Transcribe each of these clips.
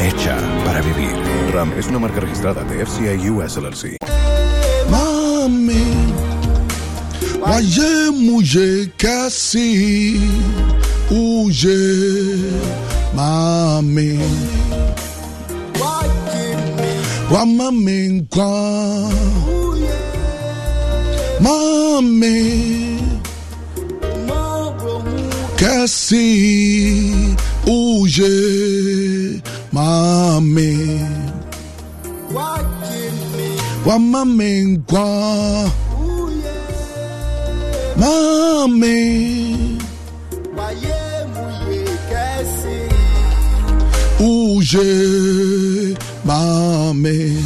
hecha para vivir. Ram es una marca registrada de FCI US LLC. Mami, oye, muye, casi huye, mami. Guamame, mami, casi où j'ai mamé. Wa mamé quoi? Mamé. Où j'ai mamé.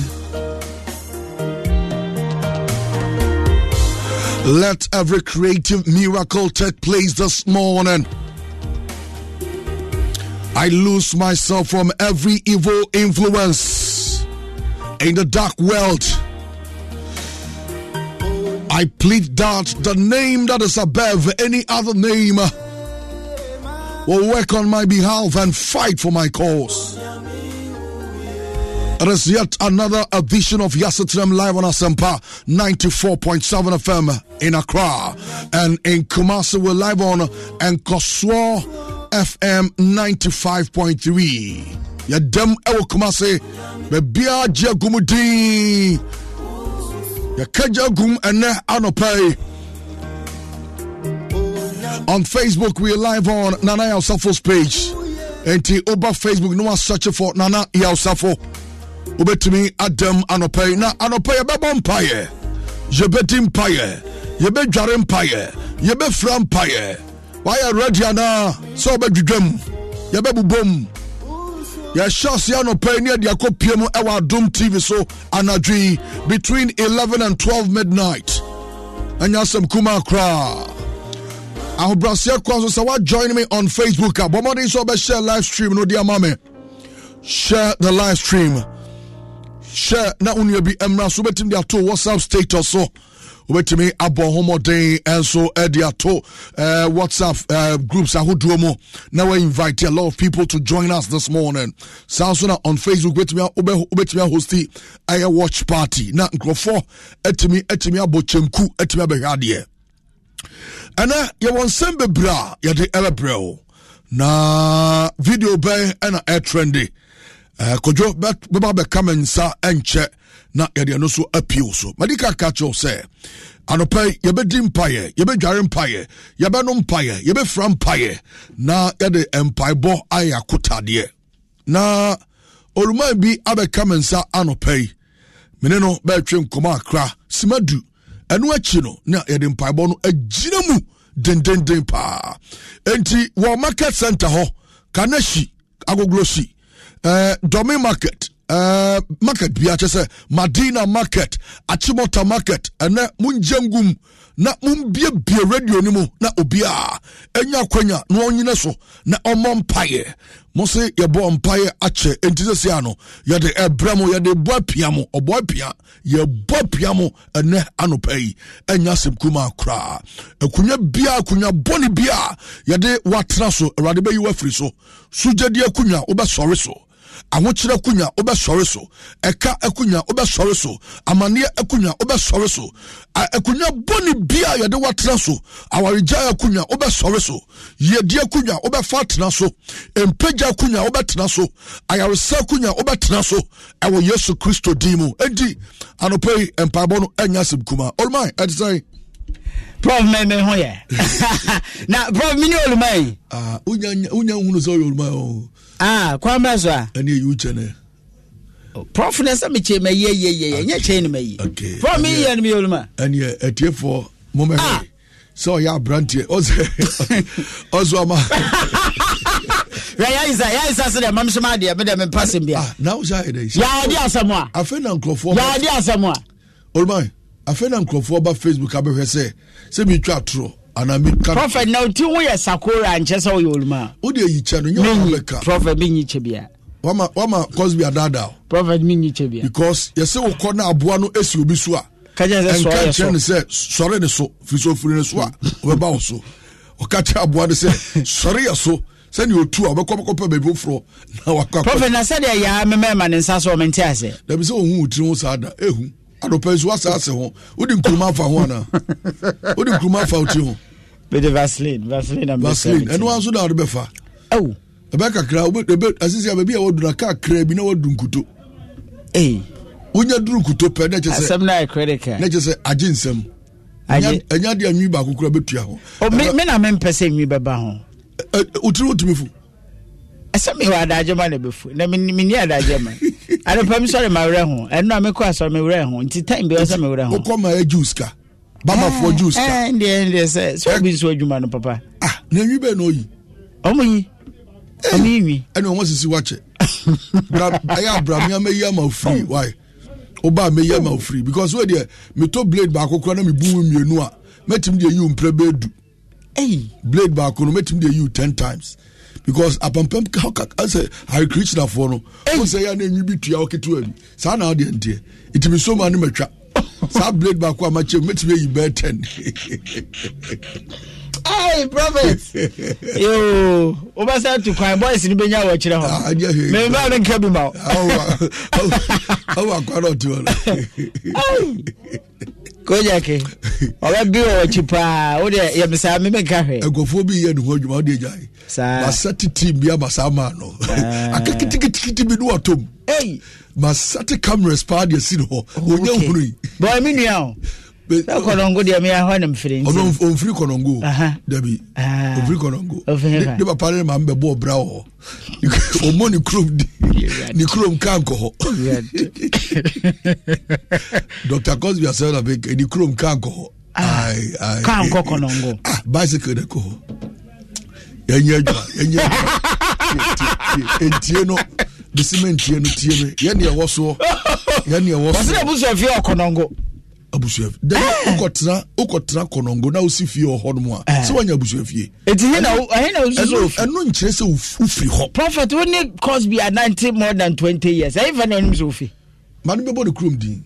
Let every creative miracle take place this morning. I lose myself from every evil influence in the dark world. I plead that the name that is above any other name will work on my behalf and fight for my cause. It is yet another edition of Yasatram Live on Asempa 94.7 FM in Accra and in Kumasi. We're live on and Nkoswa fm 95.3 yɛdɛm ewo kumase baabiaa gye agum din yɛkagya gum ene anɔpa on facebook we are live on nana yawsafo's page enti woba facebook na wasearch for nana yawsafo wobɛtumi adɛm anɔpa yi na anɔpa yɛbɛbɔ mpayɛ yɛbɛdi mpayɛ yɛbɛdware mpayɛ yɛbɛfira mpayɛ wayɛ ready anaa sɛ wobɛdwidwa mu yɛbɛbobɔ mu yɛhyɛ ase anɔpa ne ade akɔpie mu ɛwɔ tv so anadwo between 11 and 12 midnight ɛnyɛ asɛm kuma koraa ahobraseɛ koa so sɛ join me on facebook a bɔ mmɔden sɛ live stream no de ama share the live stream share na wo nua bi mmra so wobɛtumi de ato whatsapp status so wobɛtumi abɔ homɔden nso eh, de ato uh, whatsapp uh, groups ahodoɔ mu na invite a lot of people to join us this morning saa nso na on facebook wobɛtumi wobɛtumi ahosti ɛyɛ watch party na nkurɔfoɔ atumi atumi abɔ kyɛnku atumi abɛhwɛ adeɛ ɛnɛ yɛwɔ nsɛm bebree a yɛde ɛbɛbrɛ na video bɛn ɛna ɛtrendy uh, kodwo bɛba bɛka me nsa na yɛde ɛno so appeal so madika ka kyerɛw sɛ anɔpa yi yɛbɛdi mpaeɛ yɛbɛdware mpaeɛ yɛbɛno mpaeɛ yɛbɛfira mpaeɛ na yɛde mpaebɔ ayɛ akotadeɛ na oluman bi abɛka me nsa anɔpa yi mene no bɛɛtwe nkɔmɔ akra sima du ɛno akyi no na yɛde mpaebɔ no agyina mu dendenden paa enti wɔ market center hɔ kanashi agoglosi ɛɛ eh, dɔmi market Eh, market bi akyɛ sɛ madina market akyemɔta market ɛnɛ mongye ngum na mombiebie radio no mu na obiaa ɛnya akwanya na ɔnyina so na ɔmmɔ mpaeɛ mo se yɛbɔ mpaeɛ akyɛ enti sesia no yɛde ɛbrɛ mo yɛde bɔ apia mo ɔbɔ apia yɛbɔ apia mo ɛnɛ anɔpa yi ɛnya asɛm kuma koraa akunya biaa akunya bɔne biaa yɛde watena so awurade bɛyi wafiri so sogyadi akunya wobɛsɔre so ahokyerɛ akonnwa wobɛsɔre so ɛka akonnwa wobɛsɔre so amanneɛ akonnwa wobɛsɔre so akonnwa bɔne bia yɛde watena so awaregyae akonnwa wobɛsɔre so yɛdi akonnwa wobɛfa tena so mpagya akonnwa so ayaresa so ɛwɔ yesu kristo din mu yi no kuma prof ho yɛ na prof olumai. Ah, wonya hunu sɛ olumai ah kwan bɛ oh, e, e ah. so a. ɛni eyi o kyɛ ne. prɔf ne sɛ mi kyɛ ma yie yie yie n yɛ kyɛ ne ma yi prɔf mi yie ne mi yɛ olu ma. ɛni ɛtiɛfoɔ mo mɛ hɛ sɛ ɔyɛ aberanteɛ ɔsɛ ɔsɛ ɔma. yɛyɛisa yɛyisa sɛ deɛ mamhyɛm adeɛ medɛ mempa sɛm bia yɛade asɛm a afei na nkurɔfoɔ yɛade asɛm a ɔlma afei na nkurɔfoɔ ba facebook abɛhwɛ sɛ sɛ metwa atorɔ anamika prophet na oti woyɛ sakora nkyɛ sɛ woyɛ oluma wode ayi kyɛ no nyɛ wobɛka prophet menyi kyɛ bia wama wama cosby adada prophet menyi kyɛ bia because yɛsɛ wo kɔ no aboa no ɛsi obi so a ɛnka kyerɛ no sɛ sɔre ne so firi so ofiri ne so a wobɛba wo so ɔka kyerɛ aboa no sɛ sɔre yɛ so sani otu a ɔbɛkɔ ɔbɛkɔ baabi foforɔ na wakɔ akɔ. prɔfɛt na sɛdeɛ yaa mɛmɛɛma ne nsa so ɔmɛ nti ase. dabi sɛ ohun otiri ho saa da ehu adɔpɛ nsuwa saa ase ho wodi nkuruma afa ho ana wodi nkuruma afa otiri ho. Bede vaseline vaseline vaseline ɛno wa nso na ɔde bɛfa ɛwɔ oh. ɛbɛ kakra ɛbɛ asisi a bɛbi a wɔduna kakra bi na wɔdu nkuto ee wonya duru nkuto pɛ ne kyɛ sɛ asɛm na yɛ kredika ne kyɛ sɛ agye nsɛm ɛnya de anwi baako kura bɛtua hɔ o oh, mi mi na mi mpɛ sɛ nwi bɛba ho ɛ otiri otumi fu ɛsɛ mi wɔ ma na bɛfu na mi mi ni adagye ma adepɛ mi sɔre ma werɛ ho ɛnu a mi kɔ mi werɛ ho nti time bi ɔsɛ mi werɛ ho bamafoɔ jews ka ɛndeɛ ɛndeɛ sɛ sɛ obi so adwuma no papa ah na nwi bɛɛ na ɔyi ɔmo yi ɔmo yi nwi ɛne ɔmo sisi wakyɛ ɛyɛ abrami amɛyi ama ofiri wae ɔba amɛyi ama ofiri because wo deɛ metɔ blade baako kora na mebu mu mmienu a mɛtumi deɛ yi wo mpira bɛɛ blade baako no mɛtumi deɛ yi ten times because apampam sɛ harekirikinafoɔ no wo sɛ yɛ ne nwi bi tua woketewa bi saa na wodeɛ nteɛ ɛtumi so ma no matwa saa blade baako a makyɛ mɛtumi ayi bɛɛ ten Hey, prophet. Yo, wobɛsa to kwan boys no bɛnya wɔ akyerɛ hɔ. Ah, Memma no nka bi ma wo. Awo akwa no ɔte hɔ konya ke ɔbɛ bi wɔ ɔkyi paa o de yɛ mi mi nka hwɛ. ɛgɔfoɔ bi yɛ nuhu adwuma o de gya yi. saa masati tiim bi ama saa maa no akakitikitikiti bi ni wa tom. masati cameras paa de si ni hɔ oh, o nya nhunu yi. bɔn mi nua o kɔnɔngo deɛ meyɛ hɔ ne mfiri nti ɔmfiri kɔnɔngo dabi ɔmfiri kɔnɔngo ne papa ne maame bɛbɔɔ bra wɔ hɔ ɔmmɔ ne kurom ne kurom ka nkɔ eh, hɔ eh. dr cosby asɛm na ne kurom ka nkɔ hɔ ka kɔnɔngo ah, bicycle ne kɔ hɔ yɛnyɛ adwuma yɛnyɛ adwuma no bisima ntie no tie me yɛne ɛwɔ soɔ yɛne ɛwɔ soɔ ɔsɛ abusuafie ɔkɔnɔngo abusuafie dɛbɛ eh. wokɔtena wokɔtena kɔnɔngo na wosi fie wɔ hɔnom a eh. sɛ woanya abusuafie ɛti ɛno nkyerɛ sɛ wofiri hɔ prophet wo ne cosby anante more than twenty years ɛyɛfa na ɔnom sɛ wofi ma no bɛbɔ ne kurom din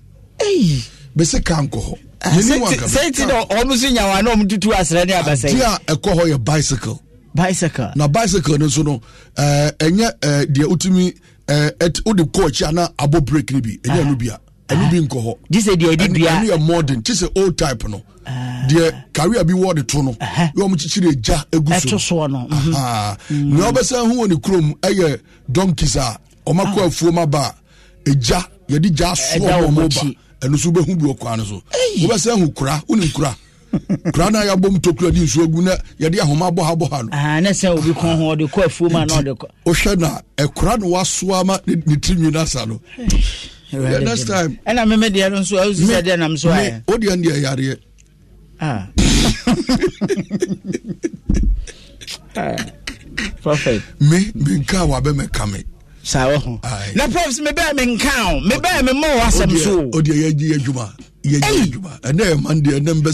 bɛsɛ ka nkɔ hɔ ah, sɛ nti na ɔm so nyawa na ɔmtutu asrɛ ne abasɛi a ɛkɔ hɔ yɛ bicycle bicycle na bicycle no nso no eh, ɛnyɛ deɛ wotumi wode kɔ akyi ana abɔ break no bi ɛnyɛ ah. no ɛnu bi nkɔ hɔ jisɛ deɛ ɛdi dua ɛnu yɛ modern jisɛ old type no ah. deɛ kariya bi wɔ de to no yɛ wɔn kyikyiri egya egu so ɛto soɔ no mhm. nea mm. ɔbɛsɛn ho wɔ ne kurom ɛyɛ donkeys a ɔma kɔ ah. afuom aba a egya yɛde gya soɔ wɔn mo ba ɛnu so bɛhu bi wɔ kwan no so ɔbɛsɛn ho kura wɔn kura kura naa yabɔ mu tokura di nsuo gu na yɛde ahoma bɔha bɔha no. ne sɛ obi kɔn ho ɔde kɔ afuom a na ɔde kɔ. ohwɛ na ɛkura na wasoa ma ne tirinwi na asa no next time ɛna meme deɛ no nso ɛwosi sɛ deɛ nam so ayɛ wodeɛ ndeɛ yareɛ prophet me menka wabɛmɛka me saa wɔ ho na profs mebɛɛ menka wo mebɛɛ me mmɔ wa asɛm so wodeɛ yɛgye adwuma anawatade no di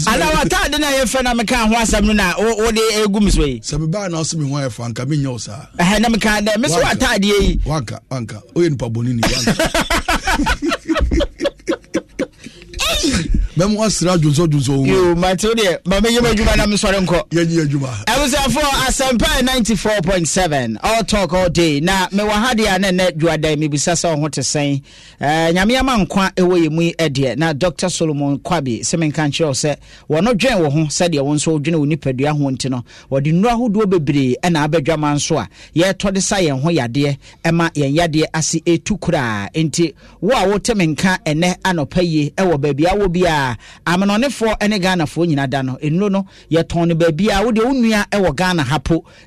na meka ho asɛm no na wode ɛgu me so yi sɛ mebaa na wosɛ me ho ayɛ fa anka menyɛ wo saa na meka dɛ me so watadeɛ yi wanka wanka woyɛ nipa ni wanka. hey! mɛmu asra adwonso adwonso wo. yoo mate o deɛ maame yɛ mu adwuma na mi sɔre nkɔ. yɛn nyi adwuma. ɛbusuafo asempa ninety four point seven all talk all day na mewɔ ha deɛ a ne nɛ dwadan mi bisa sɛ ɔho te sɛn ɛɛ eh, nyame ama nkwa ɛwɔ yɛ mu yi na doctor solomon kwabi sɛmi nka nkyerɛw sɛ wɔn dwɛn wɔ ho sɛdeɛ wɔn nso dwene wɔ nipadua ho nti no wɔde nnuro ahodoɔ bebree ɛna abɛdwa ma nso a yɛtɔ de sa yɛn ho yadeɛ ɛma yɛn yadeɛ ase etu koraa nti wo a wote nka ɛnɛ anɔpa yie ɛwɔ baabi awɔ bi a amanɔnefoɔ ne ghanafoɔ nyina da no nnuro no yɛtɔn no baabi a wode wo nua wɔ ghana ha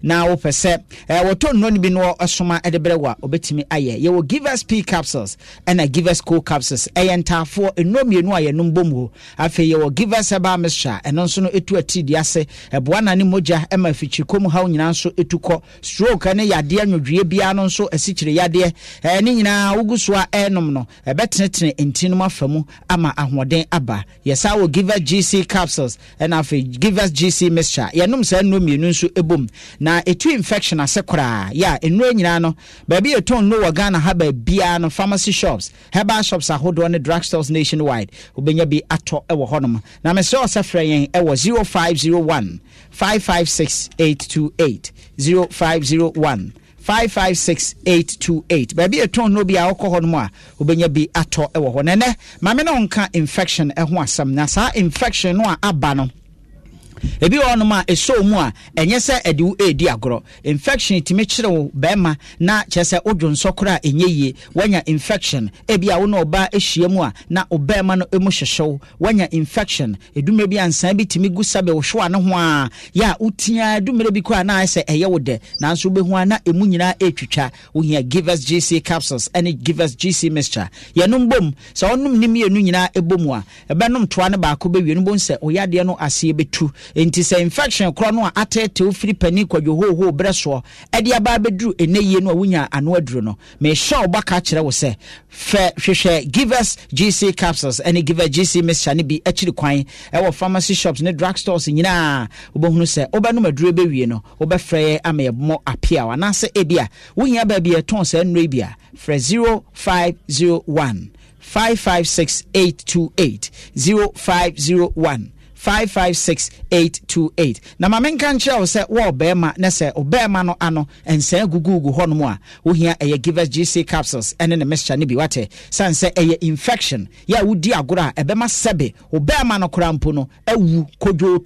na wopɛ sɛ wɔtɔ nnuro no bi no soma de berɛ wo a wɔbɛtumi ayɛ yɛwɔ givers p capsules ɛna givers co capsules ɛyɛ ntaafoɔ nnuro mmienu a yɛnom bom hɔ afei yɛwɔ givers ɛbaa mesra ɛno nso no ɛtu atirideɛ ase ɛboa na ne mogya ma afikyirikɔ mu haw nyinaa nso ɛtu kɔ stroke ne yadeɛ nwodwie biara no nso asikyire yadeɛ ne nyinaa wogu so a ɛrenom no ɛbɛtenetene ntinom afa mu ama ahoɔden aba Yes, yɛsa wɔ give us gc capsules ɛna afei give us gc mixture yɛnom saa nnuro mmienu nso ɛbom eh, na ɛtu infection ase koraa yɛ a nnuro nyinaa no don't know wɔ ghana ha baabiaa no pharmacy shops herbal shops ahodoɔ ne drug stores nationwide wobɛnya bi atɔ ɛwɔ hɔnom na mesrɛ wɔ sɛ frɛ yɛn ɛwɔ 0501 0501 five five six eight two eight baabi ɛtɔn no bi a ɔkɔ hɔ nom a obɛnya bi atɔ ɛwɔ hɔ nɛnɛ maame no nka infection ɛho asɛm na saa infection no a aba no ebi wɔ hɔnom a ɛsɔ mu a ɛnyɛ sɛ ɛde wo ɛredi agorɔ infection tumi kyerɛ wo bɛrima na kyerɛ sɛ wodwo nsɔ korɔ ɛnyɛ yie wanya infection ebi a wo ne ɔbaa ahyia mu a na ɔbɛrima no mu hyehyew wanya infection edumire bi ansan bi tumi gu sabe wohwe ano ho a yɛ a wotia dumire bi kɔ na ayɛ sɛ ɛyɛ wo dɛ nanso wobɛhu a na ɛmu nyinaa ɛretwitwa wohia givers gc capsules ɛne givers gc mixture yɛnom bom sɛ ɔnom ne mmienu nyinaa ɛbɔ mu a ɛbɛnom toa no baako bɛwie no sɛ ɔyɛ nti sɛ infection korɔ no a atɛɛtɛw firi pani kwadwo hoho berɛ soɔ ɛde aba bɛduru ɛnɛ yie no a wonya ano aduro no mehyɛ ɔbɔ ka kyerɛ wo sɛ fɛ hwehwɛ givers gc capsules ɛne giver gc mixture no bi akyiri kwan ɛwɔ pharmacy shops ne drug stores nyinaa wobɛhunu sɛ wobɛnom aduro bɛwie no wobɛfrɛ yɛ ama yɛmmɔ apeaw anaasɛ ebia wohia baabi yɛtɔn saa nnuro bi a frɛ 0501 556828 0501 556828 na ma menka nkyerɛ wo sɛ wɔ ɔbɛrima ne sɛ ɔbɛrima no ano nsɛn gugugu hɔnom a wohia ɛyɛ givers gc capsules ɛne ne mixture no bi watɛ sane sɛ ɛyɛ infection yɛ a wodi agorɔ a ɛbɛma sɛbe ɔbɛrima no koraa mpo no awu kodwoo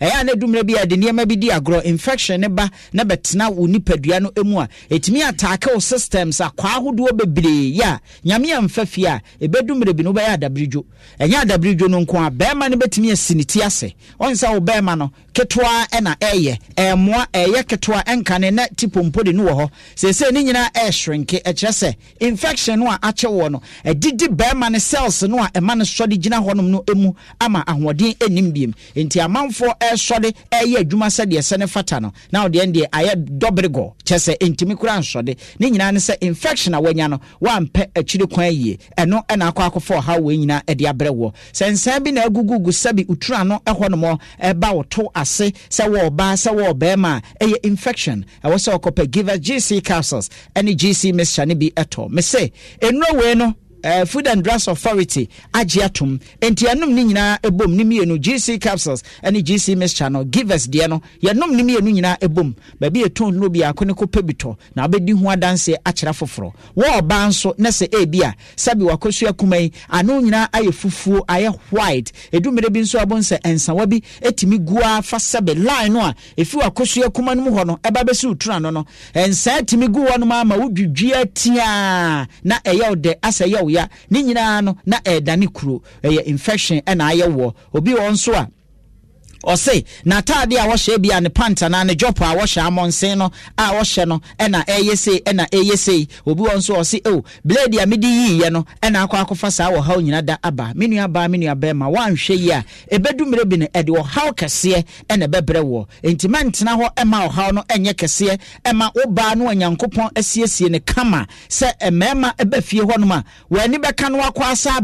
ɛyɛ a ne dumire bi yɛde nneɛma bi di agorɔ infection ne ba na bɛtena wo nipadua no mu a ɛtumi ataake wo systems akwaa ahodoɔ bebree yɛ a nyame amfa fie a ɛbɛdumire bi no wobɛyɛ adabiridwo ɛnyɛ adabiridwo no nko a bɛrima no bɛtumi asi ne ti ase ɔn sɛ wo bɛrima no ketewa ɛna ɛyɛ ɛɛmoa ɛyɛ ketewa ɛnkane na ti pompo de no wɔ hɔ seesei ne nyinaa ɛɛhyerenke ɛkyerɛ sɛ infection no a akyɛ wɔ no ɛdidi bɛrima no cells no a ɛma no sɔde gyina hɔnom no mu ama ahoɔden anim biem nti amanfoɔ amanfoɔ ɛresɔde ɛreyɛ adwuma sɛdeɛ sɛ ne fata no na ɔdeɛ deɛ ayɛ dɔberigɔ kyɛ sɛ ntumi kora nsɔde ne nyinaa ne sɛ infection a wanya no wampɛ akyire kwan yie ɛno ɛna akɔ akɔfɔ ɔhaw wɔn nyinaa ɛde abrɛ wɔ sɛ nsɛn bi na agugugu sɛbi utura no ɛhɔ nom ɛba ɔto ase sɛ wɔ ɔbaa sɛ wɔ ɔbɛrima a ɛyɛ infection ɛwɔ sɛ ɔkɔpɛ give us gc capsules ɛne gc mixture ne bi ɛtɔ mɛ sɛ nnuro wei no uh, food and drugs authority agye atom nti yɛnom ne nyinaa ɛbom ne mmienu gc capsules ɛne gc channel. Give us deɛ no yɛnom ne mmienu nyinaa ɛbom baabi yɛtɔn no biako ne kɔpɛ bitɔ na wobɛdi ho adanseɛ akyerɛ foforɔ wɔ ɔbaa nso ne sɛ ebi a sɛbi wakɔsu akuma yi ano nyinaa ayɛ fufuo ayɛ white edumere bi nso abɔ nsɛ nsawa bi etimi gua fa sɛbi line no a efi wakosua akuma no mu hɔ no ɛba bɛsi otura no no nsa etimi gu hɔ no mu ama wodwidwia tia na ɛyɛ ɔdɛ asɛ ɛyɛ ɔyɛ awia ne nyinaa no na ɛɛdane kuro ɛyɛ infection ɛna ayɛ wɔ obi wɔn nso a ɔse n'ataade a wɔhyɛ bi a ne pant anaa ne jɔpo a wɔhyɛ amɔnsen no a wɔhyɛ no ɛna ɛyɛ sei ɛna ɛyɛ sei obi wɔn nso ɔse o oh, blade a mede yiiɛ no ɛna akɔ akɔfa saa ɔhaw nyina da aba me nua baa me nua yi a bi ɛde ɔhaw kɛseɛ ɛna ɛbɛbrɛ wɔ hɔ ɛma ɔhaw no ɛnyɛ kɛseɛ ɛma baa no onyankopɔn asiesie ne kama sɛ eh, mmarima ɛbɛ fie hɔ a bɛka no asa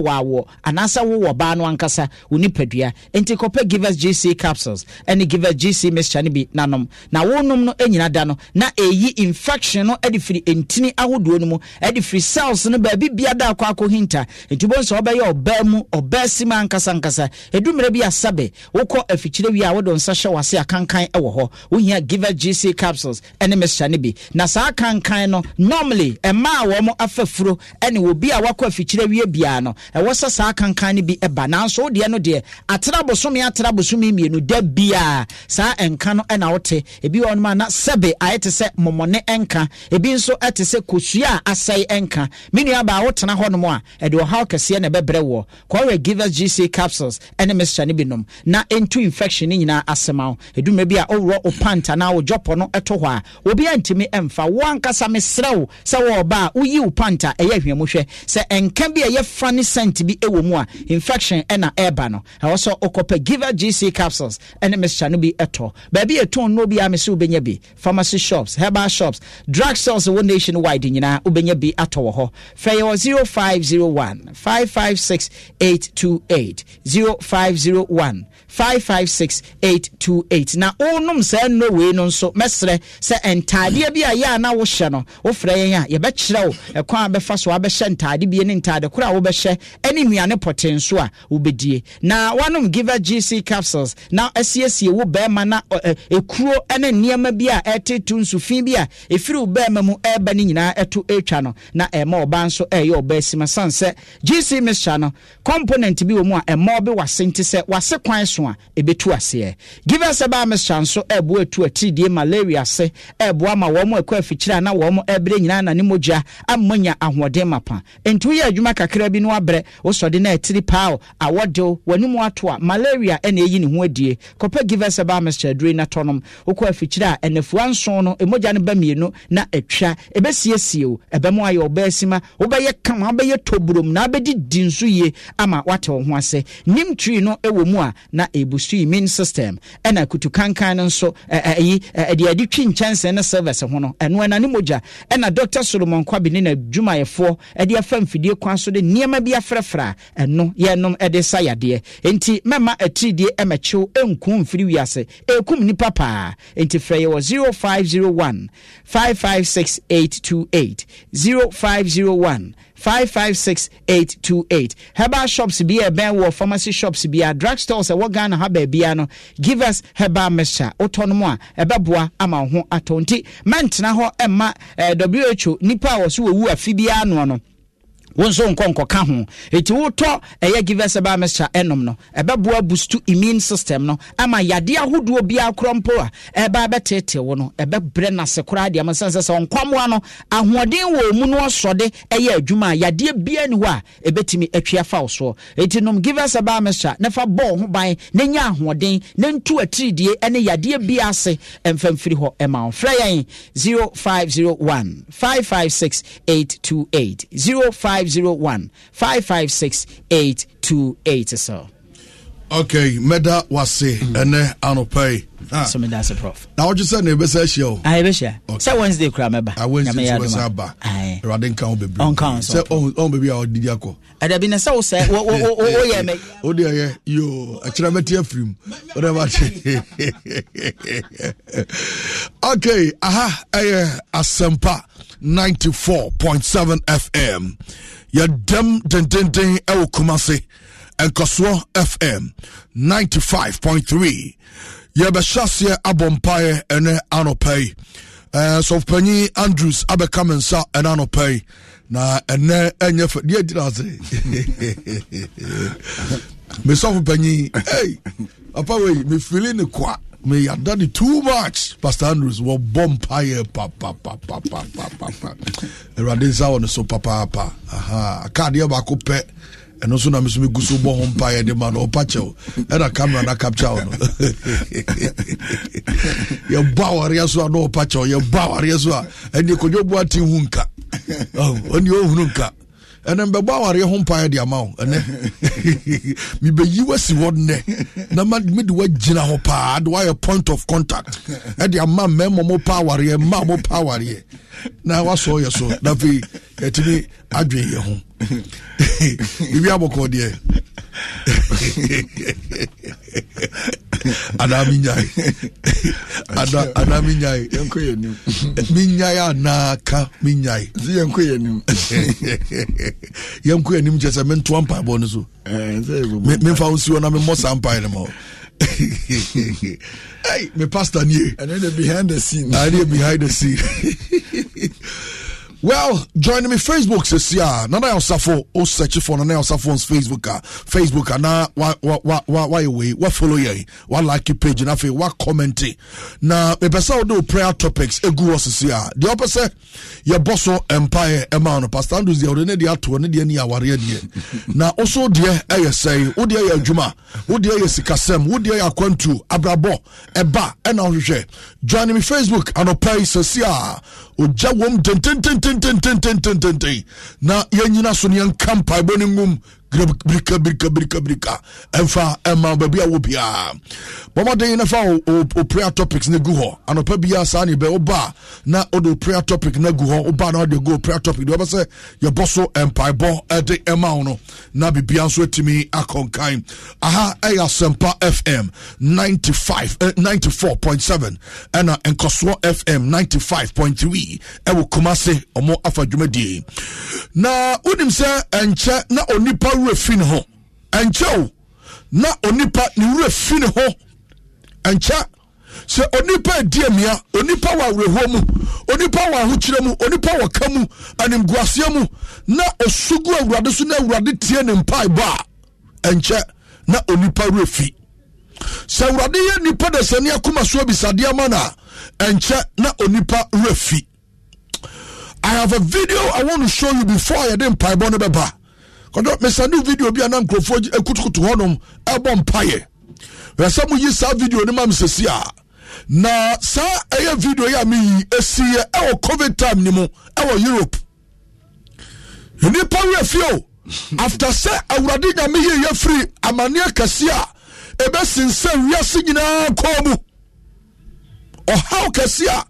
wowɔ awɔ anaasɛ wowɔ baa no ankasa wo nipadua enti kɔpɛ givers gc capsules ɛne givers gc mixture no bi nanom na wonom no nyina da no na ɛyi infection no de firi ntini ahodoɔ no mu de firi cells no baabi bia da akɔ akɔ hinta enti bo sɛ wobɛyɛ ɔbaa mu ɔbaa si ma ankasa ankasa ɛdu bi asabe wokɔ afikyire wie a wode nsa hyɛ wase akankan wɔ hɔ wohia givers gc capsules ne mixture no bi na saa kankan no normally ɛma a wɔn afa furo ne obi a wakɔ afikyire wie biara no ɛwɔ sɛ saa kankan no bi ɛba nanso wodeɛ no deɛ atena bosome atena bosome mmienu da bia saa ɛnka no ɛna wote ebi wɔ nom ana sɛbe ayɛ te sɛ mmɔmɔne ɛnka ebi nso ɛte sɛ kosua a asɛe ɛnka me nua baa wotena hɔnom a ɛde ɔhaw kɛseɛ na ɛbɛbrɛ wɔ kɔwɛ givers gc capsules ɛne mesra no bi na ɛntu infection no nyinaa asɛm aw ɛdumɛ bi a ɔworɔ wo panta na wo gyɔpɔ no ɛto hɔ a obiaa ntumi ɛmfa wo ankasa meserɛ wo sɛ wɔɔba a woyi wo panta ɛyɛ ahwiamuhwɛ sɛ ɛnka bi ɛyɛ fa ne sɛ percent bi wɔ mu a infection ɛna ɛreba no ɛwɔ sɛ ɔkɔpɛ giver gc capsules ɛne mixture no bi ɛtɔ baabi ɛtɔn no bi a mesɛ wobɛnya bi pharmacy shops herbal shops drug stores wɔ nation wide nyinaa wobɛnya bi atɔ wɔ hɔ fɛ 0501 556 828 0501 five five six eight two eight na wonom saa nno wei no nso mɛsrɛ sɛ ntaadeɛ bi a yɛ na wohyɛ no wofrɛ yɛn a yɛbɛkyerɛ wo ɛkwan a bɛfa so wabɛhyɛ ntaade bie ne ntaade koro a wobɛhyɛ ne nnuane pɔten nso a wobɛdie na wanom giver gc capsules na asiesie wo bɛrima na ekuro ne nneɛma bi a ɛtete nsufin bi a ɛfiri wo bɛrima mu ɛreba no nyinaa ɛto atwa no na ɛma ɔba nso ɛyɛ ɔba asima san sɛ gc mixture no component bi wɔ mu a ɛma ɔbe wase nti sɛ wase kwan so so a ɛbɛtu aseɛ give us ɛbaa mesra nso ɛboa atu atiridie malaria se ɛboa ma wɔn ɛkɔ afikyire a na wɔn ɛbrɛ nyinaa na ne mogya amanya ahoɔden mapa nti woyɛ adwuma kakra bi no abrɛ wosɔde na ɛtiri paa awɔdew w'anim ato a malaria ɛna ɛyi ne ho adie kɔpɛ give us ɛbaa mesra aduro na tɔnom wokɔ afikyire a ɛnafua nson no mogya no ba mmienu na atwa ɛbɛsiesie o ɛbɛmo ayɛ ɔbaa sima wobɛyɛ kama wobɛyɛ toburom na wobɛdi di nso yie ama wate wo ho ase nim tree no ɛwɔ mu a na ɛbusu immune system ɛna kutukankan no nso ɛyi ɛde ɛde twi nkyɛnsee ne service ho no ɛno ɛna ne mogya ɛna dr solomon kwabi ne n'adwumayɛfoɔ ɛde afa mfidie kwan so de nneɛma bi afrɛfrɛ a ɛno yɛnom ɛde sa yadeɛ nti mɛma atiridie ɛmɛkyew ɛnkum mfiri wiase ɛkum nipa paa nti frɛ zero five zero one 556828 herbal shops bi a ɛbɛn wɔ pharmacy shops bi a drug stores a ɛwɔ ghana ha baabia no give us herbal mixture wotɔ no mu a ɛbɛboa ama wo ho atɔ nti mantena eh, who nipa a wu wɔwu afi wo nso nkɔ nkɔka ho ɛti wotɔ ɛyɛ giveseba mixture ɛnom no ɛbɛboa boost immune system no ama yadeɛ ahodoɔ biara korɔ mpo a ɛba bɛtetee wo no ɛbɛbrɛ nase koraa deɛ ma sɛn sɛ sɛ nkɔmmoa no ahoɔden wɔ mu no ɔsɔde ɛyɛ adwuma a yadeɛ biara ni hɔ a ɛbɛtumi atwi afa wo soɔ ɛti nom giveseba mixture ne fa bɔɔ ho ban ne nya ahoɔden ne ntu atiridie ne yadeɛ biara ase ɛmfamfiri hɔ ɛma wo frɛ yɛn 0501 556 828 05 0501 556 828 so okay meda wase ɛnɛ mm-hmm. anɔpɛ somedase prof na wogye sɛ ne ɛbɛsɛ ahyia ah, o ɛbɛhyia sɛ wednesday kora mɛba wednesdaybɛsɛ aba awurade nka wo bebresɛ ɔhu baabi a ɔdidi akɔ ɛdabi eh, na sɛ wo sɛ woyɛ mɛ wode ɛyɛ yo akyerɛ mɛte afirim ba. mate okay aha ɛyɛ asɛmpa 94.7 FM. Yadem dendenden ewo kumase. Enkosuo FM 95.3. Yebeshasie abompaye ene anopay. Uh, eh, so panyi Andrews abɛka me nsa and anɔpa na ene enye fɛ deɛ gyina ase mesɔfo panyi ei papa Me mefili ne me had done it too much pastor andrews wɔ bɔ mpaeɛ papapapapapapa awurade nsa wɔ no so papaapa aha akadeɛ baako pɛ ɛno nso na me so megu so bɔ ho mpaeɛ de ma no ɔpa kyɛw ɛna camera na capture wo no yɛbɔ awareɛ so a na ɔpa kyɛw yɛbɔ awareɛ so a ɛneɛ kɔdwɔ boa te hu nka ɔne ɔhunu nka ɛnɛ mbɛbɔ awareɛ ho mpaeɛ de ama wo ɛnɛ mebɛyi wasi hɔ nnɛ na mede woagyina hɔ paa de woayɛ point of contact ɛde ama mmɛma mo pa awareɛ mma mo pa awareɛ na wasɔ yɛ so na afei yɛtumi adwen yɛ ho biribi abɔkɔ deɛ anaa menyae anaa menyae menyae anaa ka menyae yɛnkɔ yɛnim kyɛ sɛ mentoa mpaebɔ no so memfa wo siwɔ na memmɔ saa mpae no ma hey, me pastor nie and then the behind the scene i behind the scene Well, join me Facebook says yeah. Nana Osafo o search for Nana Osafo's Facebook ah Facebook ah na wa wa wa wa wa away wa follow ye wa like page na fe wa comment na epe pesa o do prayer topics egu us says The opposite say your boss empire emano. man pastor Andrew dey already dey ato ni aware dey. Na also dey e say Odiya dey ye adwuma wo dey ye sikasem wo dey ye akwantu abrabo eba e na hwehwe. Join me Facebook and pay says yeah. ogya wɔm tentententententententen na yɛnyina so ne yɛnka mpaebɔ no ngum birika birika birika birika ɛmfa ɛma baabi a wo biara bɔmmɔden na o o prayer topics ne gu hɔ anɔpa biara saa ne bɛ woba na wode prayer topic ne gu hɔ woba na wode go prayer topic deɛ wobɛ sɛ yɛbɔ so mpaebɔ ɛde ɛma wo no na biribia nso atumi akɔnkan aha ɛyɛ asɛmpa fm four point seven. ɛna e, nkɔsoɔ fm ninety five point three. ɛwɔ e, kumase ɔmo afa dwumadie na wonim sɛ ɛnkyɛ na onipa werɛ fi ne ho ɛnkyɛw na onipa ne werɛ fi ne ho ɛnkyɛ sɛ onipa adi amia onipa wɔ awerɛhoɔ mu onipa wɔ ahokyerɛ mu onipa wɔ ka mu animguaseɛ mu na ɔsugu awurade so na awurade tie ne mpaebɔ a ɛnkyɛ na onipa werɛ fi sɛ awurade yɛ nipa da akoma so abisadeɛ ma no a na onipa werɛ fi i have a video i want to show you before yɛde mpaebɔ no bɛba kɔdɔ mesane video bi a na nkurɔfoɔ akutukutu hɔnom ɛbɔ mpaeɛ ɛsɛ sɛ moyi saa video no ma me a na saa ɛyɛ video yi a meyi ɛsiiɛ ɛwɔ covid time ni mu ɛwɔ europe nnipa werɛ fio after sɛ awurade nyame yɛ yɛ firi amanneɛ kɛse a ɛbɛsensɛ wiase nyinaa kɔɔ mu ɔhaw kɛse a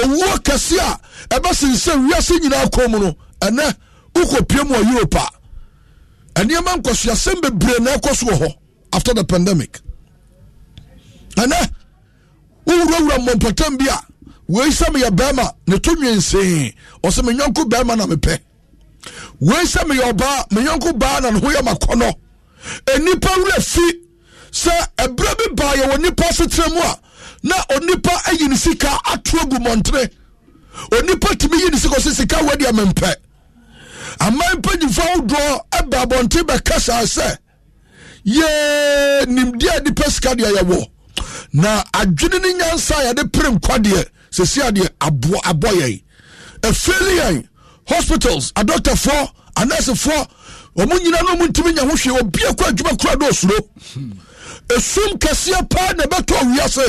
owuo kɛse a ɛbɛsensɛ wiase nyinaa kɔɔ mu no ɛnɛ wokɔpie mu wɔ europe a nneɛma nkɔsoasɛm bebree na ɛkɔ so wɔ hɔ after the pandemic ɛnɛ wowurawura mmɔmpɔtam bi a wei sɛ meyɛ bɛrima ne to nwensee ɔsɛ me nyɔnko bɛrima na mepɛ wei sɛ meyɛ ɔbaa me nyɔnko baa na ne ho yɛ makɔnɔ ɛnipa werɛ fi sɛ ɛberɛ bi baa yɛwɔ nipa setena mu a na onipa ayi ne sika ato agu mmɔntere onipa tumi yi ne sika ɔsɛ sika wadi a mempɛ aman mpanyinfo ahodoɔ ɛbɛ abɔnten bɛka saa sɛ yee nimdeɛ de pɛ sika deɛ yɛwɔ na adwene ne nyansa a yɛde pere nkwadeɛ sɛsi adeɛ aboɔ abɔ yɛn efeeli yɛn hospitals adɔktafoɔ anɛsefoɔ wɔn nyinaa no mu ntumi nya ho hwee obi akɔ adwuma kura do osuro esum kɛseɛ paa na ɛbɛtɔ wiase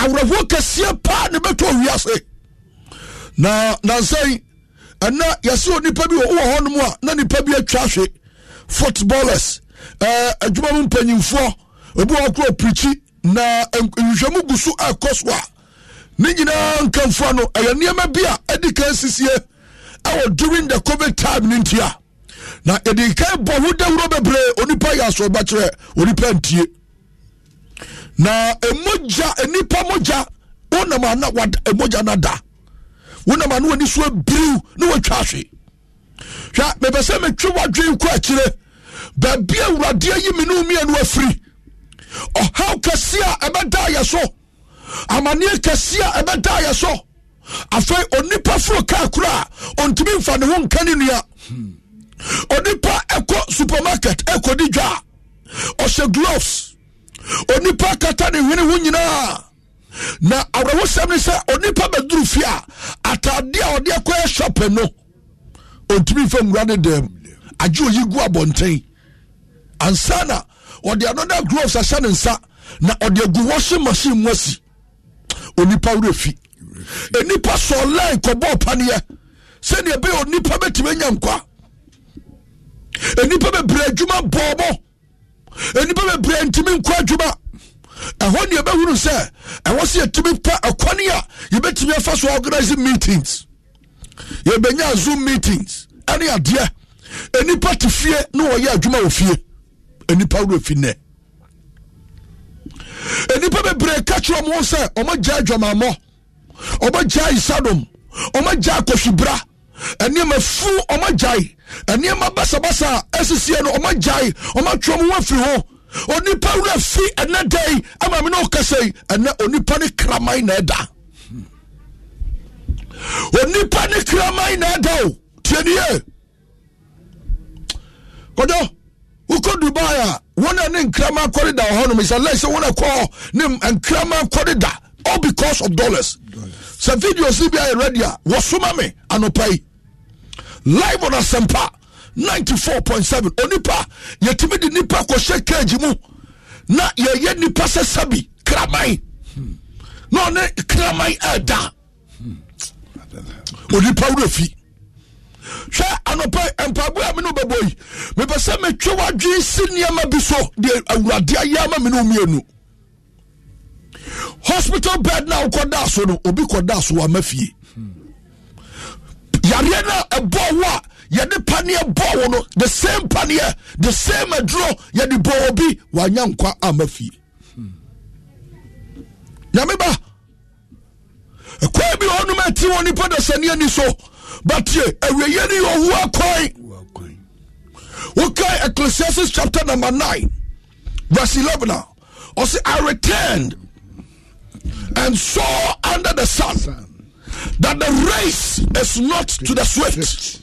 awurahoɔ kɛseɛ paa na ɛbɛtɔ wiase na nansan ɛna yɛsɛ nipa bi wɔ wɔ hɔnom a na nipa bi atwa ahwe footballers ɛɛ adwuma mu mpanyinfoɔ obi wɔ koro pirikyi na nhwehwɛmu gu so a ɛkɔ so a ne nyinaa nkanfoɔ no ɛyɛ nneɛma bi a ɛdi kan sisie ɛwɔ during the covid time ne ntia na ɛdi kan bɔ ho dawuro bebree onipa yɛ aso ɔbɛkyerɛ onipa ntie na emogya enipa mogya wɔn nam ana wada emogya na wonama ne w'ani so abiriw ne woatwa ahwe hwɛ mepɛ sɛ metwe w'adwen kɔ akyire baabi awurade ayi me ne mmienu afiri ɔhaw kɛse a ɛbɛdaa yɛ so amanneɛ kɛse a ɛbɛdaa yɛ so afei onipa foro kaa koro a ɔntumi mfa ne ho nka ne nua onipa ɛkɔ supermarket ɛkɔdi dwa a ɔhyɛ gloves onipa kata ne hwene ho nyinaa na awerɛhosɛm ne sɛ onipa bɛduru fie a ataadeɛ a ɔde kɔyɛ shop no ɔntumi mfa nwura ne dɛm agye oyi gu abɔnten ansa na ɔde another gloves ahyɛ ne nsa na ɔde agu washing machine mu asi onipa werɛ fi enipa sɔ line kɔbɔ ɔpaneɛ sɛdeɛ ɛbɛyɛ onipa bɛtumi anya nkwa enipa bɛbrɛ adwuma bɔɔbɔ enipa bɛbrɛ ntumi nkɔ adwuma ɛhɔ ne yɛbɛhunu sɛ ɛwɔ sɛ yɛtumi pa ɛkwane a yɛbɛtumi afa so organise meetings yɛbɛnya zoom meetings ɛne adeɛ ɛnipa te fie na wɔyɛ adwuma wɔ fie ɛnipa wuro fi nnɛ ɛnipa bebree ka kyerɛ mo sɛ ɔmagyaa adwamammɔ ɔmagyaa isadom ɔmagyaa akɔhwibra ɛnneɛma fu ɔmagyae ɛnneɛma basabasa a ɛsisiɛ no ɔmagyae ɔmatwerɛ mo ho afiri ho onipa wura fi ɛnɛ da ama mi n'o kasa yi ɛnɛ onipa ne kraman na ɛda onipa ne kraman na ɛda o tiɛ ni yɛ kɔjɔ wokɔ dubai a wɔn a ne nkraman kɔri da wɔ hɔnom sɛ lɛsɛ wɔn a kɔ ne nkraman kɔri da all because of dollars sɛ video si bi a yɛ rɛdi a wɔsoma mi anopa yi live on asempa ninety four point seven onipa yɛtumi de nipa kɔhyɛ keegi mu na yɛyɛ nipa sɛ sabi kraman na ɔne kraman ɛda onipa wura fi hwɛ anɔpɛ mpaboa a mene wobɛbɔ yi mepɛ sɛ metwe w'adwen si nneɛma bi so deɛ awurade ayɛ ama mene wo mmienu hospital bed na wokɔda so no obi kɔda so wama fie yareɛ no ɛbɔ wo a yɛde paneɛ bɔ wo no the same paneɛ the same aduro yɛde bɔ obi wanya nkwa ama fie nyame ba ɛkwan bi hɔ nom ati wɔ nipa dasani ani so batie awieɛ ne yɛ ɔwu akwan wokae ecclesiastes chapter number 9 verse 11 a ɔse i returned and saw under the sun that the race is not to the swift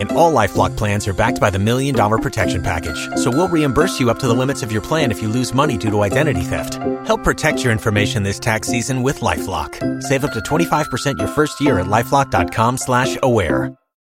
and all LifeLock plans are backed by the Million Dollar Protection Package. So we'll reimburse you up to the limits of your plan if you lose money due to identity theft. Help protect your information this tax season with LifeLock. Save up to 25% your first year at LifeLock.com slash aware.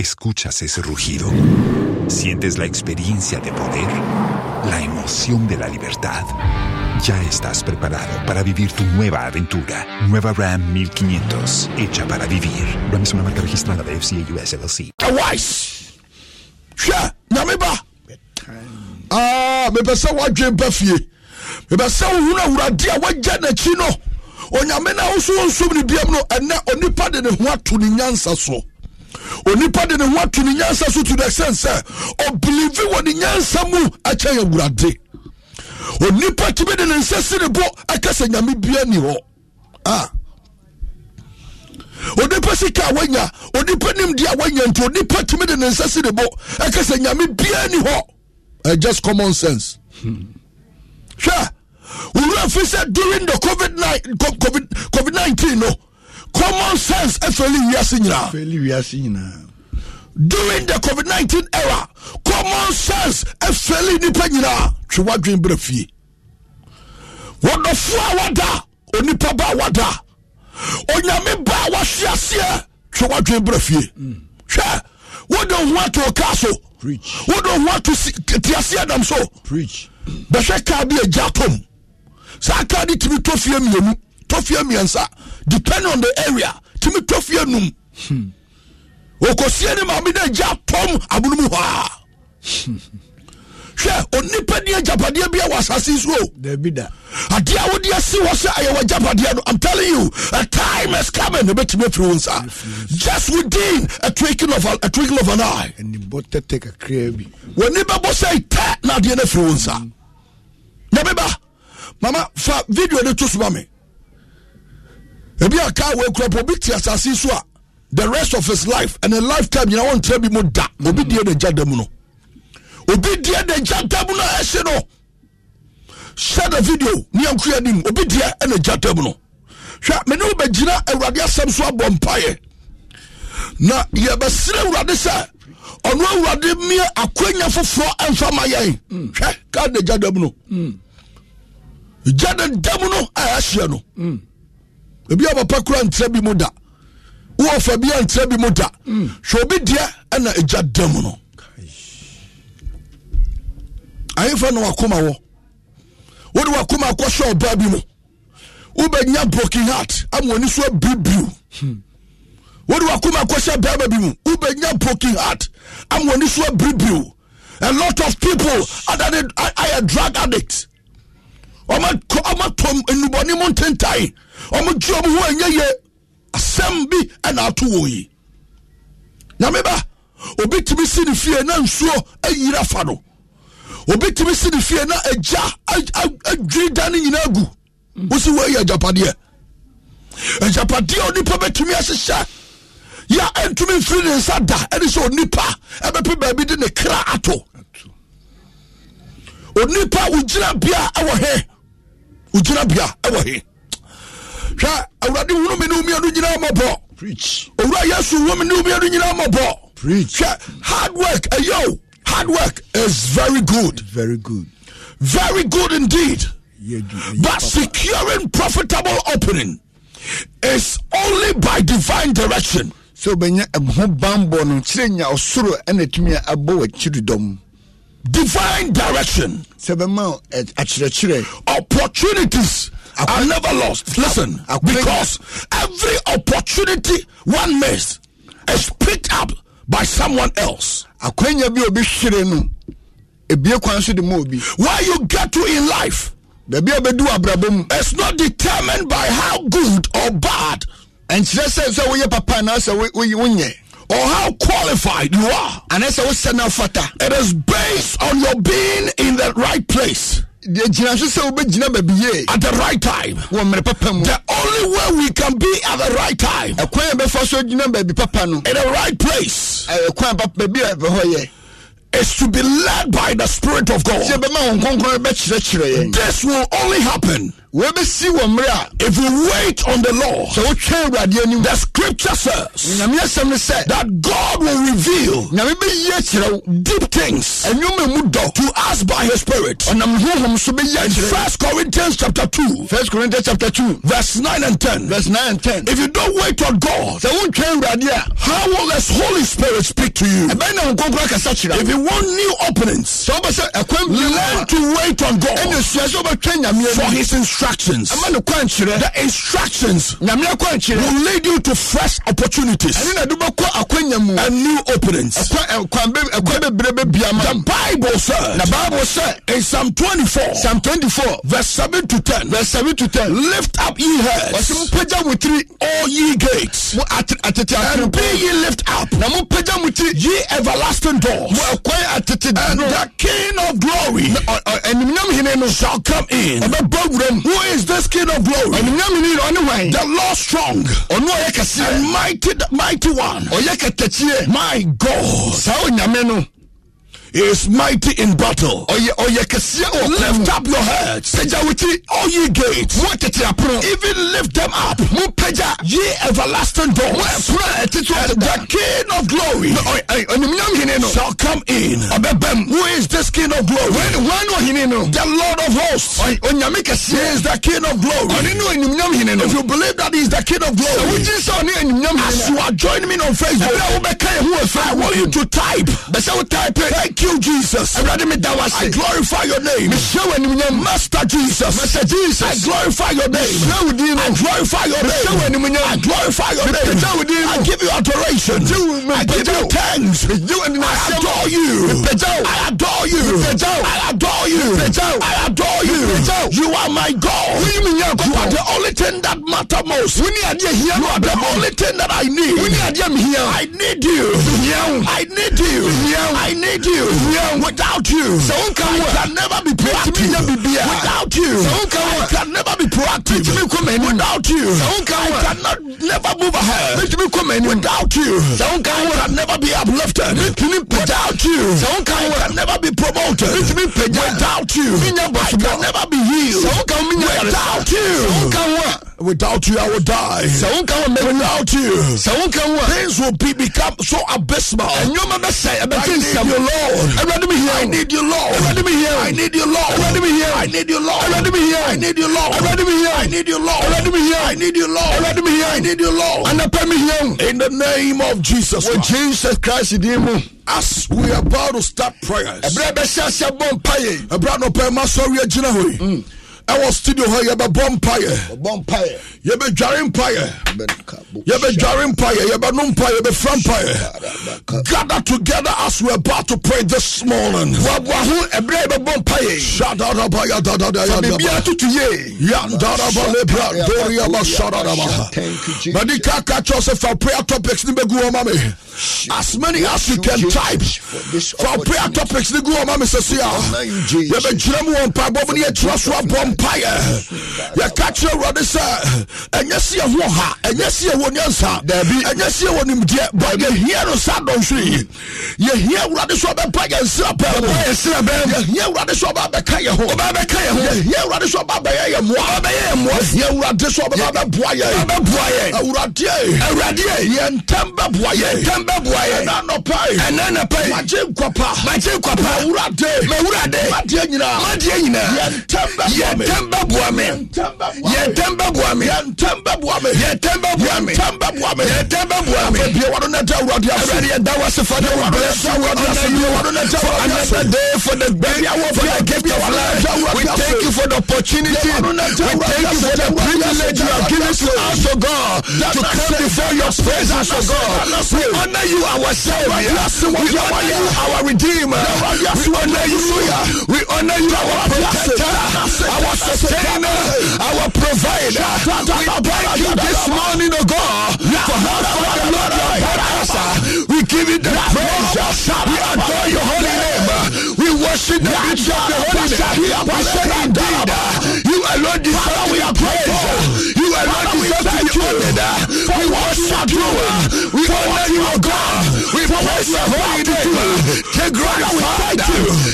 Escuchas ese rugido. Sientes la experiencia de poder, la emoción de la libertad. Ya estás preparado para vivir tu nueva aventura. Nueva Ram 1500, hecha para vivir. Ram es una marca registrada de FCA US LLC. Ah, me basa wadwe mpa Me pese wohuna wurade a chino. n'akyi no. Onyame na wo so nsum no ene onipa de ne ho nyansa so. onipa de ne ho ato ne nyansa so to the extent sɛ ɔbilivi wɔ ne nyansa mu akyɛn awurade onipa tumi de ne nsa si ne bo akasa nyame bia ni hɔ a onipa sika a wanya onipa nimdeɛ a wanya nti onipa tumi de ne nsa si ne bo akasa nyame bia ni hɔ uh, just common sense. Hmm. Sure. Wura fi sɛ during the covid nine COVID, COVID, nineteen no common sense efeli wiase nyinaa efeli wiase nyinaa during the covid nineteen era common sense efeli nipa nyinaa twe wadwin brɛ fie wɔdɔfo a wada onipa ba a wada onyame ba a e, wahwe aseɛ twe wadwin brɛ fie hwɛ wode ho ato kaa so wode ho ato tiaseɛ nam so bɛhwɛ kaa bi agya tom saa kaa ne tumi tɔ fie mmienu tɔfie mmiɛnsa depend on the area tumi tɔfie num hmm. okosie ne maame de gya tɔm abonomu hɔ a hwɛ onipa deɛ japadeɛ bi wɔ asase so o adeɛ a wode asi hɔ sɛ ɛyɛwɔ japadeɛ no i'm telling you a time is coming na bɛtumi afiri wo nsa just within a twinkle of, a, a twinkle of an eye w'ani bɛbɔ sɛ tɛ na adeɛ no afiri wo nsa hmm. na beba mama fa video no to soma me ebi aka awo ekura po obi ti asase so a the rest of his life and a lifetime yina wọn tẹ bi mu da obi die de gya dam no obi die de gya dam no ɛhyɛ no share the video ní ẹnkú yẹn ni obi die na gya dam no hwɛ mene wo bɛgyina awurade asɛm so abɔ mpaeɛ na yɛbɛsere awurade sɛ ɔno awurade mmie akwanya foforɔ ɛmfa ma yɛn hwɛ kaa na gya dam no gya dam no a ɛhyɛ no. Mm ebi a papa kura nkyerɛ bi mu da wowɔ fa bi a nkyerɛ bi mu da mm. hwɛ obi deɛ ɛna agya da mu no ayefa na wakoma wɔ wode wakoma akɔhyɛ ɔbaa bi mu wobɛnya broken heart ama ani so abiribiw hmm. wode wakoma akɔhyɛ barima bi mu wobɛnya broken heart ama ani so abiribiw a lot of people are, are, are drug addicts ɔma tɔm nnubɔne mu ntentae ɔmo gye ɔmo ho ɛnyɛ yie asɛm bi ɛna ato wɔ yi nyame ba obi tumi si ne fie na nsuo ayira fa no obi tumi si ne fie na agya adwiri da no nyinaa gu wosi woayɛ agyapadeɛ agyapadeɛ onipa bɛtumi ahyehyɛ ya ɛntumi mfiri ne nsa da ɛne sɛ onipa ɛbɛpɛ baabi de ne kra ato onipa wogyina bia ɛwɔ he wogyinabea ɛwɔ he hwɛ awurade wonome ne womia no nyinaa mɔbɔ owura yesu wom ne womia no nyinaa mɔbɔ hwɛ hard work ɛyɛ eh, hard work is very good very good very good indeed but securing profitable opening is only by divine direction sɛ wobɛnya ɛho eh, bammɔ no kyerɛ nya ɔsoro ɛna eh, atumi abɔ w'akyiridɔm divine direction. sẹbẹ̀mọ àkyerẹkyerẹ. opportunities are never lost. listen because every opportunity one miss is picked up by someone else. akwanya bi obi no ebie kwan so where you get to in life. bẹẹbi abedu abrabọ mu. it's not determined by how good or bad. And she says, "So we yẹ papa náà we we yẹ. or how qualified you are. And that's said now fata. It is based on your being in the right place. At the right time. The only way we can be at the right time. In the right place is to be led by the Spirit of God. This will only happen wobɛsi wɔ mmerɛ a if you wait on the law sɛ wotwɛ awurade anim the scripture says nyame asɛm ne sɛ that god will reveal nyame bɛyi akyerɛw deep things ɛnwoma mu dɔ to us by his spirit ɔnam honhom so bɛyi akyerɛ first corinthians chapter 2 first corinthians chapter 2 verse 9 and 10 verse 9 and 10 if you don't wait on god sɛ wontwɛ awurade a how will His holy spirit speak to you ɛbɛn na nkonkora kasa kyerɛ if you want new openings sɛ wobɛ sɛ ɛkwan learn to wait on god sua sɛ nyame for his instruction instructions. The instructions. Will lead you to fresh opportunities. And new openings. Ẹ̀kọ́ The bible said. In Psalm twenty-four. Psalm twenty-four. Verse seven to ten. Verse seven to ten. Lift up ye heads. All ye gates. And be ye lift up. Ye everlasting doors. And the king of glory. shall come in. Who is this King of glory? The Lord strong and mighty, mighty one. My God is mighty in battle. Lift up your heads. All ye gates. Even lift them up. Ye everlasting doors. And the King of glory shall come in. Who is this King of glory? The Lord of hosts. He is the King of glory. If you believe that He is the King of glory, as you are joining me on Facebook, I want you to type. Type it you, Jesus. I glorify your name. Master Jesus. Master Jesus. I glorify your name. I glorify your name. I glorify your name. I give you adoration. I give you thanks. I adore you. I adore you. I adore you. I adore you. You are my God. You are the only thing that matters most. You are the only thing that I need. I need you. I need you. I need you. Without you, I can never be proactive. Without you, I can never be proactive. Without you, I cannot never move ahead. Without you, I can never be uplifted. Without you, I can never be promoted. Without you, I can never be healed. Without you. Without you, I will die. Without you, things will be, become so abysmal. I need your Lord. I need your Lord. I need you, Lord. I need you, Lord. I need you, Lord. I need you, Lord. I need you, Lord. I need you, Lord. In the name of Jesus Christ. Jesus Christ, as we are about to start prayers. Mm ɛwɔ studio hɔ yɛbɛbɔ mpaeɛ yɛbɛdware mpaeɛ yɛbɛdware mpaeɛ yɛbɛno mpaeɛ yɛbɛfra mpaeɛ gather together as we about to pray this morning boaboa ho ɛberɛ yɛbɛbɔ ye mɛde sɛ fa prayer topics ne bɛgu me as many as you can type for prayer topics empire. You catch your brother, sir, and you see a woha, and you see a one yansa, and you see a one him dear, but you hear a sad on tree. You hear what is about empire and slap, you hear what is about the Kaya, about the a Radia, a Radia, and Tamba Boye, Tamba Boye, and Anopai, and Anapai, my Jim Quapa, my Jim Quapa, Urade, my Urade, my yɛntɛm bɛboa me yɛntɛm bɛboa me yɛntɛm ye temba yɛntɛm bɛboa me yɛntɛm bɛboa me yɛntɛm bɛboa me afɛ ye temba nɛtɛ awurade aso awurade yɛda wase fa ne wɔn bless ye temba bie wɔdo nɛtɛ awurade aso another day for the baby ye temba gift of life we thank you for the opportunity we ye temba for the privilege you have given to us O God ye temba before your presence O God we honor you our savior ye temba you our redeemer we honor you we honor you our ye temba sustainer, our provider. We thank you this morning, O God, for how far the Lord your God We give you the praise. We adore your holy name. We worship the beauty of the holy name. We say indeed. You alone deserve we be praised. You alone deserve to be honored. We worship you. We honor you, O God. We praise your holy name. Take glory, Father.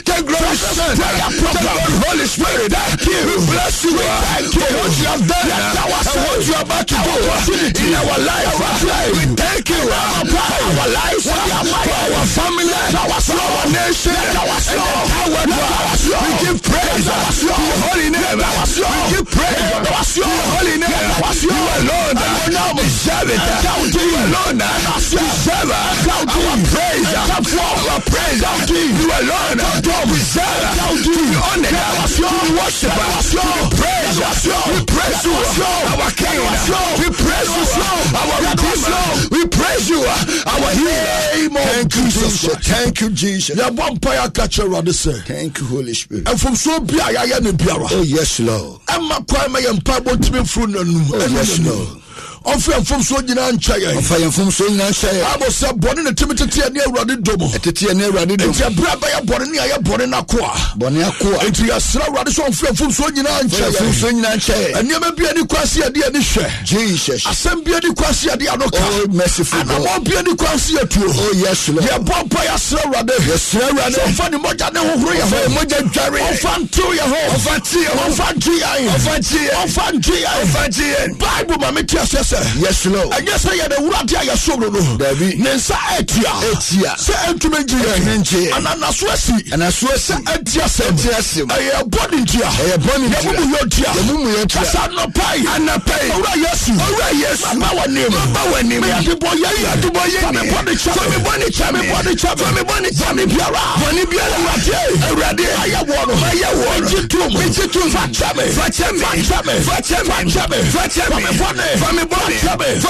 Take glory, Son. Take glory, Holy Spirit. We bless you for what you have done and what you are about to do in our life. We thank you our lives, our family, our nation, and our world. We give praise to your holy name passion. praise. Your Your holy name. Your passion. You alone. You alone. it your praise shall you alone. To be served, to be honored, to be worshipped, praise be We praise you, our King. We praise you, our Redeemer. We praise you, our Healer. Thank you, Jesus. Thank you, Jesus. Your vampire catcher, what is it? Thank you, Holy Spirit. And from so be I, I am a Oh yes, Lord. And my a crime. I am power to be through the Oh yes, Lord. ɔmfa mfomsoɔ nyinaa nkyɛ yɛ ɔfa yɛ mfomsoɔ nyinaa nkyɛ yɛ bible sɛ bɔne ne timi teteɛ ne awurade dɔ mu ɛteteɛ ne awurade dɔ mu nti ɛberɛ bɛyɛ bɔne ne ayɛ bɔne no akoa bɔne akoa nti yɛsrɛ awurade sɛ ɔmfa mfomsoɔ nyinaa nkyɛ yɛ mfomsoɔ nyinaa nkyɛ yɛ nneɛma bi ani kwase yɛde ani hwɛ jesus asɛm bi ani kwase yɛde ano ka oh merciful god anamɔ bi ani kwase yɛtuo oh yes lord yɛbɔ mpa yɛsrɛ awurade yɛsrɛ awurade ɔmfa ne mogya ne hohoro yɛ hɔ mogya dware ɔmfa ntew yɛ hɔ ɔmfa ntew yɛ hɔ ɔmfa ntew yɛ ɔmfa ntew yɛ bible ma me sɛ yes lo ɛnyɛ sɛ yɛde wurade a yɛsom no no dabi ne nsa etia. atua sɛ ɛntumi ngye yɛ nkye ananaso asi anaso asi sɛ atia sɛm atia sɛm ɛyɛ bɔ ne ntua ɛyɛ bɔ ne ntua yɛmumu yɛ ntua yɛmumu yɛ ntua kasa anɔpai anɔpai ɔwura yesu ɔwura yesu mama wɔ nim mama wɔ nim mɛ yɛde bɔ yɛ yɛ de bɔ yɛ yɛ fami bɔ ne kyɛ fami bɔ ne kyɛ fami bɔ ne kyɛ fami bɔ ne kyɛ fami biara bɔni biara awurade awurade ayɛ wɔ no ayɛ wɔ no mɛ kyi tum mɛ kyi tum fa kyɛ mi fa kyɛ mi fa kyɛ mi fa kyɛ mi fa kyɛ mi fami bɔ ne fami bɔ Sadom,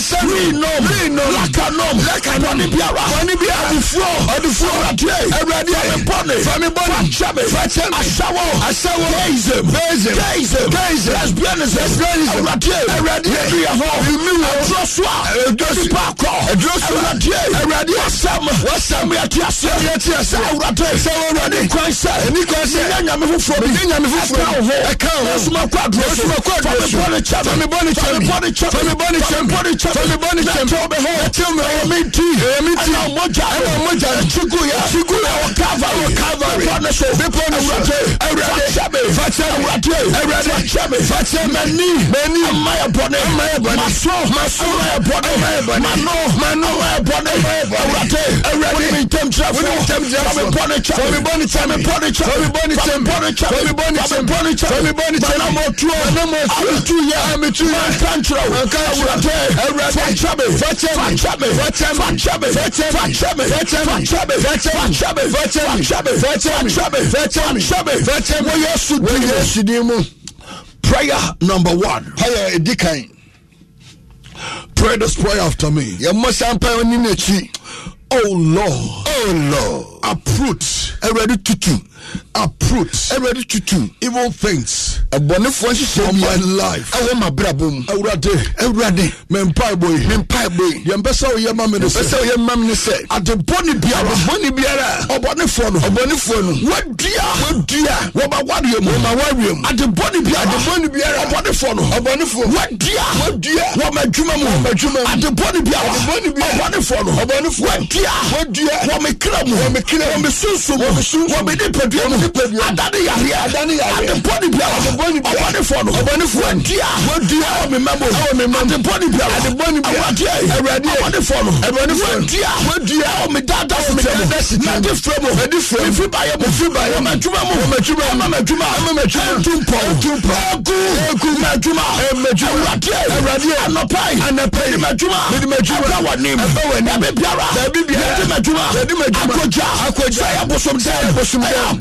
Sadom, Lakanom, Lakanom, Bɔnni biara, Bɔnni biara, Afuo, ɔdifo ɔrɔdeɛ awurade fɛmipɔne fɛmibɔne fakyɛme fɛkyɛme asawo asawo keizem keizem keizem keizem lesbianism lesbianism awurade awurade ebia hɔ emiwo adurosua edosi paakɔ adurosua awurade awurade wasam wasam yati wo ɛka wo esuma kɔ aduro esuma kɔ aduro fɛmibɔne kyɛm fɛmibɔne kyɛm fɛmibɔne kyɛm fɛmibɔne kyɛm fɛmibɔne kyɛm fɛmibɔne kyɛm ɛtɛw bɛ hɔ ɛtɛw bɛ hɔ ɛmi ti ɛmi ti ɛna jẹrẹ chiku yẹ chiku yẹ wọ Calvary wọ Calvary pọniso pọniso ewurade ewurade fàtsẹmi fàtsẹmi ewurade ewurade fàtsẹmi fàtsẹmi mẹni mẹni mayẹ bọni mayẹ bọni maso maso mayẹ bọni mayẹ bọni mano mano mayẹ bọni mayẹ bọni ewurade ewurade wọ́n mi ntẹ̀m tirẹ̀ fún mi ntẹ̀m tirẹ̀ fún mi bọ́ni tẹ̀ mi bọ́ni tẹ̀ mi bọ́ni tẹ̀ mi bọ́ni tẹ̀ mi bọ́ni tẹ̀ mi bọ́ni tẹ̀ mi bọ́ni tẹ̀ mi bọ́ni tẹ̀ mi bọ́ni tẹ̀ mi bọ́ni tẹ̀ mi bọ́ni tẹ̀ mi yẹ mi tu yẹ kankyerɛ wo ewurade ewurade fàtsẹmi fàtsẹmi fàtsẹmi fàtsẹmi fàtsẹmi fàtsẹmi fàtsẹmi prayer number one. ọyọ edi kan pray this prayer after me. yẹ mọ sampa ẹni n'ekyi. oh lord. oh lord. uproot. ẹwẹ́rẹ́ tutu. approach to do evil things ɛbɔnefoɔ nhyehyɛ bi my life ɛwɔ ma brabɔ mu ɛwurade ɛwurade mɛmpa ɛbɔ yi mɛmpa ɛbɔ yi yɛn bɛ sɛ oyɛ ma mi ni sɛ yɛn bɛ sɛ oyɛ ma mi ni sɛ adebɔni biara adebɔni biara ɔbɔnefoɔ no ɔbɔnefoɔ no wadua wadua wɔba wawie mu wɔba wawie mu adebɔni biara adebɔni biara ɔbɔnefoɔ no ɔbɔnefoɔ wadua wadua wɔma adwuma mu wɔma adwuma mu adebɔni biara adebɔni biara ɔbɔnefoɔ no ɔbɔnefoɔ wadua wadua wɔmekira mu wɔmekira mu wɔmesunsun mu wɔmedipadu yɛ mu ada ne yareɛ adepɔ ne bia ɔbɔ ne fɔ no ɔbɔ ne fɔ ntia wɔdua ɛwɔ mi mɛmo ɛwɔ mi mɛmo adepɔ bia adepɔ ne bia awuradeɛ awuradeɛ ɔbɔ ne fɔ no ɛbɔ ne fɔ ntia mi dada wɔ nadi fure mu nadi fure mu mu fiba yɛ mu ɛtuma mu ɛmɛtuma ɛmɛmɛtuma ɛmɛmɛtuma ɛtumpɔ ɛtumpɔ ɛku ɛku mɛtuma ɛmɛtuma awuradeɛ awuradeɛ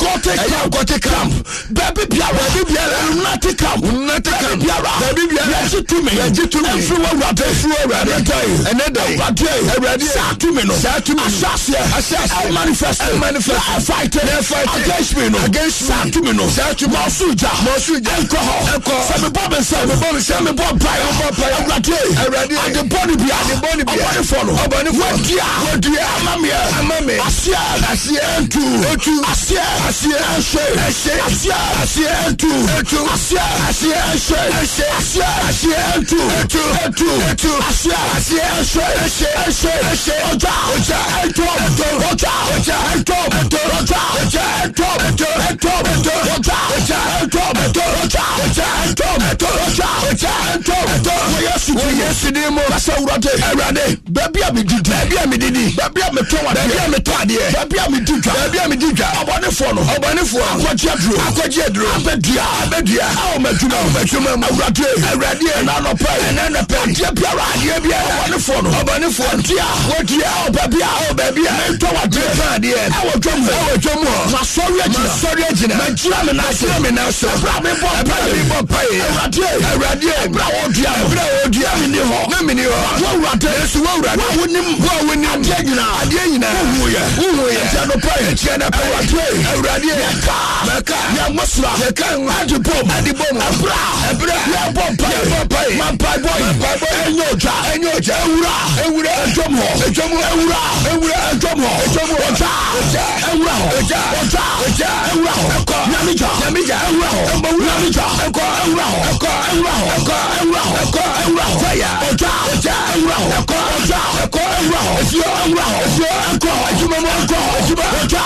gothic camp gothic camp bẹẹbi biara bẹẹbi biara lunatic camp lunatic camp bẹẹbi biara yẹji tumi yẹji tumi ẹnfúnwó wúradé ẹnfúnwó wúradé ẹnẹdẹyì ẹnẹdẹyì ẹwúradé ẹwúradé sáà tumi nù sáà tumi nù aṣáṣe aṣáṣe ẹ manifest ẹ manifest ẹ fight ẹ fight against me no. against me sáà tumi nù sáà tumi nù mọ̀ọ́sù ìjà mọ̀ọ́sù ìjà ẹnkọ họ ẹnkọ sẹmi bọ́ mi sẹ mi bọ́ mi sẹ mi bọ́ báyọ̀ bọ́ báyọ̀ ẹwúradé ẹwúradé adi bọ́ni bia adi bọ́ni bia ọbọ̀ni fọlọ ọbọ̀ni fọlọ wọ́n di a wọ́n di a amamiya amami aseɛ aseɛ ntu otu aseɛ ɛhwɛ ɛhyɛ aseɛ aseɛ ɛtu ɛtu aseɛ aseɛ ɛhwɛ ɛhyɛ aseɛ aseɛ ɛtu ɛtu ɛtu ɛtu aseɛ aseɛ ɛhwɛ ɛhyɛ ɛhyɛ ɛhyɛ ɔja ɔja ɛtɔ ɛtɔ ɔja ɔja ɛtɔ ɛtɔ ɔja ɔja ɛtɔ ɛtɔ ɛtɔ ɛtɔ ɔja ɔja ɛtɔ ɛtɔ ɔja ɔja ɛtɔ ɛtɔ ɔja ɔja ɛtɔ ɛtɔ wɔyɛ sudi wɔyɛ sudi mu kasa wurade ɛwurade bɛɛbi a mi didi bɛɛbi a mi didi bɛɛbi a mi tɔn adeɛ bɛɛbi a mi tɔn adeɛ bɛɛbi a mi di dwa bɛɛbi a mi di dwa abɔnifɔ no no ho ɔbɔnefoɔ akɔgye aduro akɔgye aduro abɛdua abɛdua awɔmatwuma awɔmatwuma mu awurade awurade ɛna nɔpɛ ɛna nɔpɛ adeɛ biara adeɛ biara ɔbɔnefoɔ no ɔbɔnefoɔ ntia wɔdua ɔbɛbia ɔbɛbia mentɔ wadeɛ mɛka adeɛ ɛwɔtwa mu ɛwɔtwa mu hɔ masɔre agyina masɔre agyina magyina me nase magyina me nase ɛbra me bɔ mpae me bɔ mpae awurade awurade ɛbra wɔdua ɛbra na me ni hɔ wɔwurade yesu wɔwurade wɔwonim wɔwonim adeɛ nyinaa adeɛ nyinaa wohu yɛ awurade ka, mɛka yɛmɔ sora yɛka ade bom ade bom ɛbra ɛbra yɛbɔ mpae yɛbɔ mpae mampaebɔ mampaebɔ ɛnyɛ ɔdwa ɛnyɛ ɔdwa ɛwura ɛwura ɛdwom hɔ ɛdwom hɔ ɛwura ɛwura ɛdwom hɔ ɛdwom hɔ ɔdwa ɔdwa ɛwura hɔ ɔdwa ɔdwa ɔdwa ɛwura hɔ ɛkɔ nyamija nyamija ɛwura hɔ ɛmbɔwura nyamija ɛkɔ ɛwura hɔ ɛkɔ ɛwura hɔ ɛkɔ ɛwura hɔ ɛkɔ ɛwura hɔ fɛya ɔdwa ɔdwa hɔ ɛkɔ ɛkɔ hɔ hɔ ɛkɔ ɛkɔ hɔ ɛkɔ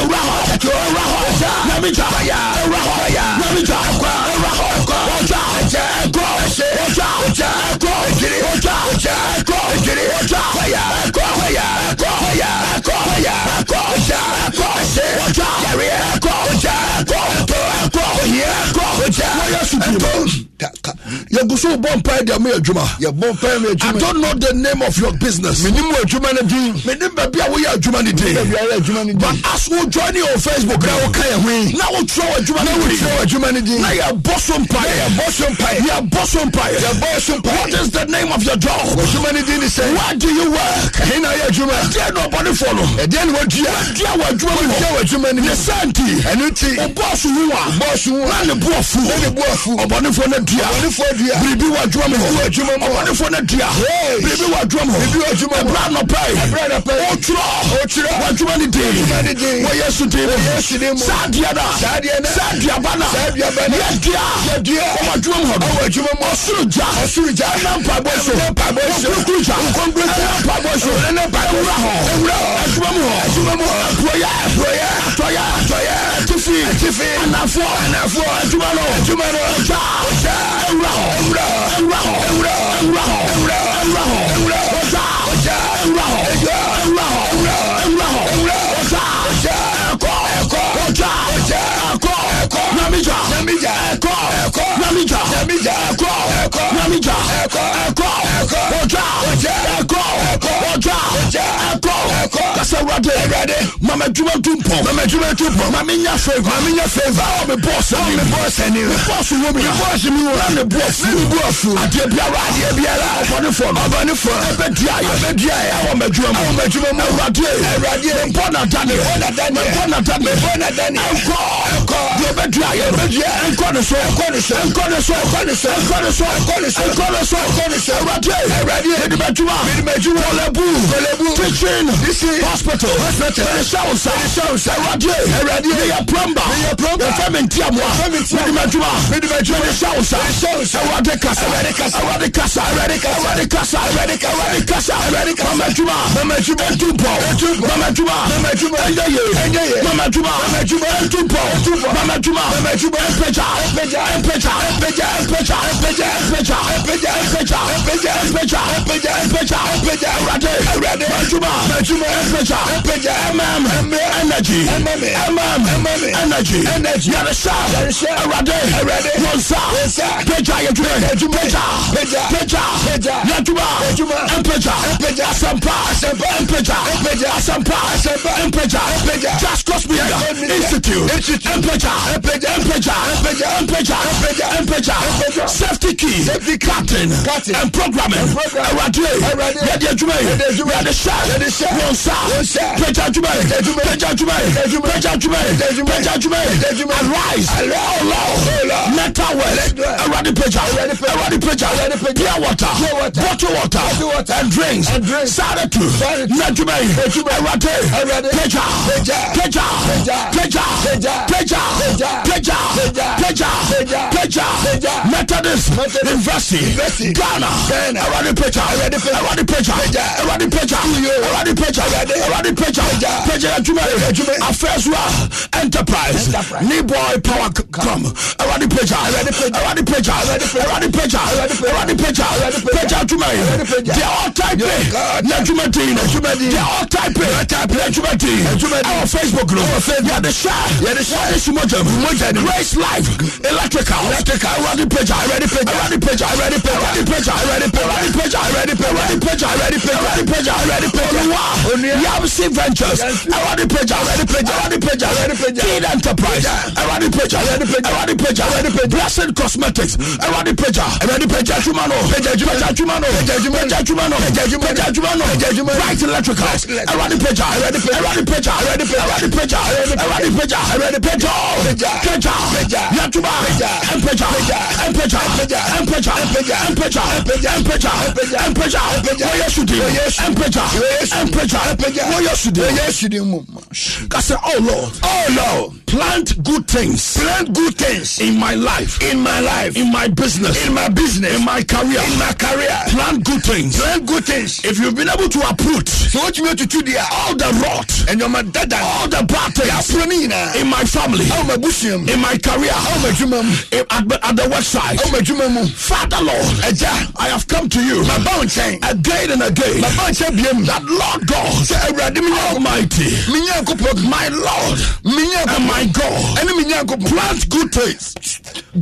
ewura hɔ ewura hɔ nyami jɔ ewura hɔ nyami jɔ ewura hɔ ɔjɔ ɛjɛ ɛkɔ ɛsɛ ɔjɔ ɛjɛ ɛkɔ ɛjiri ɔjɔ ɛjɛ ɛkɔ ɛjiri ɔjɔ ɛkɔ ɛkɔ ɛkɔ ɛkɔ ɛkɔ. yɛgu wobɔ mpae deɛ moyɛ adwuma i don't know the name of your business menim wɔ adwuma no din menim baabi a woyɛ adwuma no din wojoine wɔ facebook na woka yɛ hoe na wotwerɛ w'adwuma no din na yɛbɔ so mpae so mpae is the name of your job no din ne sɛ where do you work ɛhe na yɛ adwuma ɛdeɛ na ɔbɔnefoɔ no ɛdeɛ ne wɔdua dua wɔ no hɔ nti ɛno nti wobɔɔ so wo wura ne bu afu ɔbɔnefo ne dua biribi wa adwuma mu hɔ ɔbɔnefo ne dua biribi wa adwuma mu hɔ ɛbura nɔpɛ ɔtwerɛ wadwuma ne den wɔyɛ su den mu saa deɛ na saa duaba na yɛ dua ɔwɔ adwuma mu hɔ ɔsoro gya ɛnam pabɔ so ɔkurukuru gya ɛnam pabɔ so ɛwura hɔ adwuma mu hɔ ɛpuoyɛ atɔyɛ atifi anafoɔ fún ọ ẹjúmọ́ lọ ẹjúmọ́ lọ ẹjá ọjà ewúrà họ ewúrà ewúrà họ ewúrà ewúrà họ ewúrà ewúrà họ ewúrà ọjà ọjà ewúrà họ ẹjá ewúrà họ ewúrà ewúrà họ ewúrà ọjà ọjà ẹkọ ẹkọ ọjà ọjà ẹkọ ẹkọ nyamija nyamija ẹkọ ẹkọ nyamija nyamija ẹkọ ẹkọ nyamija ẹkọ ẹkọ ẹkọ ọjà ọjà ẹkọ ẹkọ ọjà ọjà ẹkọ. kɔ kasa awurade awurade mama adwuma tu mpɔ mama adwuma tu mpɔ mama nya favour mama nya favour awo mi bɔɔsi awo mi mi bɔɔsi wo mi mi bɔɔsi wo mi bɔɔsi mi bɔɔsi adeɛ biara adeɛ biara ɔbɔnifɔ ɔbɔnifɔ ɛbɛ di ayɛ ɛbɛ di ayɛ awo ma adwuma mu awo ma adwuma mu awurade awurade mpɔ na dani mpɔ na dani mpɔ na dani mpɔ na dani nkɔ nkɔ deɛ ɛbɛ di ayɛ ɛbɛ di ayɛ nkɔ ni so ni so nkɔ ni so ni so nkɔ ni so ni ti hospital hospital ẹnisa ọsa ẹnisa ọsa ẹwurade ẹwurade ẹyẹ plumber ẹyẹ plumber ẹfẹmi ntiamua ẹfẹmi ntiamua mẹdìmẹdìmá mẹdìmẹdìmá ẹnisa ọsa ẹnisa ọsa ẹwurade kasa ẹwurade kasa ẹwurade kasa ẹwurade kasa ẹwurade kasa ẹwurade kasa ẹwurade kasa ẹwurade kasa mẹmẹdìmá mẹmẹdìmá ẹtúbọ mẹmẹdìmá mẹmẹdìmá ẹnyẹyẹ ẹnyẹyẹ mẹmẹdìmá mẹmẹdìmá ẹtúbọ ẹtúbọ mẹmẹdìmá mẹmẹdìmá ẹpẹjà ẹpẹjà ẹpẹjà ẹpẹjà ẹpẹjà ẹpẹjà ẹpẹjà ẹpẹjà ẹpẹjà ẹpẹjà ẹpẹjà ẹpẹjà ẹpẹjà ẹwurade ẹwurade mẹdìmá mẹdìmá temperature, temperature, mm, energy, mm, energy, energy. Yaresa, Arade, Yonsa, Peja, Yajuma, Peja, Peja, Yajuma, Empeja, Asampa, Empeja, Asampa, Empeja, Just Cause Media Institute, Empeja, Empeja, Empeja, Empeja, Safety Key, Captain, and Programming, Arade, Yajuma, Yadesha, Yonsa, osa pẹja juma yi pẹja juma yi pẹja juma yi pẹja juma yi arise ọlọ lẹta wẹ ẹwadi pure water water and drinks methodist ghana awurade pagya pagya adwuma affairs wa enterprise boy, power com awurade pagya awurade pagya awurade pagya awurade pagya pagya adwuma yi deɛ ɔtae pe na adwuma din no deɛ all type na adwuma din ɛwɔ facebook no yɛde hyɛ yɛde hyɛ yɛde hyɛ mogya mu grace life electrical electrical awurade pagya awurade pagya awurade pagya awurade pagya awurade pagya awurade pagya awurade pagya awurade pagya awurade pagya awurade pagya awurade pagya awurade pagya yamsi ventures ɛwɔde pagya ɛwɔde pagya kid enterprise ɛwɔde pagya ɛwɔde pagya blessed cosmetics ɛwɔde pagya ɛwɔde pagya adwuma no pagya adwuma no pagya adwuma no pagya adwuma no Right electrical ɛwɔde pagya ɛwɔde pagya ɛwɔde pagya ɛwɔde pagya ɛwɔde pagya pagya yatuma ɛmpagya ɛmpagya ɛmpagya ɛmpagya ɛmpagya ɛmpagya ɛmpagya ɛmpagya ɛmpagya ɛmpagya ɛmpagya wọ́n yẹ mu. ka sẹ oh lord. oh lord. plant good things. plant good things. in my life. in my life. in my business. in my business. in my career. in my career. plant good things. plant good things. if you been able to uproot. sọ wọ́n ti mi all the rot. ẹ̀yọ́mọ dada. all the bad things. Uh, in my family. aw ma busun in my career. aw ma juma at the website. aw ma juma father lord. I have come to you. my òun kyẹn. Eh? again and again. bàbá òun kyẹn that lord God. Lord. Say Radimi Almighty. Minyankopon. My Lord. Me And my God. me Minyankopon. Plant good things.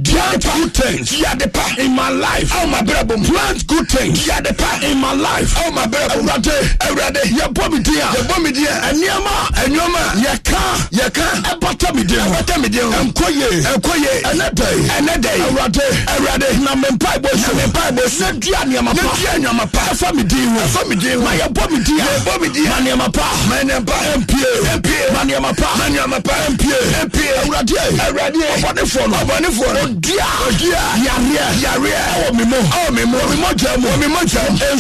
Plant good things. Yadepa. In my life. Oh my brother. Plant good things. Yadepa. In my life. Oh my brother. Erade. Erade. Yabo mi dia. Yabo mi dia. Enyama. Enyama. Yeka. Yeka. Ebata mi dia. Ebata mi dia. Enkoye. Enkoye. Enede. Enede. Erade. Erade. Na mempa ibo. Na mempa ibo. Nendia niyama pa. Nendia niyama pa. Efa mi dia. Efa mi dia. Ma yabo mi dia. Yabo mi dia ma nneɛma pa ma nneɛma pa mpie mpie ma nneɛma pa ma nneɛma pa mpie mpie awuradeɛ awuradeɛ ɔbɔnefoɔ no ɔbɔnefoɔ no odua odua yareɛ yareɛ ɛwɔ mi mu ɛwɔ mi mu mi mu jɛ mu mi mu jɛ mu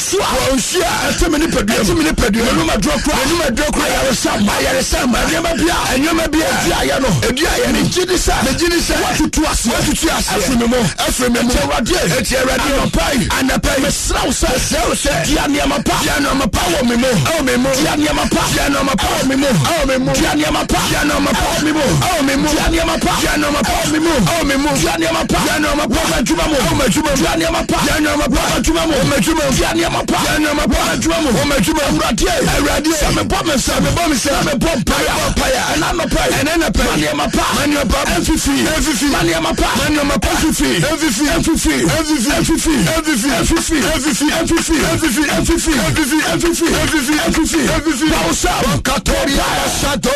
nsu a mi ni pɛduɛ mu mi ni pɛduɛ mu ɛnum aduro kura ɛnum aduro kura ayaresa ma ayaresa ma nneɛma bia nneɛma bia edu ayɛ no edu ayɛ ni gyi ni sɛ ne gyi ni sɛ watutu ase watutu ase ɛfiri mi mu ɛfiri mi mu ɛti awuradeɛ ɛti awuradeɛ anapai anapai mesirawo sɛ mesirawo sɛ dia nneɛma pa dia nneɛma pa ɛwɔ mi mu ɛwɔ mi mu Tia nneɛma pa. Tia nneɛma pa. Ɛwɔ mi mu. Ɛwɔ mi mu. Tia nneɛma pa. Tia nneɛma pa. Ɛwɔ mi mu. Ɛwɔ mi mu. Tia nneɛma pa. Tia nneɛma pa. Ɛwɔ mi mu. Ɛwɔ mi mu. Tia nneɛma pa. Tia nneɛma pa. Wɔn adwuma mu. Wɔn adwuma mu. Tia nneɛma pa. Tia nneɛma pa. Wɔn adwuma mu. Wɔn adwuma mu. Tia nneɛma pa. Tia nneɛma pa. Wɔn adwuma mu. Wɔn adwuma mu. Awuradeɛ. Awuradeɛ. Sɛmi bɔ mi sɛ. Sɛmi bɔ mi sɛ. Sɛmi bɔ mpaya. Bɔ mpaya. Ɛna nɔpɛ. Ɛna nɔpɛ. Maniɛma pa. Maniɛma pa. Ɛnfifi. Ɛnfifi. Maniɛma pa. Maniɛma pa. Ɛnfifi. Ɛnfifi. Ɛnfifi. Ɛnfifi. Ɛnfifi. Ɛnfifi. Ɛnfifi. Ɛnfifi. Ɛnfifi. Ɛnfifi. Ɛnfifi. Ɛnfifi. Ɛnfifi. Ɛnfifi. Ɛnfifi. Ɛnfifi. APC, APC, Bausam, Katoria, Father,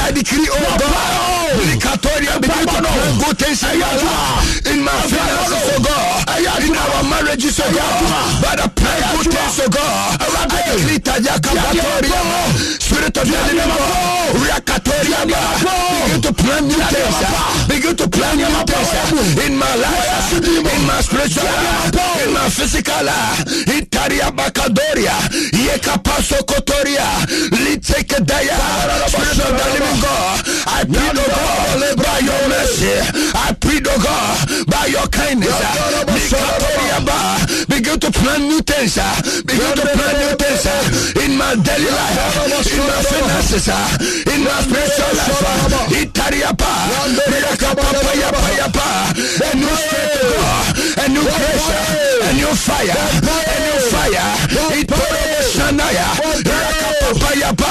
I decree, oh God, in my finances, oh God, in our marriages, oh God, by the prayer, oh God, I decree, Katoria, Spirit of the we are Katoria, begin to plan begin to plan in my life, in my spiritual life, in my physical life, in Taria Bacadoria, Yekapa. Sokotoria, Masokotoria, Litekedaya, Spirit of the Living God. I pray, O God, by your mercy. I pray, O God, by your kindness. Begin to plan new things. Begin to plan new things in my daily life, in my finances, in my spiritual life. Itariapa, a new strength, a new grace, a new fire, a new fire. Shanaya, Rakapapayapa,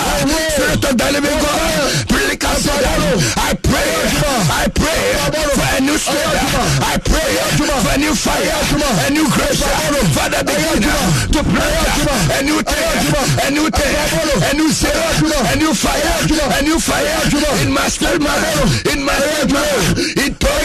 Spirit of the Living God, I pray, I pray for a new spirit, I pray for a new fire, a new grace, Father begin to pray a new thing, a new thing, a new zeal, a new fire, a new fire in my spirit, in my head, in prayer.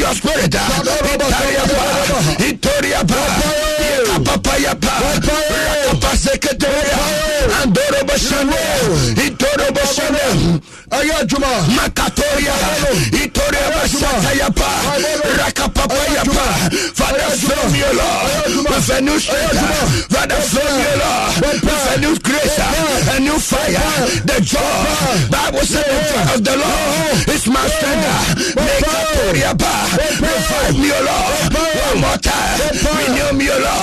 your spirit. Ah. Itoria pa. Papaya pa. Andoro Bashana. Eh. Itoro Bashana ɛyɛ adwuma makatoria itoria basata yapa rakapapa yapa fada fill me o lord with a new strength fada fill me o lord with a new grace a fire the joy bible said the joy of the lord is my strength makatoria pa revive me o one more time renew me o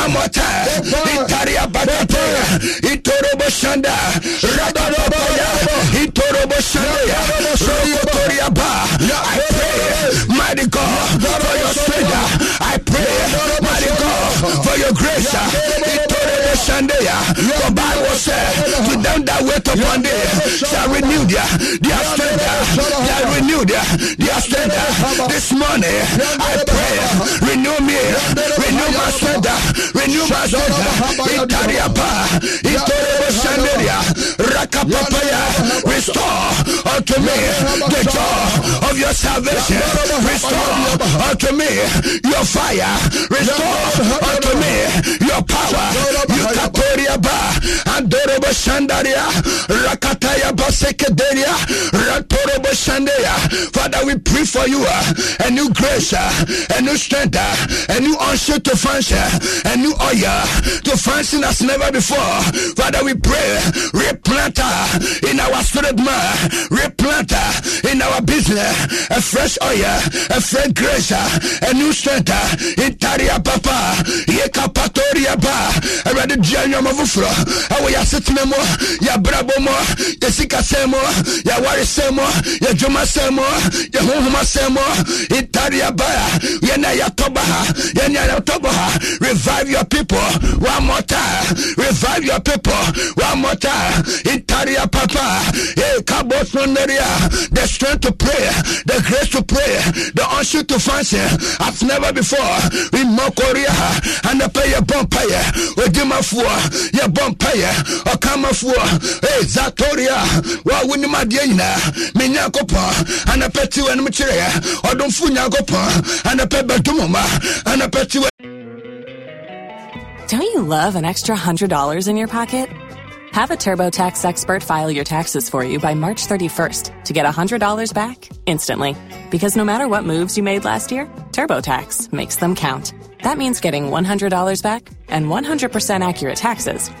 one more time itaria bakatoria itoro boshanda rakapapa itoro I pray, mighty God, for your strength. I pray, mighty God, for your grace. Sunday, ah, for Bible said, eh, to them that wait upon thee shall renew their their strength. They are renewed their strength. This morning, I pray, renew me, renew my strength, renew my strength. Itariapa, Itorebo Sandaria, Rakapapaya, restore unto me the joy of your salvation. Restore unto me your fire. Restore unto me Shandaria, Rakataya Basekederia, Ratorobo Shandaria. Father, we pray for you uh, a new grace, uh, a new strength, uh, a new answer to function, a new oil to function as never before. Father, we pray, replant in our spirit man, replant in our business, a fresh oil, a fresh grace, a new strength, Itaria Papa, Yekapatoria Ba, already Jenny Mavufra, and we are sitting nneɛma mu yɛabrabɔ mu yɛ sikasɛm mu yɛawaresɛm mu yɛdwumasɛm mu yɛhohomasɛm mu itariabaa yɛne yɛtɔba ha yɛne yɛtɔbɔ ha revive your people one more time revive your people one more time itaria papa hey ya the strength to pray the grace to pray the unction to function as never before we ha and the pay your bumpire odimafoɔ yɛ bɔ mpayɛ ɔka kamafoɔ eh, zatoria wa wini adeɛ nyinaa me nyankopɔn anapɛ tiw anom Don't you love an extra $100 in your pocket? Have a TurboTax expert file your taxes for you by March 31st to get $100 back instantly. Because no matter what moves you made last year, TurboTax makes them count. That means getting $100 back and 100% accurate taxes –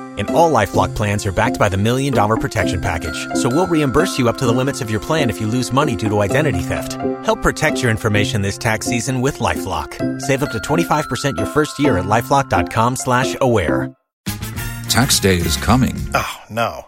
and all LifeLock plans are backed by the Million Dollar Protection Package. So we'll reimburse you up to the limits of your plan if you lose money due to identity theft. Help protect your information this tax season with LifeLock. Save up to 25% your first year at LifeLock.com slash aware. Tax day is coming. Oh, no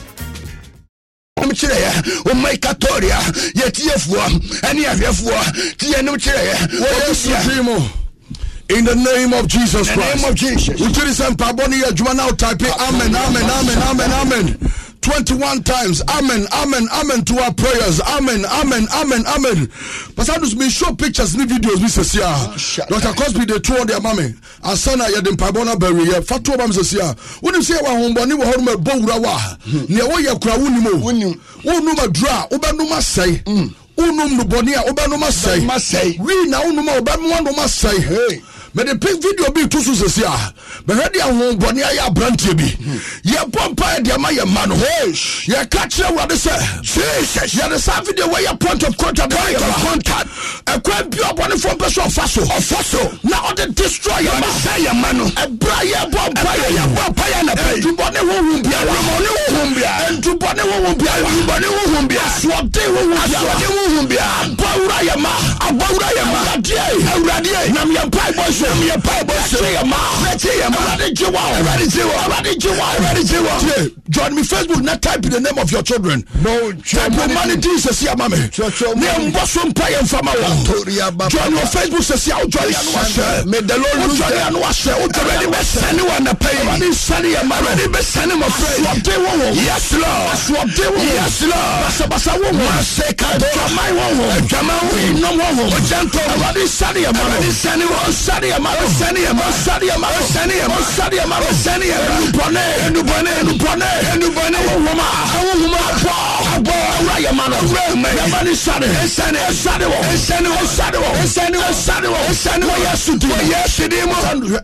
ɔma ɛne ahwɛfoɔ kyerɛɛ In the name of Jesus Christ. In the name of Jesus. Utiri amen amen amen amen amen. 21 times. Amen, amen, amen to our prayers. Amen, amen, amen, amen. Pasadus me show pictures ni videos me says ya. Dr. Cosby they told their mommy. Asana ya dem pabona berry ya. Fatu bam says ya. you say wa hombo ni wa home bo urawa. Ne wo ye kura wuni mo. Wuni. Wunu ma dra. Uba no ma say. Unum no boni ya. Uba no ma say. Ma say. We na unum ma no ma say. Hey mede pink video bi to so sesi a mehwɛ de ahohombɔne ayɛ aberanteɛ bi yɛbɔ mpaɛ deɛ ma yɛ ma no yɛka kyerɛ wurade sɛ jesus yɛde saa video wɔyɛ point of contact point of contact ɛkwan bi ɔbɔnefoɔ mpɛ sɛ ɔfa so ɔfa so na ɔde destroy yɛ ma sɛ yɛ ma no ɛberɛ yɛbɔ mpaɛ yɛbɔ na pɛ ntubɔne honhom bia ntubɔne honhom bia ntubɔne honhom bia ntubɔne honhom bia asoɔden honhom bia asoɔden honhom bia abɔwura yɛ ma abɔwura yɛ ma awuradeɛ awuradeɛ nam yɛ mpae sẹ́mi yẹ pàìbọ̀ sẹ́mi yẹ ma rẹ́tí yẹ ma ẹ̀rọ̀dì jí wa join me facebook Not type the name of your children. no type humanity sẹsi ama mi. ní ẹ̀ ń bọ́ so mpa yẹn join your facebook sẹsi awo jọli anu wa sẹ. o jọli anu wa sẹ o jọli anu bẹ sẹni wa nà pẹ́yì. ẹ̀rọ̀dì sẹni yẹ ma ẹ̀rọ̀dì bẹ sẹni ma fẹ́. yes lord. yes lord. basabasa wọ̀ wọ̀. mase ka dọ̀. ẹ̀jọ̀má wọ̀ wọ̀. ẹ̀jọ̀má wọ̀ wọ̀. ìnọ̀mọ̀ wọ̀ wọ̀. o jẹ́ ntọ́. ẹ̀rọ̀dì sẹni yẹ ma ẹ̀rọ̀dì sẹni wọ̀ sẹni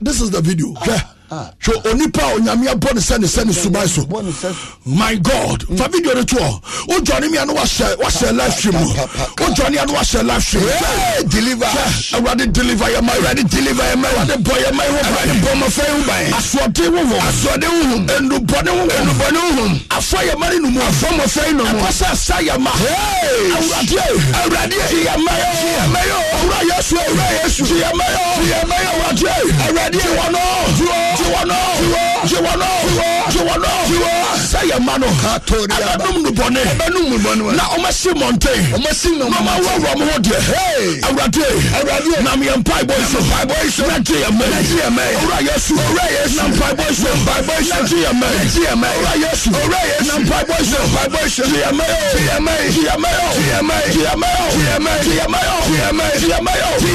this is the video. Yeah. so onipa a onyame ne sɛ ne sɛ ne suban so my god fa video no to hɔ wodwane mia no wahyɛ live stream mu wodwane a no wahyɛ live stream deliver awurade deliver yɛ ma awurade deliver yɛ ma awurade bɔ yɛ ma ho awurade bɔ ma fa ho ban asoɔden ho hom asoɔden ho hom enubɔne ho hom enubɔne ho hom afa yɛ ma ne numu afa ma fa no mu ɛkɔsɛ sa yɛ ma awurade awurade ti yɛ ma yɛ ti yɛ ma yɛ owura yɛsu owura yɛsu ti ma yɛ ti yɛ ma yɛ awurade awurade ti wɔ You You You are are. are náà You are. You are ìwọ You are. yɛ ma no ɛbɛnum no bɔne na ɔmasi mmɔnten na ɔmawɔwɔ mo ho deɛ awurade nam yɛ mpaebɔ so na gye yɛ mɛ owura yesu na mpaebɔ so na gye yɛ mɛ owura yesu na mpaebɔ so gye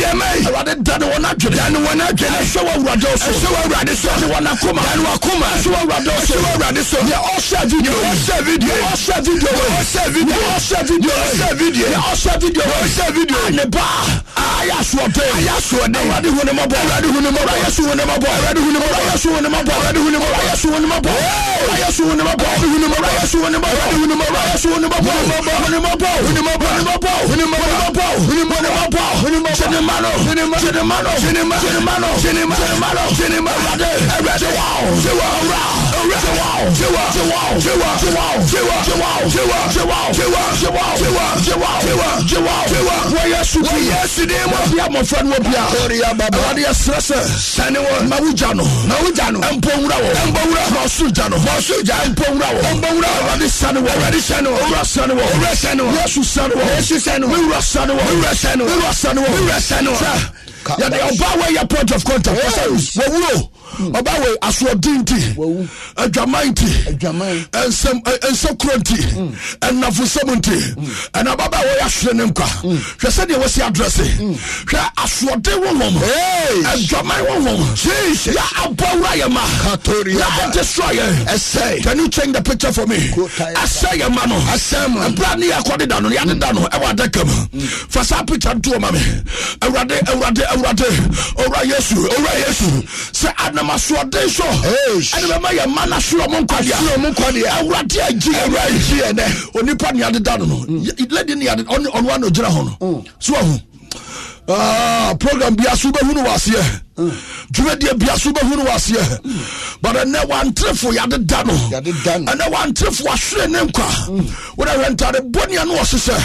yɛ mɛ awurade dane wɔn adwene dane wɔn adwene ɛhyɛ wɔ awurade so ɛhyɛ wɔ awurade so dane wɔn akoma dane wɔn akoma ɛhyɛ wɔ awurade so ɛhyɛ wɔ awurade so deɛ ɔhyɛ share video yẹ share video yẹ share video yẹ share video yẹ share video yẹ share video yẹ share video yẹ share video aneba ayasoɔte ayasoɔde awurade hunimabɔ awurade hunimabɔ ayasu hunimabɔ awurade hunimabɔ ayasu hunimabɔ awurade hunimabɔ ayasu hunimabɔ ayasu hunimabɔ hunimabɔ ayasu hunimabɔ awurade hunimabɔ ayasu hunimabɔ hunimabɔ hunimabɔ hunimabɔ hunimabɔ hunimabɔ hunimabɔ hunimabɔ sinimano sinimano sinimano sinimano sinimano sinimano awurade awurade wa awura. rẹ̀. Ṣéwà o ṣéwà ṣéwà o ṣéwà ṣéwà o ṣéwà ṣéwà o ṣéwà ṣéwà o ṣéwà ṣéwà o ṣéwà ṣéwà o ṣéwà ṣéwà o ṣéwà. Wọ́n yẹ su kí yẹ si dé mọ́. Bí amọ̀fra ni wọ́n bí a. Lórí ya bàbá. Àwọn adìyẹ sẹ́sẹ̀. Sani wọn. Màwù jànù. Màwù jànù. Ẹ ń bọ wúrà wọ. Ẹ ń bọ wúrà. Màṣu jànù. Màṣu jà. Ẹ ń bọ wúrà wọ. Ẹ ń bọ wúrà. Ọ̀rẹ́dì sani wọ. Ọ̀rẹ́dì sani wọ. Owurọ̀ sani wọ. Owurọ̀ sani yàtọ̀ ọba wẹ̀ yẹ point of contact. Wọ́n wúrò. ɔba hmm. wei asoɔden nti adwaman nti nsɛkuro nti ɛnafosɛm hmm. nti ɛna baba a wɔyɛ ne nkwa hmm. hwɛ sɛdeɛ wɔsi adrɛse hwɛ asoɔden honhom adwaman honhom yɛ abɔwura yɛ ma yɛ adesɔ yɛ can you change the picture for me ɛsɛ yɛ ma no ɛbra ne yɛ akɔdeda no yɛadeda no ɛwɔ adaka mu fa saa picture ntoɔ ma me awurade awurade awurade ɔwura yesu ɔwura yesu sɛ ana nam asoɔden so ɛne bɛma yɛ ma no soro mo nkwadeɛ awurade agyi agyi ɛnɛ onipa ne adeda no no ladi ne ɔnoa na ɔgyina ho no mm. so ahu ah, program bia so wobɛhu no wɔ aseɛ dwumadie bia so bɛhu no waseɛ but ɛnɛ wanterefo yɛde da no ɛnɛ wanterefo asere ne nkwa mm. wode hwɛ ntade no ɔse sɛ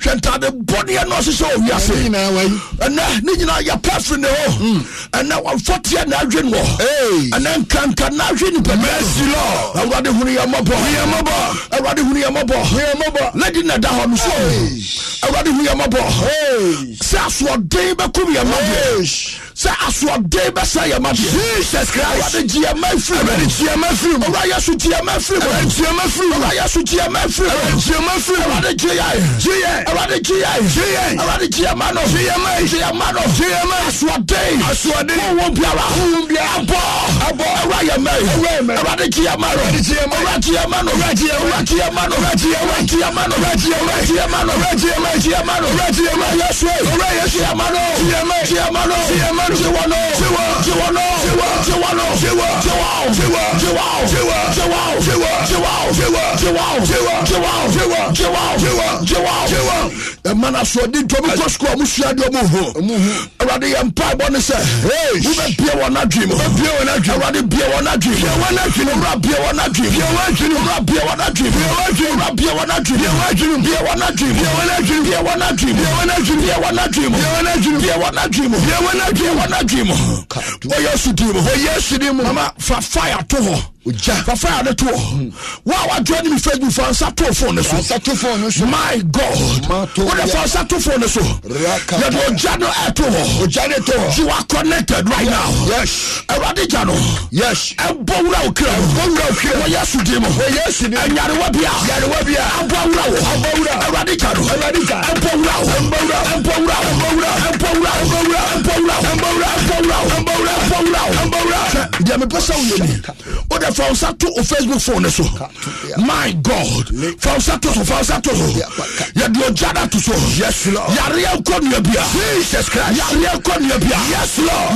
hwɛ ntade no ɔse sɛ owiase ɛnɛ ne nyinaa yɛpɛ firi ne ho mm. ɛnɛ wɔmfɔteɛ na adwe wɔ ɛnɛ nkanka na adwe nipa lɔ awurade hunu yɛ awurade hunu yɛ mmɔbɔ na da hɔ no so awurade hunu yɛ sɛ asoɔden bɛkum yɛ sɛ asoɔden bɛsa yɛ ma deɛ jesus christ awurade gye yɛ ma firi mu awurade gye yɛ ma firi mu awurade yɛso gye yɛ ma firi mu awurade gye yɛ ma firi mu awurade yɛso gye yɛ ma firi mu awurade gye yɛ ma firi mu awurade gye yɛ gye yɛ awurade gye yɛ gye yɛ awurade gye yɛ ma no gye yɛ ma gye yɛ asoɔden asoɔden wɔwɔ biara wɔwɔ biara abɔ abɔ awurade yɛ ma yɛ awurade gye yɛ ma no awurade gye yɛ ma no awurade gye yɛ ma no awurade gye yɛ ma no awurade gye yɛ ma no awurade gye yɛ ma no awurade gye yɛ ma no awurade gye yɛ ma no awurade gye yɛ ma no awurade gye yɛ ma no awurade gye yɛ ma no awurade gye yɛ ma no awurade gye yɛ ma no awurade gye yɛ ma no awurade gye yɛ ma no awurade gye yɛ ma no awurade gye yɛ ma no awurade gye yɛ ma no awurade lórí. tiwọ nọ tiwọ tiwọ nọ tiwọ tiwọ nọ tiwọ tiwọ tiwọ tiwọ tiwọ tiwọ tiwọ tiwọ tiwọ tiwọ tiwọ tiwọ tiwọ tiwọ tiwọ tiwọ tiwọ. ɛma na so ɔde ntɔmi kɔ sukuu a musu adi ɔmu hu awurade yɛ mpa bɔ ne sɛ wobɛ bie wɔ n'adwi mu bie wɔ n'adwi mu awurade bie wɔ n'adwi mu bie wɔ n'adwi mu owura bie wɔ n'adwi mu bie wɔ n'adwi mu owura bie wɔ n'adwi mu bie wɔ n'adwi mu owura bie wɔ n'adwi mu bie wɔ n'adwi mu bie wɔ n'adwi mu bie wɔ n'adwi mu bie wɔ n'adwi mu bie wɔ n'adwi mu bie wɔ n'adwi mu bie wɔ n'adwi mu bie wɔ n'adwi mu bie wɔ n'adwi mu wɔ n'adwi mu hɔ yesu di mu hɔ yesu di mu mama fa fire to hɔ ogya fafa ade to hɔ wa wadua ne mi facebook fɔ ansa to fone ne so my god wode fɔ ansa to fone ne so yɛde ogya no ɛto hɔ you are connected right now awurade gya no ɛbɔ wura wo kra mu wɔyɛ sudie mu anyarewa bia abɔ wura wo awurade gya no ɛbɔ wura wo ɛbɔ wura wo ɛbɔ wura wo ɛbɔ wura wo ɛbɔ wura wo ɛbɔ wura wo ɛbɔ wura wo ɛbɔ wura wo deɛ mepɛ sɛ woyɛ ni wode fa wo sa to o facebook phone ne so my god fa wo sa to so fa wo sa to so yɛde ogya da to so yareɛ nkɔ nnua bia yareɛ nkɔ nnua bia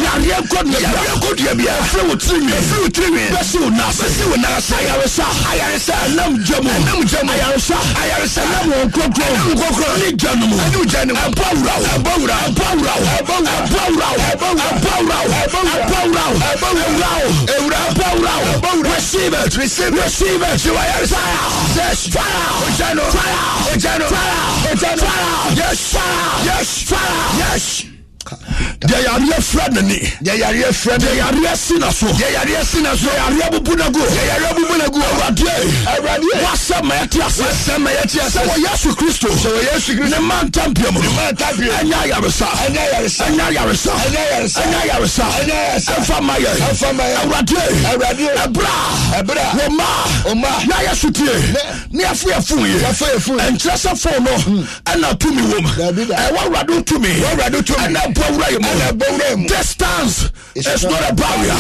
yareɛ nkɔ nnua bia ɛfiri wo tirinwi bɛsi wo nase ayaresa ayaresa ɛnam gyamu ayaresa ayaresa ɛnam wɔn nkonkron ne gya nomu ɛbɔ awurawo ɛbɔ awurawo ɛbɔ awurawo ɛbɔ awurawo ɛbɔ awurawo ɛbɔ awurawo ɛbɔ awurawo ɛbɔ awurawo ɛbɔ awurawo ɛbɔ awurawo. Receive it. Receive it. Receive it. You are fire. Yes. Fire. eternal, Fire. eternal, Fire. eternal, Fire. Yes. Fire. Yes. Fire. Yes. deɛ yareɛ frɛ ne ne deɛ yareɛ frɛ ne deɛ yareɛ si na so deɛ yareɛ si na so deɛ yareɛ bubu na go deɛ yareɛ bubu na go awurade awurade wasɛ ma yɛte ase wasɛ ma yɛte ase sɛ wɔ yesu kristo sɛ wɔ yesu kristo ne ma ntampia mu no ɛnyɛ ayaresa ɛnyɛ ayaresa ɛnyɛ ayaresa ɛnyɛ ayaresa ɛnyɛ ayaresa ɛnfa ma yɛ ɛnfa ma yɛ awurade awurade ɛbra ɛbra wɔ ma ma na yɛ so tie ne yɛfo yɛ fun yɛ yɛfo yɛ fun yɛ ɛnkyerɛ sɛ fon hmm. ɛna tumi wɔ mu ɛwɔ awurade tumi ɛna bɔ awurade distance is not a barrier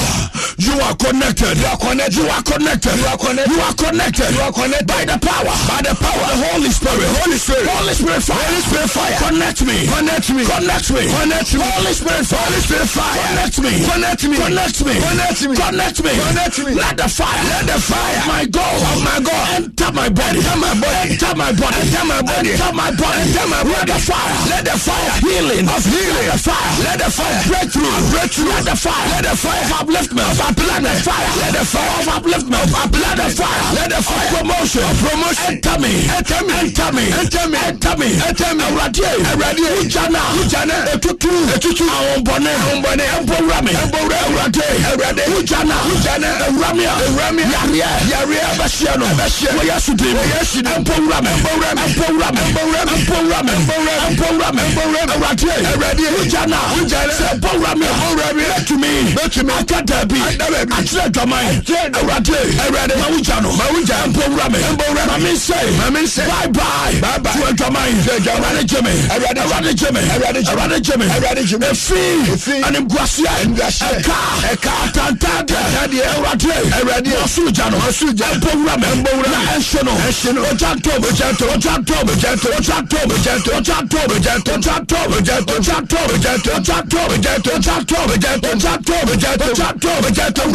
you are connected you are connected you are connected you are connected you are connected, you are connected. by the power by the power the Holy Spirit Holy Spirit Holy Spirit fire Holy Spirit fire connect me connect me connect me connect me Holy Spirit fire Holy Spirit fire connect me connect me connect me connect me connect me connect me let the fire let the fire my God oh my God enter my body enter my body enter my body enter my body enter my body enter my body let the fire let the fire healing of healing fire let the fire break through. Break through. Let the fire. Let the fire of upliftment. Of upliftment. Fire. Let the fire of upliftment. Of upliftment. Fire. Let the fire. Promotion. Promotion. Enter me. Enter me. Enter me. Enter me. Enter me. Enter me. Awurade. Awurade. Ujana. Ujana. Etutu. Etutu. Àwọn bọ̀nẹ̀. Àwọn bọ̀nẹ̀. Ẹ̀bọ̀wura mi. Ẹ̀bọ̀wura Awurade. Awurade. Ujana. Ujana. Ewuramia. Ewuramia. Yariya. Yariya. Ẹbẹ̀síẹ̀ nù. Ẹbẹ̀síẹ̀. Wọ́n yẹ sùdìrì. Wọ́n yẹ sùdìrì. Ẹ̀bọ̀wura mi. Ẹ̀bọ̀wura mi. Ẹ̀bọ̀wura mi. Ẹ̀bọ̀wura mi. Ẹ̀bọ̀wura mi. Ẹ̀bọ̀wura mi. Ẹ̀bọ̀wura mi. Awurade. Ujana. sɛ bɔwura mi bɔwura mi bɛtumi bɛtumi akata bi akyerɛ dwaman awurade awurade mawu gya no mawu gya mpɔwura mi mpɔwura mi mami nsɛyi mami nsɛyi bye bye bye bye tuwa dwaman awurade jɛmi awurade awurade jɛmi awurade jɛmi awurade jɛmi awurade jɛmi efi efi ani nkuasiɛ ɛka ɛka atantadeɛ ɛdeɛ awurade awurade masu gya no masu gya mpɔwura mi mpɔwura mi na ɛhyɛ no ɛhyɛ no ɔjà ntɔm ɔjà ntɔm ɔjà ntɔm ɔjà ntɔm ɔjà ntɔm ɔjà ntɔm ɔjà ntɔm ɔjà ntɔm ɔjà ntɔm ɔjà ntɔm ɔjà ntɔm ọjà tó ọjà tó ọjà tó ọjà tó ọjà tó ọjà tó ọjà tó ọjà tó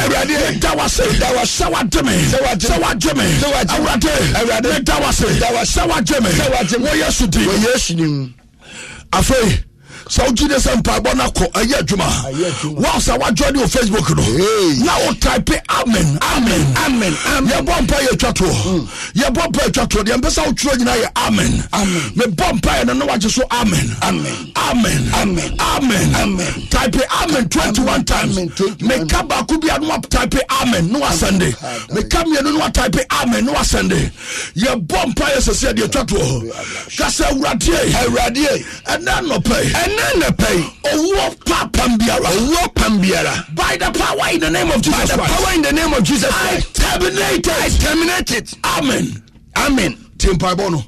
awurade awurade ne dawase dawase sawa jimi sawa jimi awurade awurade ne dawase dawase sawa jimi wọ́n yẹ sùn di wọ́n yẹ sùn ni afei sɛ wogyide sɛ mpaebɔ no kɔ ɛyɛ adwuma wow sɛ woadwɔne wɔ facebook no na wotype amen amen amen yɛbɔ mpa yɛ atwa toɔ hmm. yɛbɔ mpa atwa toɔ deɛ mpɛ sɛ wotwerɛ nyina yɛ amen mebɔ mpaeɛ no na wagye so amen amen amen amen type amen 21 times meka baako bia no type amen na wasɛnde meka mmienu no type amen na wasɛnde yɛbɔ mpaeɛ sɛ sɛ deɛ atwa toɔ ka sɛ awuradeɛ awuradeɛ ɛnɛ nɔpɛ ɛnɛ nɛpɛ owó pa biara. owó pam biara. by the power in the name of jesus christ. by the power in the name of jesus christ. i terminate it. i terminate it. amen. amen. tí n pa ẹbọ nù.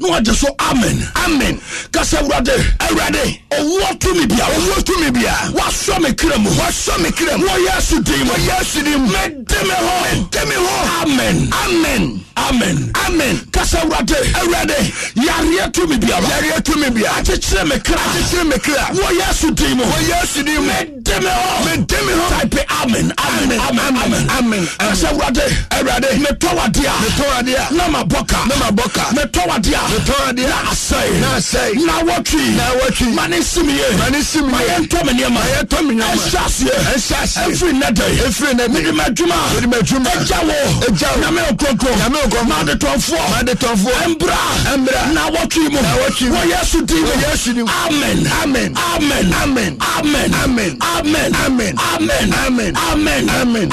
ní wàá jẹ amen. amen. kásá ewurade. ewurade. owó túnmí bíà. owó túnmí bíà. wà sọ mi kiri mu. wà sọ mi kiri mu. wọ́n yẹ́ sùn dín mu. wọ́n yẹ́ sùn dín mu. mẹ́ dẹ́mi hàn. mẹ́ dẹ́mi hàn. amen. amen. amen amen amen kasa awurade awurade yareɛ tumi biara yareɛ tumi biara akyekyere me kra akyekyere me kra wɔ yesu din mu wɔ yesu din mu mede hɔ mede hɔ type amen amen amen amen amen kasa awurade awurade metɔ wadeɛ a metɔ Nama a na mabɔ ka na mabɔ ka na asɛe na asɛe na wɔtwi na wɔtwi ma ne nsim yie ma ne nsim yie ma yɛ ntɔ me nneɛma ma yɛ ntɔ me nneɛma ɛhyɛ aseɛ ɛhyɛ aseɛ efiri nɛ efiri nɛ mede ma adwuma mede ma adwuma nkɔ madetɔfoɔ madetɔfoɔ ɛmbra ɛmbra na wɔtwi mu na wɔtwi mu wɔ yesu di mu yesu di mu amen amen amen amen amen amen amen amen amen amen amen amen amen amen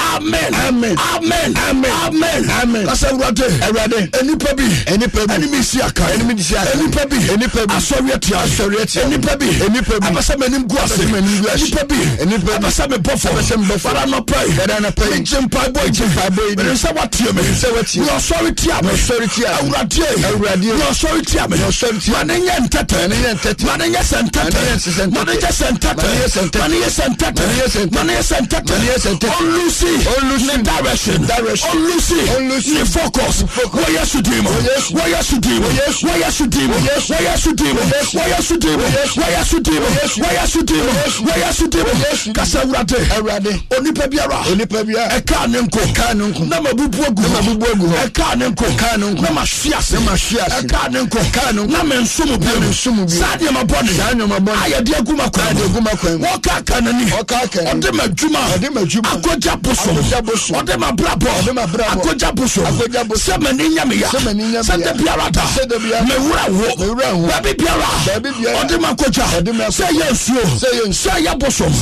amen amen amen amen kasa awurade awurade enipa bi enipa bi enimi si aka enimi si aka enipa bi enipa bi asɔre tia asɔre tia enipa bi enipa bi abasa mɛ nim gu ase enipa bi enipa bi abasa mɛ bɔfɔ abasa mɛ bɔfɔ fara nɔpɛ yi fara nɔpɛ yi nkyɛnpa bɔ yi nkyɛnpa bɔ yi nisɛn wa tiɲɛ mɛ nisɛn wa tiɲɛ mɛ yɔ sɔre ɔsɔre tia me ɔsɔre tia me awuradeɛ awuradeɛ na ɔsɔre tia me ɔsɔre tia me ma ne nyɛ ntɛtɛ ne nyɛ ntɛtɛ ma ne nyɛ sɛ ntɛtɛ ma ne nyɛ sɛ ntɛtɛ ma ne nyɛ sɛ ntɛtɛ ma ne nyɛ sɛ ntɛtɛ ma ne nyɛ sɛ ntɛtɛ ma ne nyɛ sɛ ntɛtɛ olusi olusi ne direction direction olusi olusi ne focus wɔyɛ sudi mu wɔyɛ sudi mu wɔyɛ sudi mu wɔyɛ sudi mu wɔyɛ sudi mu wɔyɛ sudi mu kasa awurade awurade onipa biara onipa biara ɛka ne nko ɛka ne nko na ma bubu agu ɛka ɛkaa ne nko na mahwe ase ɛkaa ne nko na mensom biom saa nneɛma bɔne ayɛde agu ma kwan wɔka ka nani ɔde ma adwuma akogya bosom ɔde ma brabɔ akogya bosom sɛ m'ani nyameya sɛ da biara da mewura wo baabi biara ɔde ma kogya sɛ yɛ nsuo sɛ yɛ bosom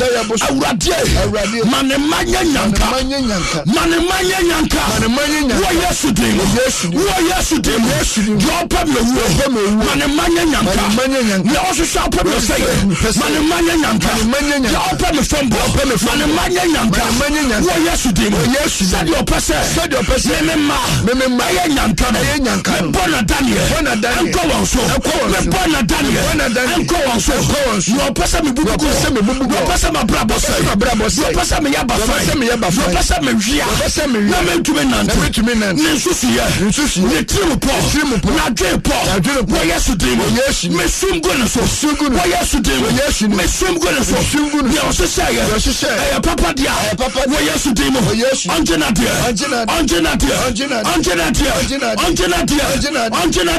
awuradeɛ ma ne ma nyɛ nyanka ma ne ma nyɛ nyanka wɔ yesu din Yesu, wúwo yéésù dì mú di ọpẹ mi owó mani ma nye nyanka ni ọsísọ ọpẹ mi sẹyẹ mani ma nye nyanka ni ọpẹ mi fọmbọ mani ma nye nyanka wúwo yéésù dì mú sẹdi ọpẹ sẹ mímí ma ẹyẹ nyanka mi bọ́ na daniel ẹnkọ wọn so mi bọ́ na daniel ẹnkọ wọn so ni ọpẹ sẹ mi bubuku ni ọpẹ sẹ mi abrabọ sẹ ni ọpẹ sẹ mi yaba fẹ ni ọpẹ sẹ mi wia na mi ntumi nantu ni nsusu nsusuiɛ ne tirim pɔ nadwe pɔ wɔyɛ sudin mu mesum gu ne so wɔyɛ sudin mu mesum gu ne so deɛ ɔhyehyɛ yɛ ɛyɛ papa deɛ wɔyɛ sudin mu ɔngyena deɛ ɔngyena deɛ ɔngyena deɛ ɔngyena deɛ ɔngyena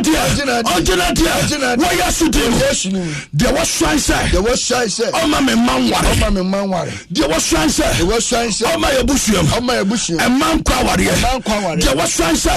deɛ ɔngyena deɛ wɔyɛ sudin mu deɛ wɔsuan sɛ ɔma me ma nware deɛ wɔsuan sɛ ɔma yɛ busuam ɛma nkɔ awareɛ deɛ wɔsuan sɛ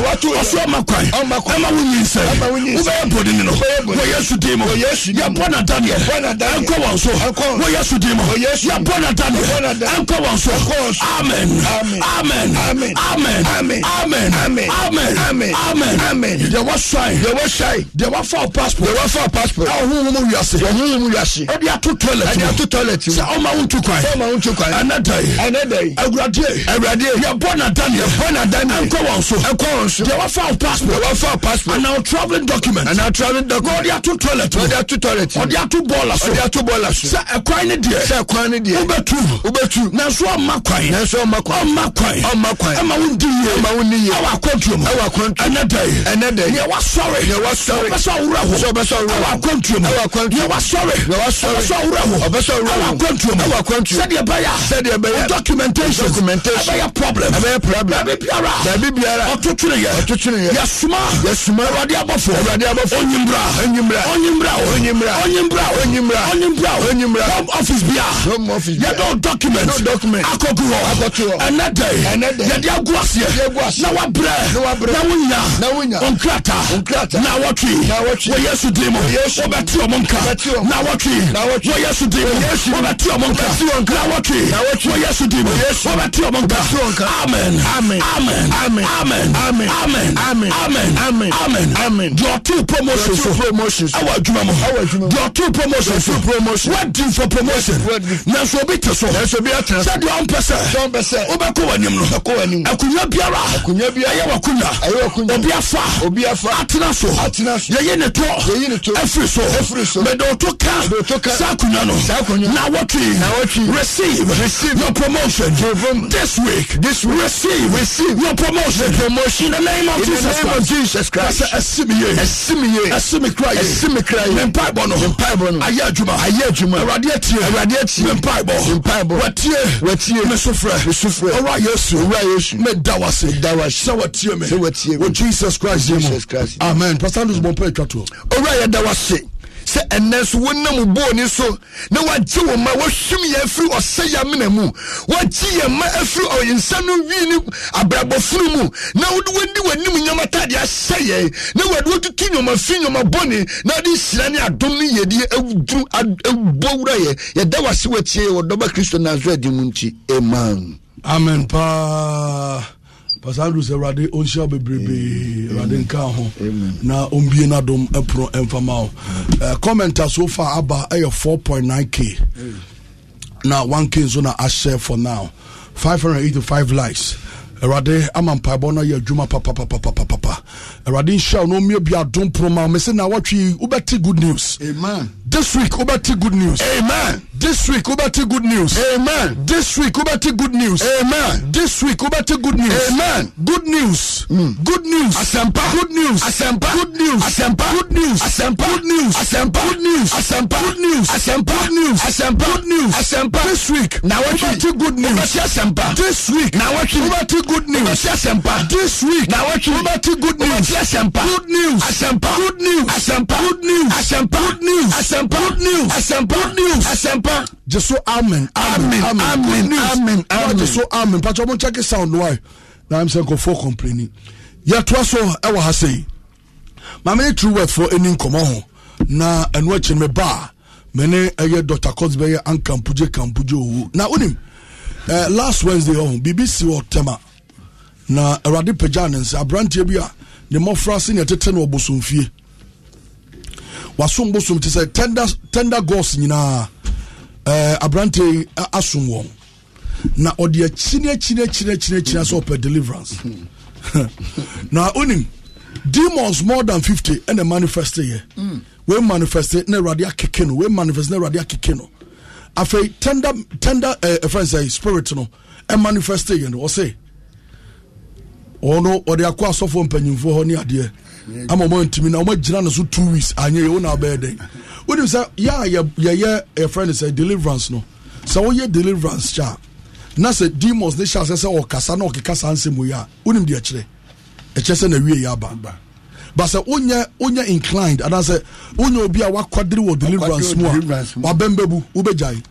ɔso ɔma kwan ɛma wo nyinsɛ wobɛyɛ bɔne no wɔ yesu din mu yɛbɔ nadaneɛ ɛnkɔ wɔn so wɔ yesu din mu yɛbɔ nadaneɛ ɛnkɔ wɔn so amen amen amen amen amen amen amen deɛ wɔsae deɛ wɔsae deɛ wɔfa wo passport deɛ wɔfa wo passport ɛwɔ honhom mu wiase ɛwɔ honhom mu wiase ɛde ato toilet mu ɛde ato toilet mu sɛ ɔma wo ntu kwan ɔma wo ntu kwan ɛnɛ dɛ ɛnɛ dɛ awurade awurade yɛbɔ nadaneɛ yɛbɔ nadaneɛ ɛnkɔ wɔn so ɛnkɔ wɔn nso. deɛ wafa aw passport. deɛ wafa aw passport. and now traveling document. and now traveling document. n'ɔdi atu toilet. n'ɔdi atu toilet. ɔdi atu bɔɔla so. ɔdi atu bɔɔla so. sɛ ɛkwan ni deɛ. sɛ ɛkwan ni deɛ. ube tu. ube tu. nanso ɔma kwan. nanso ɔma kwan. ɔma kwan. ɔma kwan. ɛma wo di yie. ɛma wo ni yie. ɛwɔ akɔntuo mu. ɛwɔ akɔntuo mu. ɛnɛ dɛ. ɛnɛ dɛ. ni ɛwa sɔre. ni ɛwa sorry. ɔbɛsɛ sorry. hɔ. ɔbɛsɛ ɔwura hɔ. ɛwɔ akɔntuo mu. ɛwɔ akɔntuo mu. ni ɛwa sɔre. ni ɛwa sɔre. ɔbɛsɛ ɔwura hɔ. ɔbɛsɛ ɔwura hɔ. ɛwɔ akɔntuo mu. ɛwɔ akɔntuo mu. sɛdeɛ bɛyɛ. sɛdeɛ bɛyɛ. documentation. documentation. ɛbɛyɛ problem. ɛbɛyɛ problem. baabi biara. baabi biara. ɔtuturi ɔtwetweneyɛ yɛsoma yɛsoma awurade abɔfo awurade abɔfo onyimbra onyimbra onyimbra onyimbra onyimbra onyimbra onyimbra onyimbra home office bia home office yɛdɔ document document akɔku hɔ akɔku hɔ ɛnɛ dɛ ɛnɛ dɛ yɛde agu aseɛ na wabrɛ na wabrɛ na wonya na wonya onkrata onkrata na wɔtwe na wɔtwe wɔ yesu dim wɔbɛte ɔmo nka na wɔtwe na wɔtwe wɔ yesu dim wɔbɛte ɔmo nka na wɔtwe na wɔtwe wɔ yesu dim wɔbɛte ɔmo nka amen amen amen amen amen amen amen amen amen amen amen Your di ọtún promotion fún promotion awa adwuma two promotions. ọtún promotion fún promotion wedding for promotion na so obi ti so sadi ọ mpẹsẹ o bẹ kó wà nimu no akunya biara Akunya biara. wà kunya kunya. obi afa obi afa atena so Yeye ne Yeye ne tọ efiri so mẹdẹ ọtún ká sá akunya no na Na wọtí receive Receive your promotion this week This week. receive Receive your promotion. promotion name of Jesus Christ. of Jesus Christ. Kasa esimiye. Esimiye. Esimikra ye. Esimikra ye. Mpa ibo no. Mpa ibo no. Aye adwuma. Aye adwuma. Awurade atie. Awurade atie. Mpa ibo. Mpa ibo. Watie. Watie. Mesufre. Mesufre. Ora Yesu. Ora Yesu. Me dawase. Dawase. Sɛ watie me. Sɛ watie me. Wo Jesus Christ ye mo. Jesus Christ. Amen. Pastor Andrews bɔ mpɛ atwa to. Ora yɛ dawase sɛ ɛnɛ nso wonam booni so na wagye wɔn ma wahwim yɛn afiri ɔsɛ yamena mu wagye yɛn ma afiri ɔyɛnsa no wii ne abrabɔfunu mu na wode wadi w'anim nyama atade ahyɛ yɛn na wade wotutu nnwoma fi nnwoma bɔne na wode nhyira ne adom ne yɛdie awuduru awubɔ yɛ yɛda wase watie wɔ dɔba kristo nasaret mu nti amen amen paa pastor andrew sɛ awurade ɔnhyia bebrebee awurade nka ho na ɔmbie no adom ɛpono ɛmfama wo comment a so far aba ɛyɛ 4.9k na one k nso na ahyɛ for now 585 likes awurade ama mpaebɔ no yɛ adwuma papapapapapa awurade nhyia no ɔmmie bi adom poroma me sɛ nawɔtwe wobɛte good news Amen. this week wobɛte good news Amen. this week wobɛte good news Amen. this week wobɛte good news Amen. this week wobɛte good news Amen. good news mm. good news asɛmpa good news asɛmpa good news asɛmpa good news asɛmpa good news asɛmpa good news asɛmpa good news asɛmpa good news asɛmpa good news asɛmpa this week nawɔtwe wobɛte good news wobɛte asɛmpa this week nawɔtwe wobɛte good news. asempa. this week na wọ́n ti wọ́n ti good news. wọ́n ti asempa. good news. asempa. good news. asempa. good news. asempa. good news. asempa. good news. asempa. good news. asempa. jesu amen. amen amen amen amen. jesu amen pàtó ọmọ check sound why na i'm saying nkɔfo complaining. yɛtoa so ɛwɔ eh, ha sɛ yi maame true word for ani nkɔmɔ ho na ɛno akyi eh, me ba a me ne ɛyɛ dr cos bɛyɛ ankampugye kampugye owu na unim uh, last wednesday ɔho biribi si wɔ na awurade pagya ne nsa aberanteɛ bi a ne mmɔfra se ne ɛtete no ɔbosomfie wasom bosom te sɛ tender, tender gos nyinaa eh, aberanteɛ yi asom wɔn na ɔde akyini akyini akyini akyini akyini sɛ ɔpɛ deliverance na onim demons more than fifty ɛna manifeste yɛ mm. wei manifeste na awurade akeke no wei manifeste na awurade akeke no afei tender tender ɛfɛn eh, sɛ spirit no ɛmanifeste yɛ no ɔsɛ ɔno ɔde akɔ asɔfoɔ mpanyimfoɔ hɔ ne adeɛ ama ɔma ntumi na ɔma gyina no so two weeks anyɛ yɛ wo abɛyɛ dɛn wonim sɛ yɛ a yɛyɛ yɛfrɛ no sɛ deliverance no sɛ woyɛ deliverance kyɛ a na sɛ demons ne hyɛ asɛ sɛ ɔkasa na ɔkeka saa nsɛm wei a wonim deɛ kyerɛ ɛkyerɛ sɛ na wie aba but sɛ wonyɛ wonyɛ inclined anaasɛ wonyɛ obi a wakwadere wɔ deliverance mu a wabɛn wobɛgyae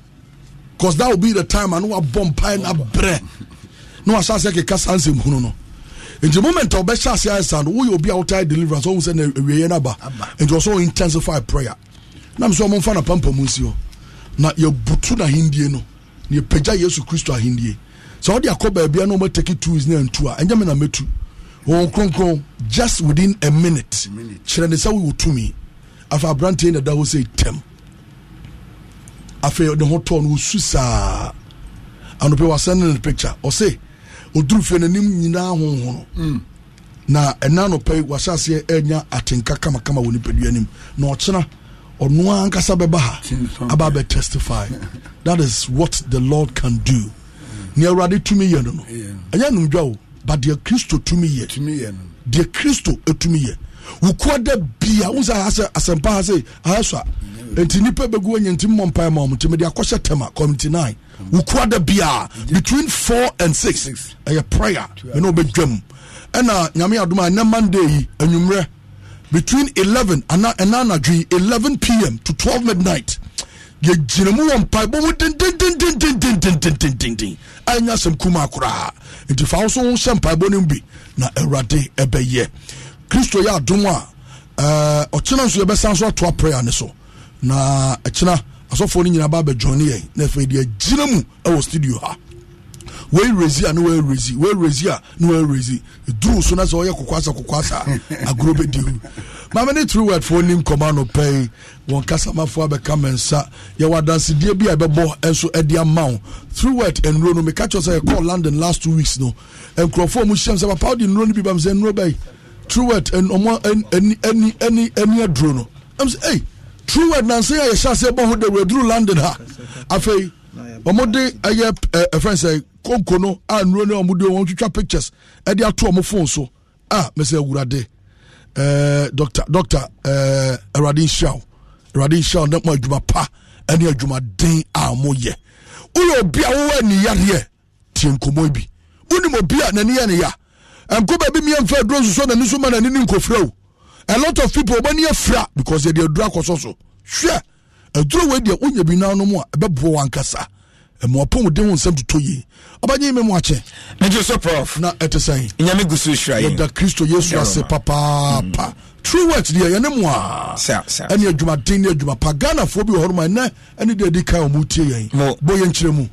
cause that will be the time a na wabɔ mpae na brɛ na wahyɛ asɛ keka saa no nti moment a ɔbɛhyɛ ase ayɛsa no woyɛ obi a wotae deliverance ɔhu sɛ na awieɛ no aba nti ɔsɛ intensify prayer nam sɛ ɔmomfa no pampa mu nsi hɔ na yɛbutu no ahendie no na yɛpagya yesu kristo ahendie sɛ wode akɔ baabia na ɔmataki two is ne antu a ɛnyɛ me na mɛtu wɔn kronkron just within a minute kyerɛ ne sɛ woyɛ tumi afa aberanteɛ na da hɔ sɛ tɛm afei ne ho tɔɔ no wɔsu saa anɔpɛ wasɛne no picture ɔse oduru fie n'anim nyinaa honhono hmm. na ɛna no pɛ wasaseɛ ɛnya atenka kamakama wɔ nipadua anim na ɔkyena ɔno ankasa bɛba ha aba bɛ testify that is what the lord can do hmm. ne awurade tumi yɛ no no ɛnyɛ numdwa o but deɛ kristo tumi yɛ deɛ kristo tumi yɛ wokuo da bia wo sɛ asempa ha sɛ aha so a nti nnipa bɛgu anya ntim mmɔ mpae ma ɔm nti mede akɔhyɛ community 9 wokuo da bia between four and 6 ɛyɛ prayer ɛne wobɛdwam ɛna nyame adom a ɛnɛ monday yi anwummerɛ between 11 ana ɛna anadwo 11 pm to twelve midnight yɛgyina mu wɔ mpaebɔ mu dendendendendendendendenden ɛnyɛ asɛm kumaa koraa nti fa wo so wo hyɛ mpaebɔ no mu bi na awurade ɛbɛyɛ kristo yɛ adom a eh, ɔkyena nso yɛbɛsan so atoa prayer ne so na ɛkyena asɔfoɔ no nyinaa ba abɛdwɔne yɛn na afei deɛ gyina mu ɛwɔ studio ha wei rezi a ne wei rezi wei rezi a ne wei rezi duru so na sɛ ɔyɛ kokoasa kokoasa agorɔ bɛdi ho maame ne tiri word foɔ ni nkɔmɔ ano pɛɛ wɔn kasamafoɔ abɛka mɛnsa yɛwɔ adansidie bi a ɛbɛbɔ nso ɛde ama wo tiri word nnuro no meka kyerɛ sɛ yɛkɔɔ london last two weeks no nkurɔfoɔ mu hyɛm sɛ papa wode nnuro no bi bam sɛ nnuro bɛyi trueword ɔmo ani ani ani ani aduro no ɛm sɛ ɛy trueword nansi a yɛhyɛ ase bɔ ho de reduru london ha afei ɔmo de ɛyɛ ɛ ɛfɛn sɛ konko no a nnuro ne ɔmo de wɔn twitwa pictures ɛde e ato ɔmo phone so a mɛsɛ awurade ɛɛ eh, doctor doctor ɛɛ eh, awurade nhyiaw awurade nhyiaw ne mo adwuma pa ɛne adwuma den a mo yɛ woyɛ obi a wowɔ aniyareɛ tie nkɔmɔ bi wonim obi a n'ani yɛ ne yɛ a nko baabi mmea mfa aduro nsoso n'ani so ma n'ani ne nkofra o a lot of people wɔn ani afira because yɛde aduro akɔsɔ so hwɛ aduro wei deɛ wonya bi nan no mu a ɛbɛboɔ wankasa ɛmoa pɔn de ho nsɛm toto yie ɔbɛnye mi mu akyɛ. mejo so prof. na ɛte sɛn. nyame gu so sira yɛ. yɛda kristo yesu ase papaapa. Mm. true words deɛ yɛne mu a. ɛne adwumaden ne adwuma pa ghanafoɔ bi wɔ hɔ nom a ɛnɛ ɛne deɛ ɛdi kan wɔn mu tie yɛn. bɔ yɛn kyerɛ mu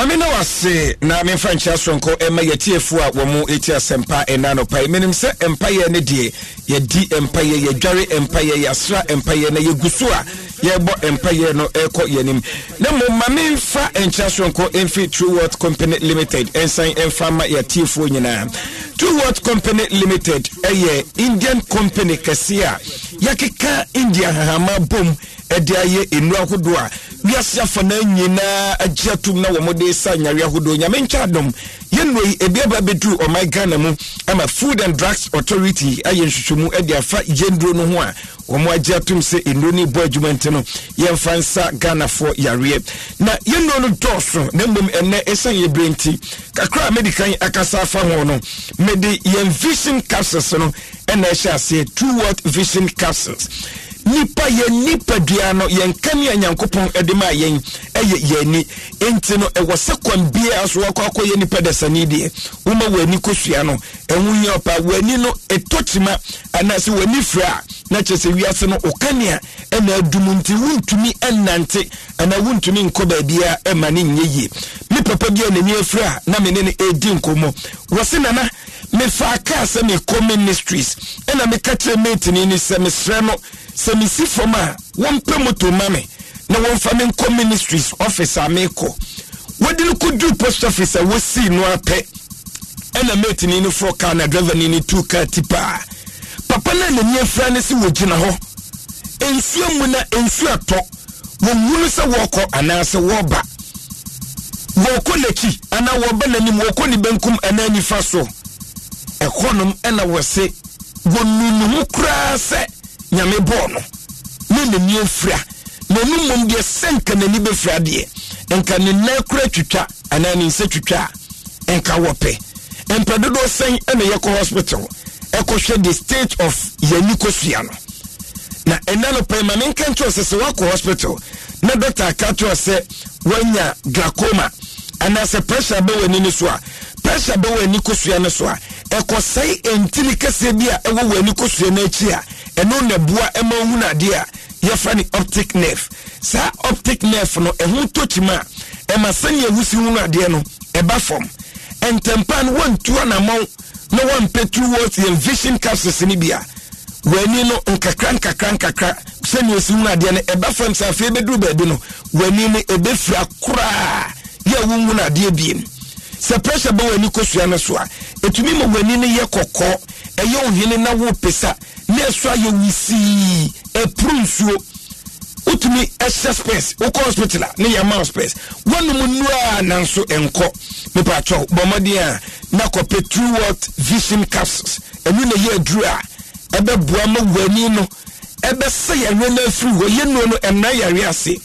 mame na wase na memfa nkyerɛ soronko ɛma yɛtiefoɔ a wɔ mo ɛti asɛmpa ɛna nɔpae menim sɛ mpayɛ ne deɛ yɛdi mpayɛ yɛdware mpayɛ yɛasra mpayɛ na yɛgu so a yɛbɔ mpayɛ no ɛkɔ yɛnim na mmom ma memfa nkyerɛ soronko ɛmfi true company limited ɛnsan ɛmfa ma yɛtiefoɔ nyinaa true company limited ɛyɛ indian company kɛseɛ a yɛkeka india hahama bom ɛde ayɛ nnuro ahodoɔ a wiase afa na nyinaa agye atom na wɔn de sa nyare ahodoɔ nyame nkyɛn adom yɛnnuro yi ebi aba abɛduru ɔman ghana mu ama food and drugs authority ayɛ nhwehwɛmu de afa yɛnduro no ho a wɔn agye atom sɛ nnuro no bɔ adwuma nti no yɛmfa nsa ghanafoɔ yareɛ na yɛnnuro no dɔɔso na mmom ɛnɛ ɛsan yɛ bere nti kakra a mɛdi kan akasa afa ho no mɛde yɛn vision capsules no ɛna ɛhyɛ aseɛ two word vision capsules nipa yɛn nipadua no yɛn kanea nyankopɔn de maa yɛn yɛ yɛn ani nti no ɛwɔ sɛ kwan biara so wakɔ akɔyɛ nipa dasani deɛ woma w'ani kosua no ɛho yɛ ɔpa w'ani no ɛtɔ kyima anaasɛ w'ani fira a na kyerɛ sɛ wiase no wo ɛna adum nti wuntumi ɛnnante anaa wuntumi nkɔ baabiara ɛma ne nyɛ yie me papa bi a n'ani afira a na me ne no ɛredi nkɔmmɔ wɔ se nana mefa kaa sɛ mekɔ ministries ɛna meka kyerɛ matini ni sɛ mesrɛ no sɛ mesi fam a wɔmpɛ moto ma me na wɔmfa me nkɔ ministries office a meekɔ wɔde no kɔduru post office a wɔsii no apɛ ɛna matini no forɔ car na driver ni no tu car ti paa papa no a n'ani afira ne sɛ wɔgyina hɔ nsuo mu na nsuo atɔ wɔwu no sɛ wɔkɔ anaasɛ wɔba wɔkɔ n'akyi anaa wɔba n'anim wɔkɔ ne benkum anaa nifa so ɛhɔnom ɛna wɔse wɔnu ne ho koraa sɛ nyame bɔɔ no na n'ani afira na ɔno mmom deɛ sɛ nka n'ani bɛfira deɛ nka ne nan kora twitwa anaa ne nsa twitwa a nka wɔpɛ mpɛ dodoɔ sɛn ɛna yɛkɔ hospital ɛkɔhwɛ the state of yɛni kosua no na ɛna no pɛn ma menka nkyerɛ sɛ sɛ woakɔ hospital na dɔkta aka kyerɛ sɛ woanya glaucoma anaasɛ pressure bɛ wɔ ani no so a pressure bɛ wɔ ani kosua no so a ɛkɔsɛe ɛntini kɛseɛ bi a ɛwɔ wɔ ani kosua no akyi a ɛno na boa ma hunu adeɛ a yɛfrɛ ne optic nerve saa optic nerve no ɛho tɔ kyima a ɛma sɛnea wusi hunu adeɛ no ɛba fam ntɛmpa no wɔntu anamɔn na wɔmpɛ two words yɛn vision capsules no bi a w'ani no nkakra nkakra nkakra sɛnea osi hunu adeɛ no ɛba fam sɛ afei bɛduru baabi no w'ani no ɛbɛfira koraa yɛ wo hunu adeɛ biem sɛ pressure bɛ w'ani kosua no so a ɛtumi ma w'ani no yɛ kɔkɔɔ ɛyɛ ohene na wopesa na ɛso ayɛ wisii ɛpuru nsuo wotumi ɛhyɛ space wokɔ hospital a ne yɛ ma space wɔnom nnuro a nanso ɛnkɔ mepatwɔ bɔmmɔden a na kɔpɛ two watt vision capsules ɛno na yɛ aduru a ɛbɛboa ma w'ani no ɛbɛsɛ yɛhwɛ no afiri hɔ yɛnuo no ɛmmra yɛre ase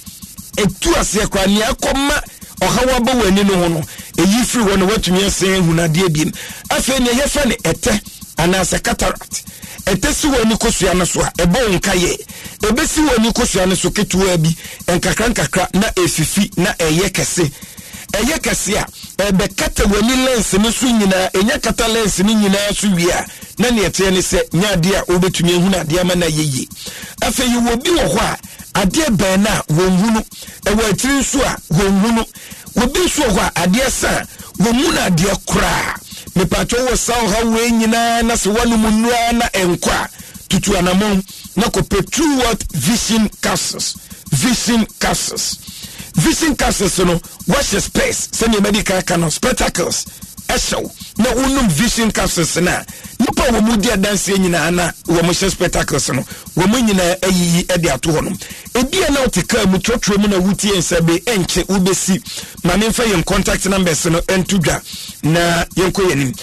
ɛtu aseɛ koraa nea ɛkɔma ɔhaw aba w'ani no ho no ɛyi firi hɔ no woatumi asɛn ahunadeɛ biem afei neɛ yɛfɛ no ɛtɛ anaasɛ cataract ɛtɛ si wɔ ani kosua no so a ɛbɔ wo nka yɛ ɛbɛsi wɔ ani kosua no so ketewaa bi nkakra nkakra na efifi na ɛyɛ kɛse ɛyɛ kɛse a ɛbɛkata w'ani lens no so nyinaa ɛnya kata lens no nyinaa so wie a na neɛ teɛ ne sɛ nyɛ adeɛ a wobɛtumi ahunu adeɛ ama na ayɛ yie afei yɛwɔ bi wɔ hɔ a adeɛ bɛn no a wɔnhunu ɛwɔ akyiri nso a wɔnhunu obi nso wɔ hɔ a adeɛ sa wɔn mu na adeɛ koraa mipatwa wɔ saa ɔha wei nyinaa na sɛ wɔn mu nnura na nkɔ a tutu anamɔn na kɔpɛ two word vision castles. vision castles. vision capsules no wɔhyɛ space sɛnea ɛbɛdi kan ka no spectacles ɛhyɛw na wonum vision capsules no a nipa wɔ mu di adanseɛ nyinaa na wɔn hyɛ spectacles no wɔn nyinaa ayiyi de ato hɔ ebi a na ɔte kaa mu trɔtrɔ mu na wutie nsa be ɛnkyɛ wobɛsi maame nfa yɛn contact numbers no ɛnto dwa na yɛnkɔ yɛn nim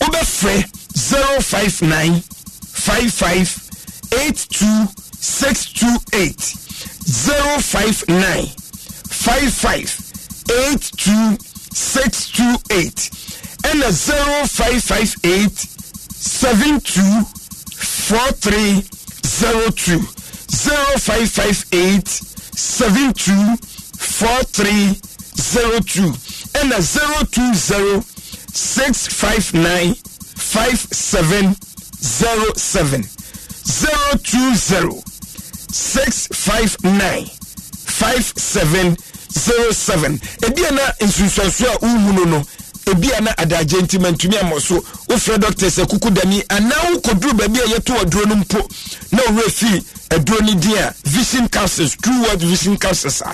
wobɛfrɛ zero five nine five five eight two six two eight zero five nine five five eight two six two eight ɛna zero five five eight seven two four three zero two zero five five eight seven two four three zero two ɛna zero two zero six five nine five seven zero seven zero two zero six five nine five seven zero seven ebi yɛn na nsusuasu a no no ebi a na adagye nti mantumi ama so wofrɛ dɔkta sɛ kuku dani anaa wokɔduru baabi a yɛto aduro no mpo na ɔwerɛ fii aduro no din a vision capsules true world vision capsules a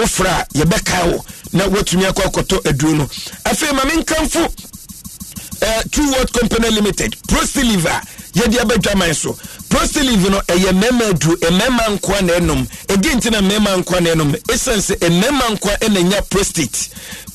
wofrɛ a yɛbɛkae wo na woatumi akɔ akɔtɔ aduro no afei ma menkamfo uh, eh, true world company limited prosteliver yɛde abɛdwaman so prostelive no ɛyɛ mmarima aduro mmarima nkoa na ɛnom ɛdi nti na mmarima nkoa na ɛnom ɛsiane sɛ mmarima nkoa na nya prostate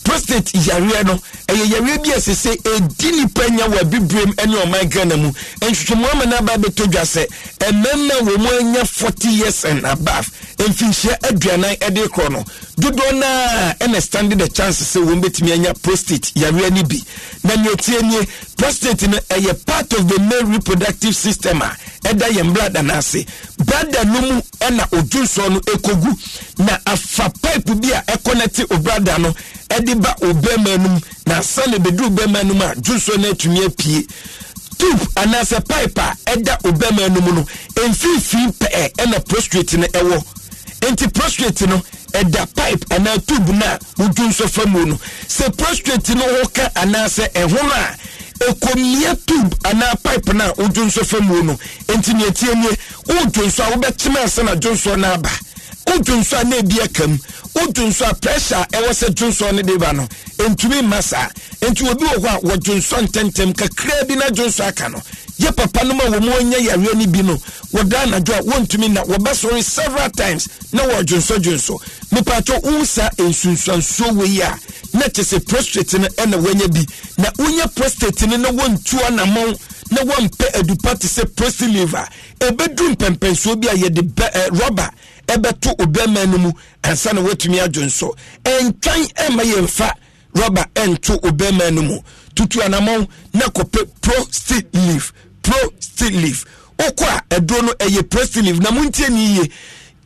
prostate yareɛ no ɛyɛ yareɛ bi ɛsɛ sɛ ɛdi nipa nya wɔ abibrem ne ɔman ghana mu nhwehwɛmu ama no aba bɛtɔ dwa sɛ ɛmɛma wɔ anya 40 years and above mfinhyia aduanan ɛde korɔ no dodoɔ no a ɛna stande the chance sɛ wɔn bɛtumi anya prostate yareɛ no bi na nea ɔtie nie prostate no ɛyɛ part of the male reproductive system a ɛda yɛn brada no ase brada no mu ɛna odwonsoɔ no ɛkɔgu na afa pipe bi a ɛkɔnɛte obrada no ɛde ba obɛma no mu na asa na ɛbɛduru obɛma no mu a dwonsoɔ no atumi apue tube anaasɛ pipe a ɛda obɛma no mu no mfimfini pɛɛ ɛna prostate no ɛwɔ nti prostrate no ɛda pipe anaa tube na a wodwu nso fa mu no sɛ prostrate no ho ka anaasɛ ɛhono a ɛkɔmmia tube anaa pipe na a wodwu nso fa mu no nti nea ɛtie nie wodwu nso a wobɛkyema sɛ na dwonsoɔ no aba wodwu nso a na aka mu wodwu nso a pressure ɛwɔ sɛ dwonsoɔ no de ba no ntumi mma saa nti obi wɔ hɔ a wɔdwu nso kakraa bi na dwonsoɔ aka no yɛ papa no ma wɔn mu anya yareɛ no bi no wɔda anadwo a wɔntumi na wɔbɛsɔre several times na wɔdwonsɔdwonsɔ mipatɔ nsa nsunsuansuo wɔ yi a na te sɛ prostate no ɛna wɔanya bi na wɔnya prostate no na wɔntu anamɔn na wɔmpɛ adupa te sɛ prostate liver ɛbɛdu mpɛmpɛnsuo bi a yɛde bɛ ɛ rɔba ɛbɛto obɛma no mu ansa na wɔatumi adwonsɔ ɛntwan ɛma yɛn fa rɔba ɛnto obɛma no mu tutu anamɔn na kɔpɛ prostate leaf pro still leaf wokɔ a aduro no ɛyɛ pro still leaf na montie ni yie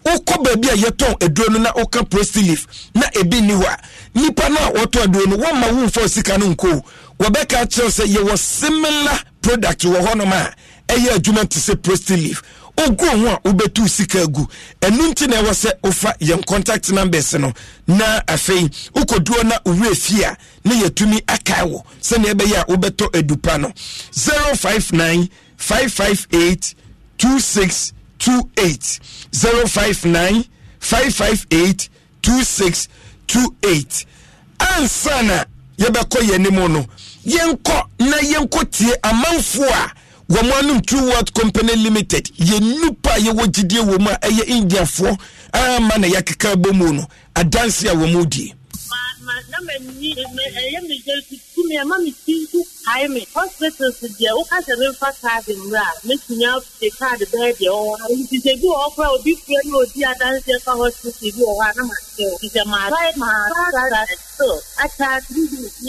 wokɔ baabi a yɛtɔn aduro no na woka pro still leaf na ebi ni hɔ nipa no a wɔtɔ aduro no wɔn ma wɔn fɔ sika no nko wɔbɛka kyerɛw sɛ yɛwɔ similar product wɔ hɔnom a ɛyɛ adwuma te sɛ pro still leaf. wogu ho a wobɛtu sika agu ɛno nti na ɛwɔ sɛ wofa yɛn contact numbers no na afei wokɔduro na wowerɛ fie a ne yɛtumi akae wɔ sɛneɛ ɛbɛyɛ a wobɛtɔ adupa no 059 558 2628 059 558 2628 ansa na yɛbɛkɔ yɛn anim no yɛnkɔ na yɛnkɔ tie amanfoɔ a wɔn anom true world company limited yɛ nnipa a yɛwɔ gyidie wɔ mu a ɛyɛ eh, indiafoɔ ama ah, na yɛakeka bɔ mu no adanse a wɔn mu ma ma na eh, ma ni eh, ɛyɛ mi yɛ tumi ama mi ti nso kae me hospitals deɛ woka sɛ memfa kaade mmerɛ a mɛtumi apɛ kaade bɛyɛ deɛ ɔwɔ ha nti sɛ bi wɔ hɔ koraa obi fua ne ɔdi adanseɛ fa hospital bi wɔ hɔ a na matew nti sɛ maatrae maatrara still ataa ne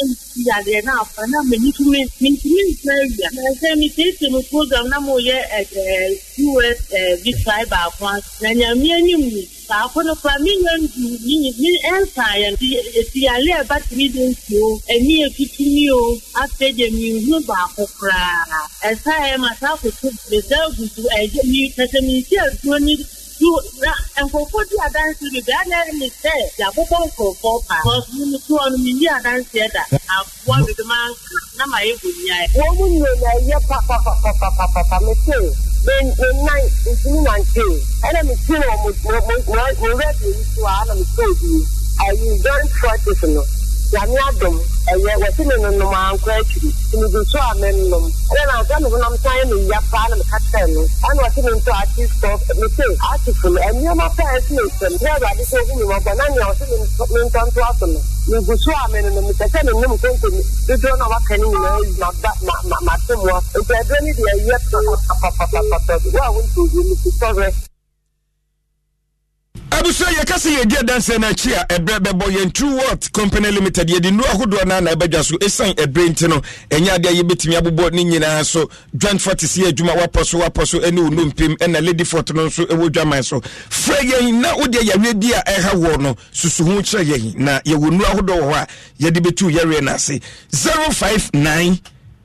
msi adeɛ no afa na m'ani tumi mentumi ntena awia na sɛ metiesie me program na moyɛ us bi trae baako ase na nyame anim ni baako no kora mi nyɛ ndu mi mi ɛnsa yɛn ti esi ale ɛba tumi de nsuo ani etutu mi o afei de deɛ minhunu baako koraa ɛsa yɛ ma saa koto bɛsa agu so ɛgye mi kɛsɛ minhyɛ atuo du na nkurɔfoɔ di adanse bi bia na ɛne sɛ yɛabobɔ nkurɔfoɔ paa kɔsu no toɔ no menyi adanseɛ da aboa dodo ma nka na ma yɛ bonyae wɔn mu nyɛ na ɛyɛ papapapapapapa mete menan ntumi nante ɛna mete na wɔn wɔn wɔn wɔn rɛ bi nso a ɛna mete obi ayi very fortunate nyame adom ɛyɛ wɔsi ne nonom ankɔ akyiri nnugu so a menom ɛna nansɛ me honam san ne ya paa na meka kyerɛ no ɛna wɔsi me nto artistɔ me se artifo no ɛnneɛma paa ɛsi ne nsɛm na awurade sɛ ohu me mmɔbɔ na nea wɔsi me ntɔnto aso no nnugu so a menom mepɛ sɛ menom konko dodoɔ na waka no nyinaa yi mate mmoa nti ɛdurɛ no deɛ ɛyɛ papapapapapa wo a wontowie no sisɔrɛ abusua yɛka sɛ yɛdi adanseɛ no akyi a ɛberɛ bɛbɔ yɛn true world company limited yɛde nnuro ahodoɔ no na ɛbɛdwa so ɛsiane ɛberɛ nti no ɛnyɛ adeɛ a yɛbɛtumi abobɔ ne nyinaa so joint fa te sɛ adwuma wapɔ so wapɔ so ne wo nompem ɛna lady fort no nso ɛwɔ dwaman so frɛ yɛn na wodeɛ yareɛ di a ɛha wɔ no susuhu kyerɛ yɛn na yɛwɔ nnuro ahodoɔ wɔ hɔ a yɛde bɛtu yɛreɛ no ase 059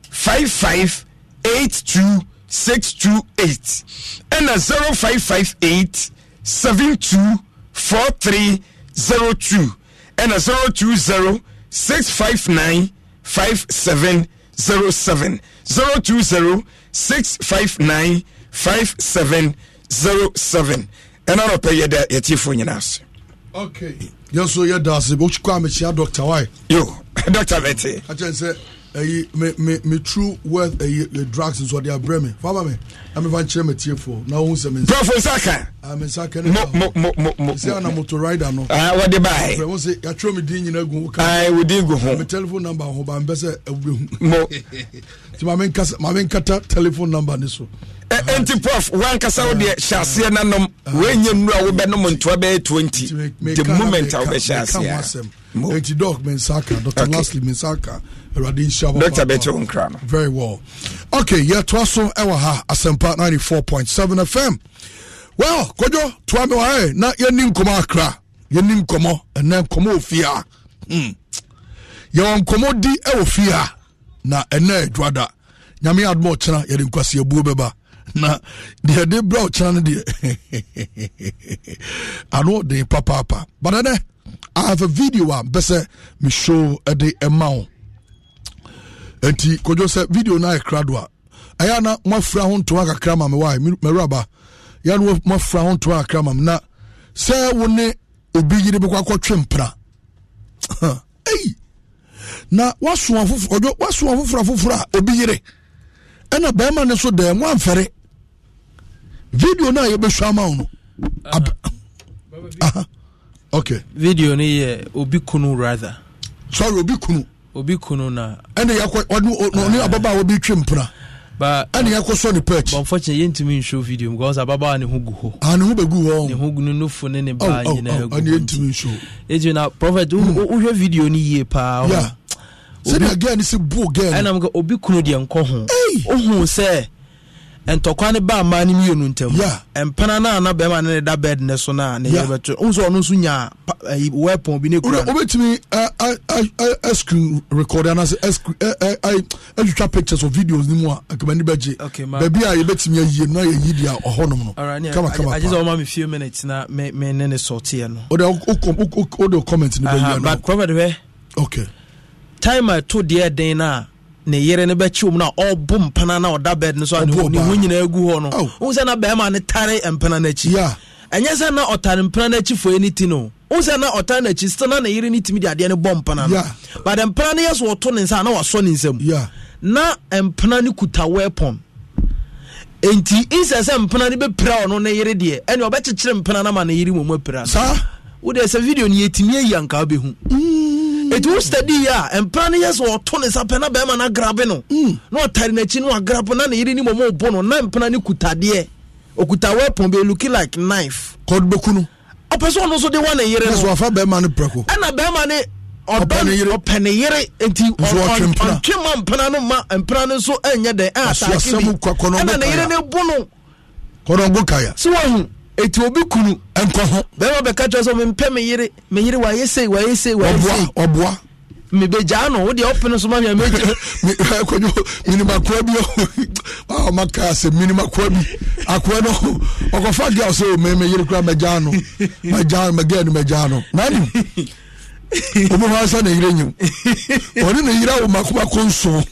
55 82 628 ɛna 0558 seven two four three zero two ɛna zero two zero six five nine five seven zero seven zero two zero six five nine five seven zero seven ɛna nɔpɛ yɛ dɛ yɛtiefo nyinaa so. okay yẹn so yẹ daasi bó kọ́ àmì kyia dr y. yo dr bẹ́tẹ̀. a jẹ́ n sẹ́ ɛyi me me me true worth ɛyi ɛ drugs nso ɔde abrɛ mi faama mi na mi fa n kyerɛ mi tie fo na ohun sɛ mi nsa. brɔfo nsa a mi nsa kan ne ma mo mo mo mo. sɛ ɛna moto rider no. aa wɔde baa yi. fɛn sɛ yatwerɛ mi di nyina gun. aa wò di gun ho. mi telephone number ho ba n bɛ sɛ ɛwura hu. mo. nti maame nkata telephone number ne so nti prof wankasa wo deɛ hyɛ aseɛ nanom woanya nnura wobɛnom ntoa bɛyɛ 20 the moment a wobɛhyɛ aseɛ nti doc mensaka dr okay. lastly mensaka awurade nhyia dr bɛkyɛ wo nkra no very well okay yɛtoa so ɛwɔ ha point seven fm well kwadwo toa wa waɛ na yɛni nkɔmmɔ akra yɛni nkɔmmɔ ɛnɛ nkɔmmɔ wɔ fie a hmm. yɛwɔ di ɛwɔ fie na ɛnɛ adwada nyame adoma ɔkyena yɛde nkwaseabuo bɛba na deɛ de brɛ ɔkyena no deɛ ano ɔden papaapa but ɛnɛ i have a video a mpɛ sɛ show de ɛma wo nti kodwo sɛ video no ayɛkra do a ɛyɛ na moafira ho ntoma kakra ma mewɔ mɛwuraba yɛ no moafira ho ntoma kakra ma m na sɛ wo ne obi yere bɛkɔ akɔtwe mpra ei na wasoa foforɔ wasoa foforɔ foforɔ a obi yere ɛna bɛrima no so dɛm wamfɛre video no a yɛbɛsua ọnụ. wo no ah, aha okay video obi kunu rather sorry obi kunu obi kunu na ɛne yɛkɔ ɔne ah. ababaa wɔbi ɛne ɛkɔ sɔ ne patch bɔmfɔkyɛ yɛntumi nhyɛ video mu bcause ababaa ne ho gu hɔ ah, ne ho bɛgu hɔ ne ho no nofo ne ne baa oh, oh, nyinaa oh, gu yɛntumi nhyɛ ɛti na prophet hmm. wohwɛ video no yie paa sɛdeɛ gɛ ne sɛ buo gɛ no ɛnam obi kunu deɛ nkɔ ho wohu sɛ ntɔkwa ne ba mmaa mmienu a na bɛrima ne ne da bɛd ne so no a ne yɛ bɛto wo sɛ ɔno nso nya eh, wɛpɔn bi ne kura wobɛtumi ɛ ɛ ɛ atwitwa pictures or videos no mu a akamani bɛgye baabi a yɛbɛtumi ayie no na yɛyi comment no time a deɛ den ne yere ne bɛkyi wom no a ɔbo mpana no ɔda bed no so a ho nyinaa gu hɔ no wohu sɛ na bɛrima ne tare mpana no akyi ɛnyɛ sɛ na ɔtare mpana no akyi foe no ti no wohu sɛ na ɔtare no akyi sɛ na ne yere no tumi de adeɛ no bɔ mpana no but mpana no yɛ so wɔto ne nsa a na wasɔ ne nsam na mpana no kuta weapon nti nsɛ sɛ mpena no bɛpira ɔno ne yere deɛ ɛne ɔbɛkyekyere mpena no ma ne yere mɔmu apira saa wode sɛ video no yɛtumi ayi anka wobɛhu mm ɛti wo study yi a mpra mm. no yɛ sɛ ɔto ne sa pɛ na bɛrima no agrabe no na ɔtare n'akyi no agrabe na ne yere ne mɔmɔ bo no na mpra no kutadeɛ ɔkuta weapon bɛ looking like knife kɔde bɛku no ɔpɛ sɛ ɔno nso de wa ne yere no ɛna bɛrima ne ɔdɔ ɔpɛ ne yere nti ɔntwe ma mpra no ma mpra no nso ɛnyɛ dɛn ɛataake bi ɛna ne yere ne bu no kɔdɔngo kaya sɛ wahu eti obi kunu nkɔ ho. bɛrɛ bɛ kakyɛ sɔ mi mpɛ mi yiri mi yiri wayɛ sei wayɛ sei wayɛ sei. ɔboa ɔboa. mi bɛ gya ano o de ɔpini so ma mi a mi gya. mi akɔnyo minimakura bi ɔ ɔ ma ka se minimakura bi akura no ɔkɔfa gya ɔsɛ o mɛ mi yiri kura mɛ gya ano mɛ gya ano mɛ gya ano mɛ gya ano naani obi hɔ asa na yire nyim wɔne ne yira wo makomako nson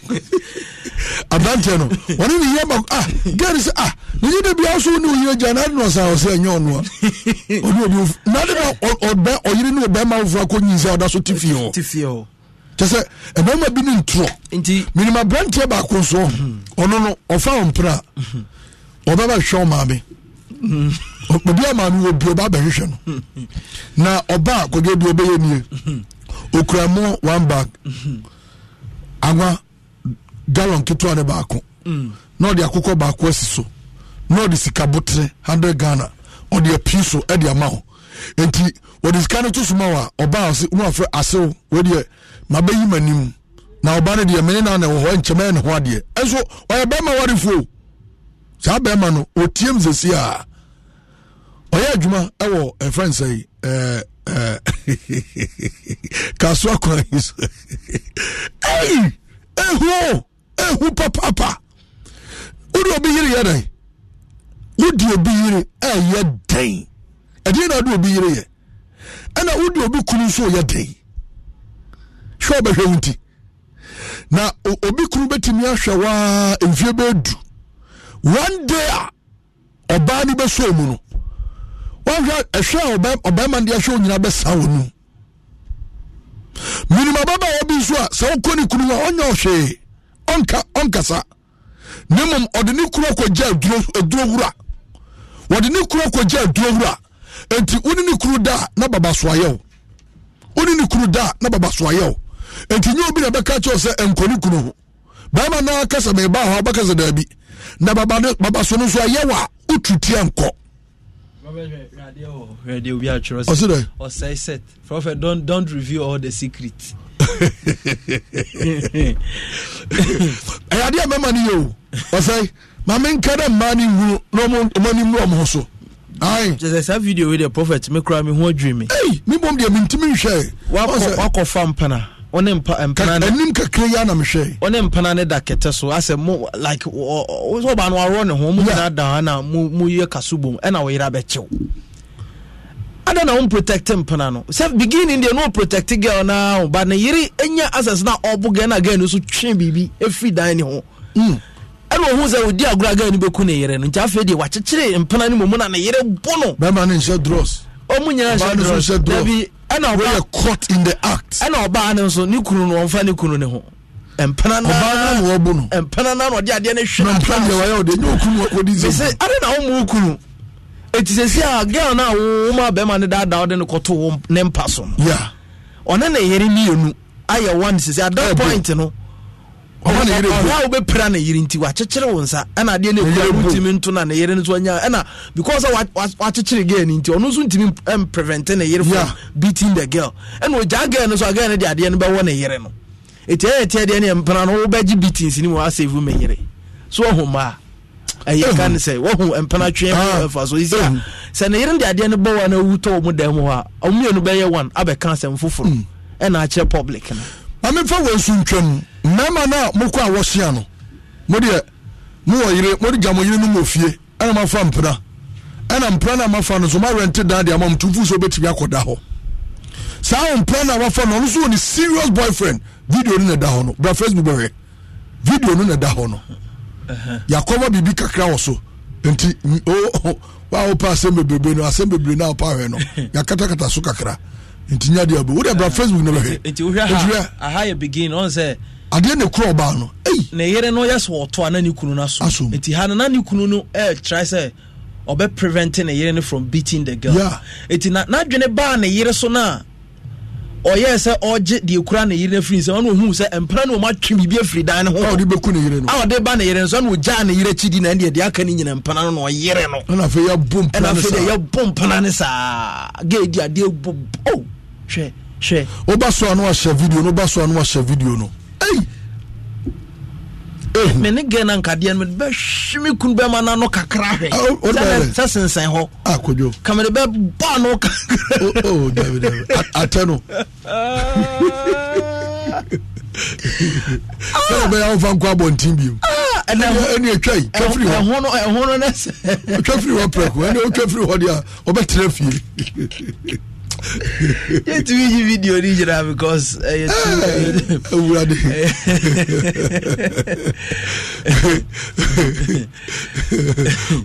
aberanteɛ no wɔne ne yira mako ah gɛri sɛ ah ne yɛ dabi aso ne oyire gya na adena ɔsan ɔsɛ ɛnyɛ ɔno a ɔne obi ofu na de ma ɔbɛ ɔyere ne ɔbɛrima afoforɔ akɔ nyi sɛ ɔda so ti fie hɔ kyɛ sɛ ɛbɛrima bi ne ntorɔ menim aberanteɛ baako nso ɔno mhm. no ɔfa ɔmpera ɔbɛba mhm. hwɛ ɔmaame obi a maame wɔ bi ɔba abɛhwehwɛ no na ɔba kɔdwa bi ɔbɛyɛ nie ɔkura mu one bag awa gallon ketewa ne baako na ɔde akokɔ baako asi so na ɔde sika botere hundred ghana ɔde apii so ɛde ama ho nti wɔde sika no ma ɔba ase wɔn asew ma nim na ɔba no deɛ na wɔ hɔ ne ho adeɛ ɛnso ɔyɛ bɛrima saa bɛrima no ɔyɛ adwuma ɛwɔ ɛfrɛn sɛ ɛɛ ɛɛ kasoa yi so ɛyi ehu ehu papaapa wodi obi yiri yɛ dɛn wodi obi yiri ɛyɛ dɛn ɛdeɛ na wodi obi yiri yɛ ɛna wodi obi kunu nso yɛ dɛn hwɛ ɔbɛhwɛ wo nti na obi kunu bɛtumi ahwɛ waa mfie bɛɛdu one day a ɔbaa no bɛsɔ mu no wɔhwɛ ɛhwɛ a ɔbɛrima de ɛhwɛ onyina bɛsa wɔ nu minima bɛbaa bi nso a sɛ wokɔ ne kunu a ɔnyɛ ɔhwee ɔnka ɔnkasa ne mmom ɔde ne kuro kɔgye aduro wura wɔde ne kuro kɔgye aduro wura nti wone ne kuru da na baba so ayɛ wo wone ne kuru da na baba so ayɛ wo nti nyɛ obi na bɛka kyerɛw sɛ nkɔ ne kunu ho bɛrima no akasa meebaa hɔ abɛkasa daabi na baba so no nso ayɛ wo a wotu tia nkɔ radio bi atwerɛ sɛ ɔsɛe set prophet don't, don't reveal all the secrets. ɛyɛ adeɛ mɛma no yɛ o ɔsɛe ma menka dɛ mmaa no nhunu na ɔma no mmura ɔmo ho so kyɛsɛ saa video wei deɛ prophet me koraa me ho adwiri me mebom deɛ mentimi nhwɛ wakɔ fa mpana ɔne mpanim kakra yi anamhwɛ ɔne mpana ne da kɛtɛ so asɛ mo like sɛ ɔba no aworɔ ne ho mu nyinaa da ana moyɛ kaso bom ɛna e wo yera bɛkyew ada na womprotɛcte mpana no sɛ beginning deɛ ne woprotɛcte girl naa ho ba ne yere ɛnya asɛs no a ɔbo gɛ na gɛ no so twe biribi ɛfiri dan ne ho ɛna ɔhu sɛ wodi agorɔ gɛ no bɛku ne yere no nti afei deɛ wakyekyere mpana no mu na ne yere bo no bɛma no nhyɛ dros ɔmu nyinaa ɛna ɔbaa were caught in the act ɛna ɔbaa no nso ne kunu no ɔmfa ne kunu ne ho mpana na ɔbaa na wɔbu no mpana na ɔde adeɛ no hwɛ na mpana deɛ wɔyɛ ɔde nyɛ okunu wɔdi zɛ sɛ ade na wɔn mu okunu eti sɛsi a girl na wɔn mu abɛɛma ne daadaa ɔde ne kɔtɔ wɔn ne mpa so no ɔne ne yere ne ayɛ one sisi at that point no ɔha wobɛpira ne yere nti wakyekyere wo nsa ɛna adeɛ no ɛkura wotumi nto na ne yere no so anya ɛna because sɛ wakyekyere girl no nti ɔno nso ntumi mprevente ne yere from beating the girl ɛna ɔgyaa girl no so a girl no de adeɛ no bɛwɔ ne yere no ɛti ɛyɛ tiɛ deɛ no yɛmpena no wobɛgye beatings no mu asɛvu ma yere so ɔho maa ɛyɛ ka ne sɛ wahu mpena twe ah. ɛfa so ɛsi a sɛ ne yere de adeɛ no bɛwɔ no awu tɔ wɔ mu dan hɔ a ɔmmienu bɛyɛ one abɛka asɛm foforɔ hmm. ɛna akyerɛ public no mamefa wɔ asu ntwam mmarima no a mokɔ a wɔhyia no modeɛ mowɔ yere mode gya mo yere no mu ofie ɛna mafa mpena ɛna mpena no a mafa no so moarɛnte dan deɛ ama mtumfu sɛ wobɛtumi akɔda hɔ saa mpena no a wafa no ɔno so wɔ ne serious boyfriend video no na ɛda hɔ no bra facebook bɛhwɛ video no na ɛda hɔ no yɛakɔba biribi kakra wɔ so nti wa wopɛ asɛm bebrebe no asɛm bebree no a wopɛ ahwɛ no yɛakatakata so kakra nti nya deɛ wobɛ wode bra facebook no bɛhwɛ begin ɔn adeɛ na ekura ɔbaa no. na yere no yɛ sɛ ɔtɔ ana ne kunu no aso asom nti ha na ne kunu no ɛɛtrai sɛ ɔbɛ prevent ne yere no from beating the girl yeah. nti na n'adwene baa ne yere so no a ɔyɛ sɛ ɔgye deɛ kura ne yere no afiri nsɛm ɔno ohun sɛ mpira no ɔmo atwe biribi afiri dan no ho a ɔde bɛku ne yere no a ɔde ba ne yere no so ɛna ogyaa ne yere akyi di na ɛne deɛ aka ne nyina mpana no na ɔyere no ɛna afei yɛbɔ mpana no saa ɛna afei yɛbɔ mpana no saa geedi adeɛ bɔ o oh, hwɛ hwɛ. woba so a no ahyɛ video no woba so a no ahyɛ video no me ne gɛ na nkadeɛ no mede bɛhwe me kunu bɛma no ano kakra hwɛ sɛ sensɛn hɔ akodwo ah, ka mede bɛbɔ no kakratɛ no ah! sɛne bɛyɛ wofa nkɔ abɔnten biom ah! ɛne atwai twa firi hɔ twa firi hɔ prɛko ɛne wotwa firi hɔ deɛ a wɔbɛtena fie yɛtumi yi video no nyinaa because ɛyɛ awurade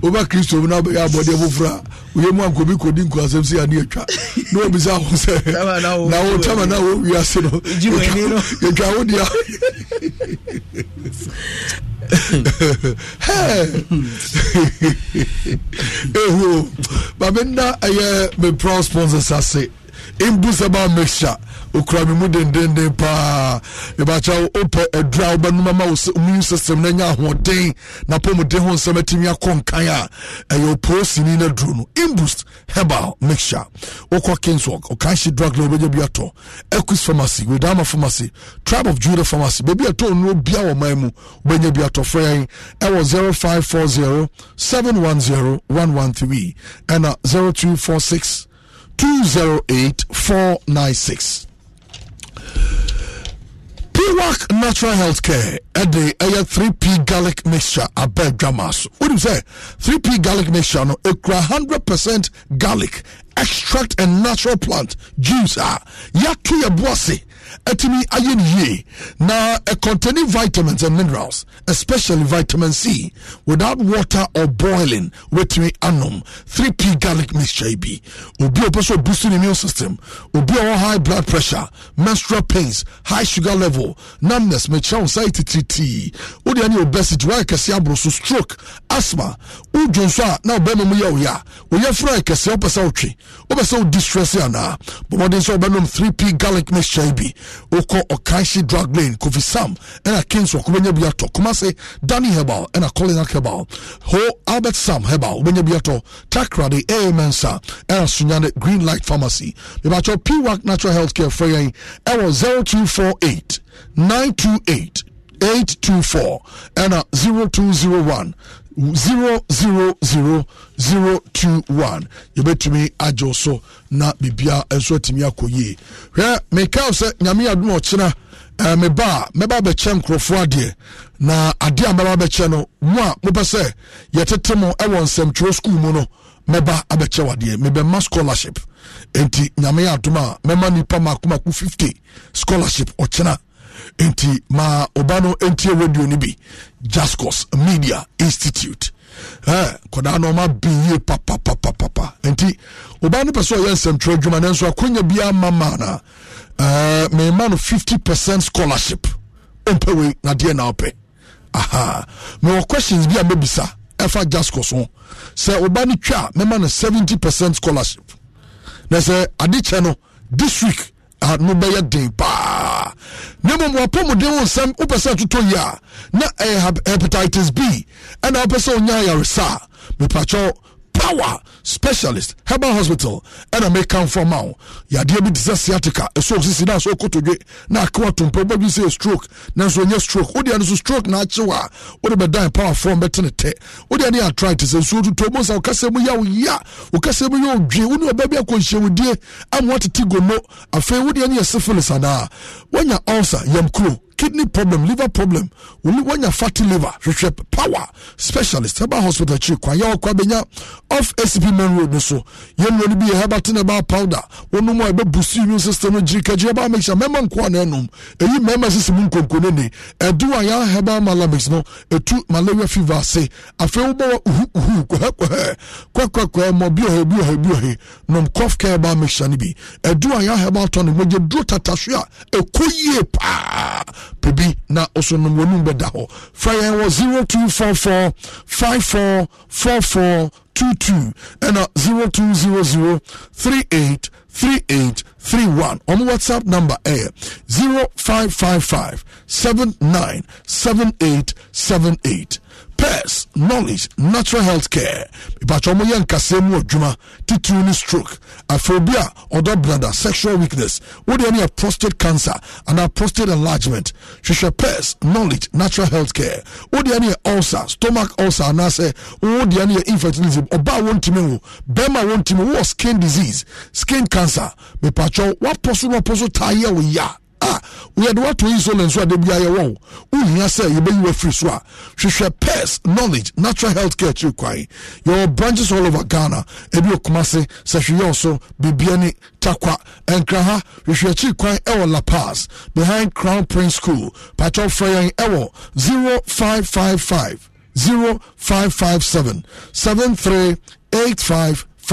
woba kristo mu na wobɛyɛ abɔdeɛ foforɔ a woyɛ mu ankɔbi kɔdi nkoasɛm sɛ ane atwa na wabisa eh, ho sɛ na wotama na wɔwiase no yɛtwa wo dea ɛhuo ma menna ɛyɛ eh, meprow sponsors ase imbusaba mixture okura mi mu dendenden paa ebakyɛ wopɛ adura wobɛnom ama immune system no anya ahoɔden na pɔmuden ho nsɛm atumi akɔ nkan a ɛyɛ opoosini no aduro no mbus herbal mixture wokɔ kingswalk ɔkanhye drug na wobɛgya bi atɔ equis pharmacy wedama pharmacy tribe of juda pharmacy beebi ɛtɔ nnuo bia wɔ man mu wobɛnya bi atɔ frɛ yɛn ɛwɔ 0540 710 113 ɛna 0246 208 496. Natural Healthcare ɛde ɛyɛ 3P garlic mixture abɛ What do you say? 3P garlic mixture no a 100% garlic extract and natural plant juice Ah, yaki yɛ bo ɛtumi ayɛ no yie na ɛcontaining e vitamins and minerals especially vitamin c without water or boiling wobɛtumi anom 3p garlic mixture yi bi obi a wɔpɛ sɛ boost ne immune system obi a ɔwɔ high blood pressure menstrual pains high sugar level numbness mekyerɛ wo saa titiritii wode ne obesity woayɛ kɛseɛ aboro so stroke asthma wodwo nso a na ɔbɛma mu yɛ wo yɛ a woyɛ foro ayɛ kɛseɛ wopɛ sɛ wotwe wopɛ sɛ wo distress anaa bɔmmɔden sɛ wobɛnom 3p garlic mixture yi bi wokɔ ɔkanhye drug lane kofi sam ɛna kings wɔ wobɛnya bi atɔ kumase danny hebal ɛna collinat hebal ho albert sam hebal wobɛnya bi atɔ takrade amensa ɛna sunyane green light pharmacy mebakyɛ pwac natural health care frɛ yɛn ɛwɔ 0248 928 824 ɛna 0201 zero zero zero zero two one yɛbɛtumi agyew so na biribia nso atumi akɔ yie hwɛ mekaw sɛ nyame adom ɔkyena eh, meba a mɛba abɛkyɛ nkurɔfoɔ adeɛ na adeɛ a mɛba abɛkyɛ no mo a mopɛ sɛ yɛtete mo ɛwɔ nsɛmtwerɛ skuul mu no mɛba abɛkyɛ wadeɛ mebɛma scholarship enti nyame adom a mɛma nipa maakomako 50 scholarship ɔkyena nti ma ɔba no ntie radio no bi jascos media institute eh, kɔdaa na ɔma biyie papapapapa nti ɔba no pɛ sɛ ɔyɛ nsɛmtwerɛ adwuma nanso akonya biaa ma eh, ma no a mema no 50 percent scholarship ɔmpɛ wei nadeɛ na wopɛ aha mewɔ questions bi a mɛbisa ɛfa jascos ho sɛ ɔba no twa a mɛma no 70 percent scholarship na sɛ adi kyɛ no this week ah, no bɛyɛ den paa na mmom wɔpɔ mu den wo nsɛm wopɛ sɛ atotɔ yi a na ɛyɛ hepatitis b ɛna wopɛ sɛ wonya ayaresa a power specialist herbal hospital ɛna mekan fɔ ma o yadeɛ bi te sɛ sciatica ɛso sisi na so kotodwe na akewa tompa wobɛdwi sɛ stroke nanso ɛnyɛ stroke wodeɛ no so stroke na akyew a wode bɛdan power form bɛtene tɛ wodeɛ ne yɛatritis nsuo totɔ mu sa wokasɛ mu yaw ya wokasɛ mu yɛ odwe wo ne ɔba bi akɔnhyɛwodie ama woatete gono afei wodeɛ ne yɛ syphilis anaa woanya ulcer yamkuro kidney problem liver problem wanya fatty liver hwehwɛ power specialist herbal hospital akyi kwayɛ ɔkɔ abɛnya off acp main road no so yɛnnuro no bi yɛ herbal tin herbal powder wɔnom a ɛbɛbusi immune system no gyiri kagye herbal mix a mɛma nkoa na ɛnom ɛyi mɛma sisi mu nkonko no ne ɛdu a yɛa herbal malamix no ɛtu malaria fever ase afei wobɔ wɔ uhuhu kɔhɛkɔhɛ kwɛkwɛkwɛ mmɔ bi ɔhɛ bi ɔhɛ bi ɔhɛ nom cough care herbal mixture no bi ɛdu a herbal tonic mogye duro tataso a ɛkɔ yie paa pibi na da zero two four four four five four nom two. bɛda hɔ zero two zero zero three eight three eight three one. ɔmo whatsapp number eh, zero five five five seven seven nine eight seven eight pairs knowledge natural health care ìbàtà ọmọ yẹn nkasa mu ọdwuma titiri ni stroke afrobi a ọdọ brada sexual weakness wọ́n di prostate cancer ana prostate enlargement hwehwẹ pairs knowledge natural health care wọ́n di ulcer stomach ulcer anaasẹ wọ́n di ẹni infertility ọbaa wọn ti mi wọ bẹẹma wọn ti mi wọ skin disease skin cancer ìbàtà wọ́n apọ̀so wọ́n apọ̀so taayẹ wọ́n yá a woyɛde wato insulin so a da biara yɛwɔ wohia sɛ yɛbɛyi wafiri so a hwehwɛ pes knowledge natural health care akyiri kwan yɛwɔ branches all over ghana ebi okumase sɛhweyɛ so biribia ne takwa nkraha hwehwɛ akyiri kwan ɛwɔ la paz behind crown prince school zero zero five five five five five seven seven three eight five.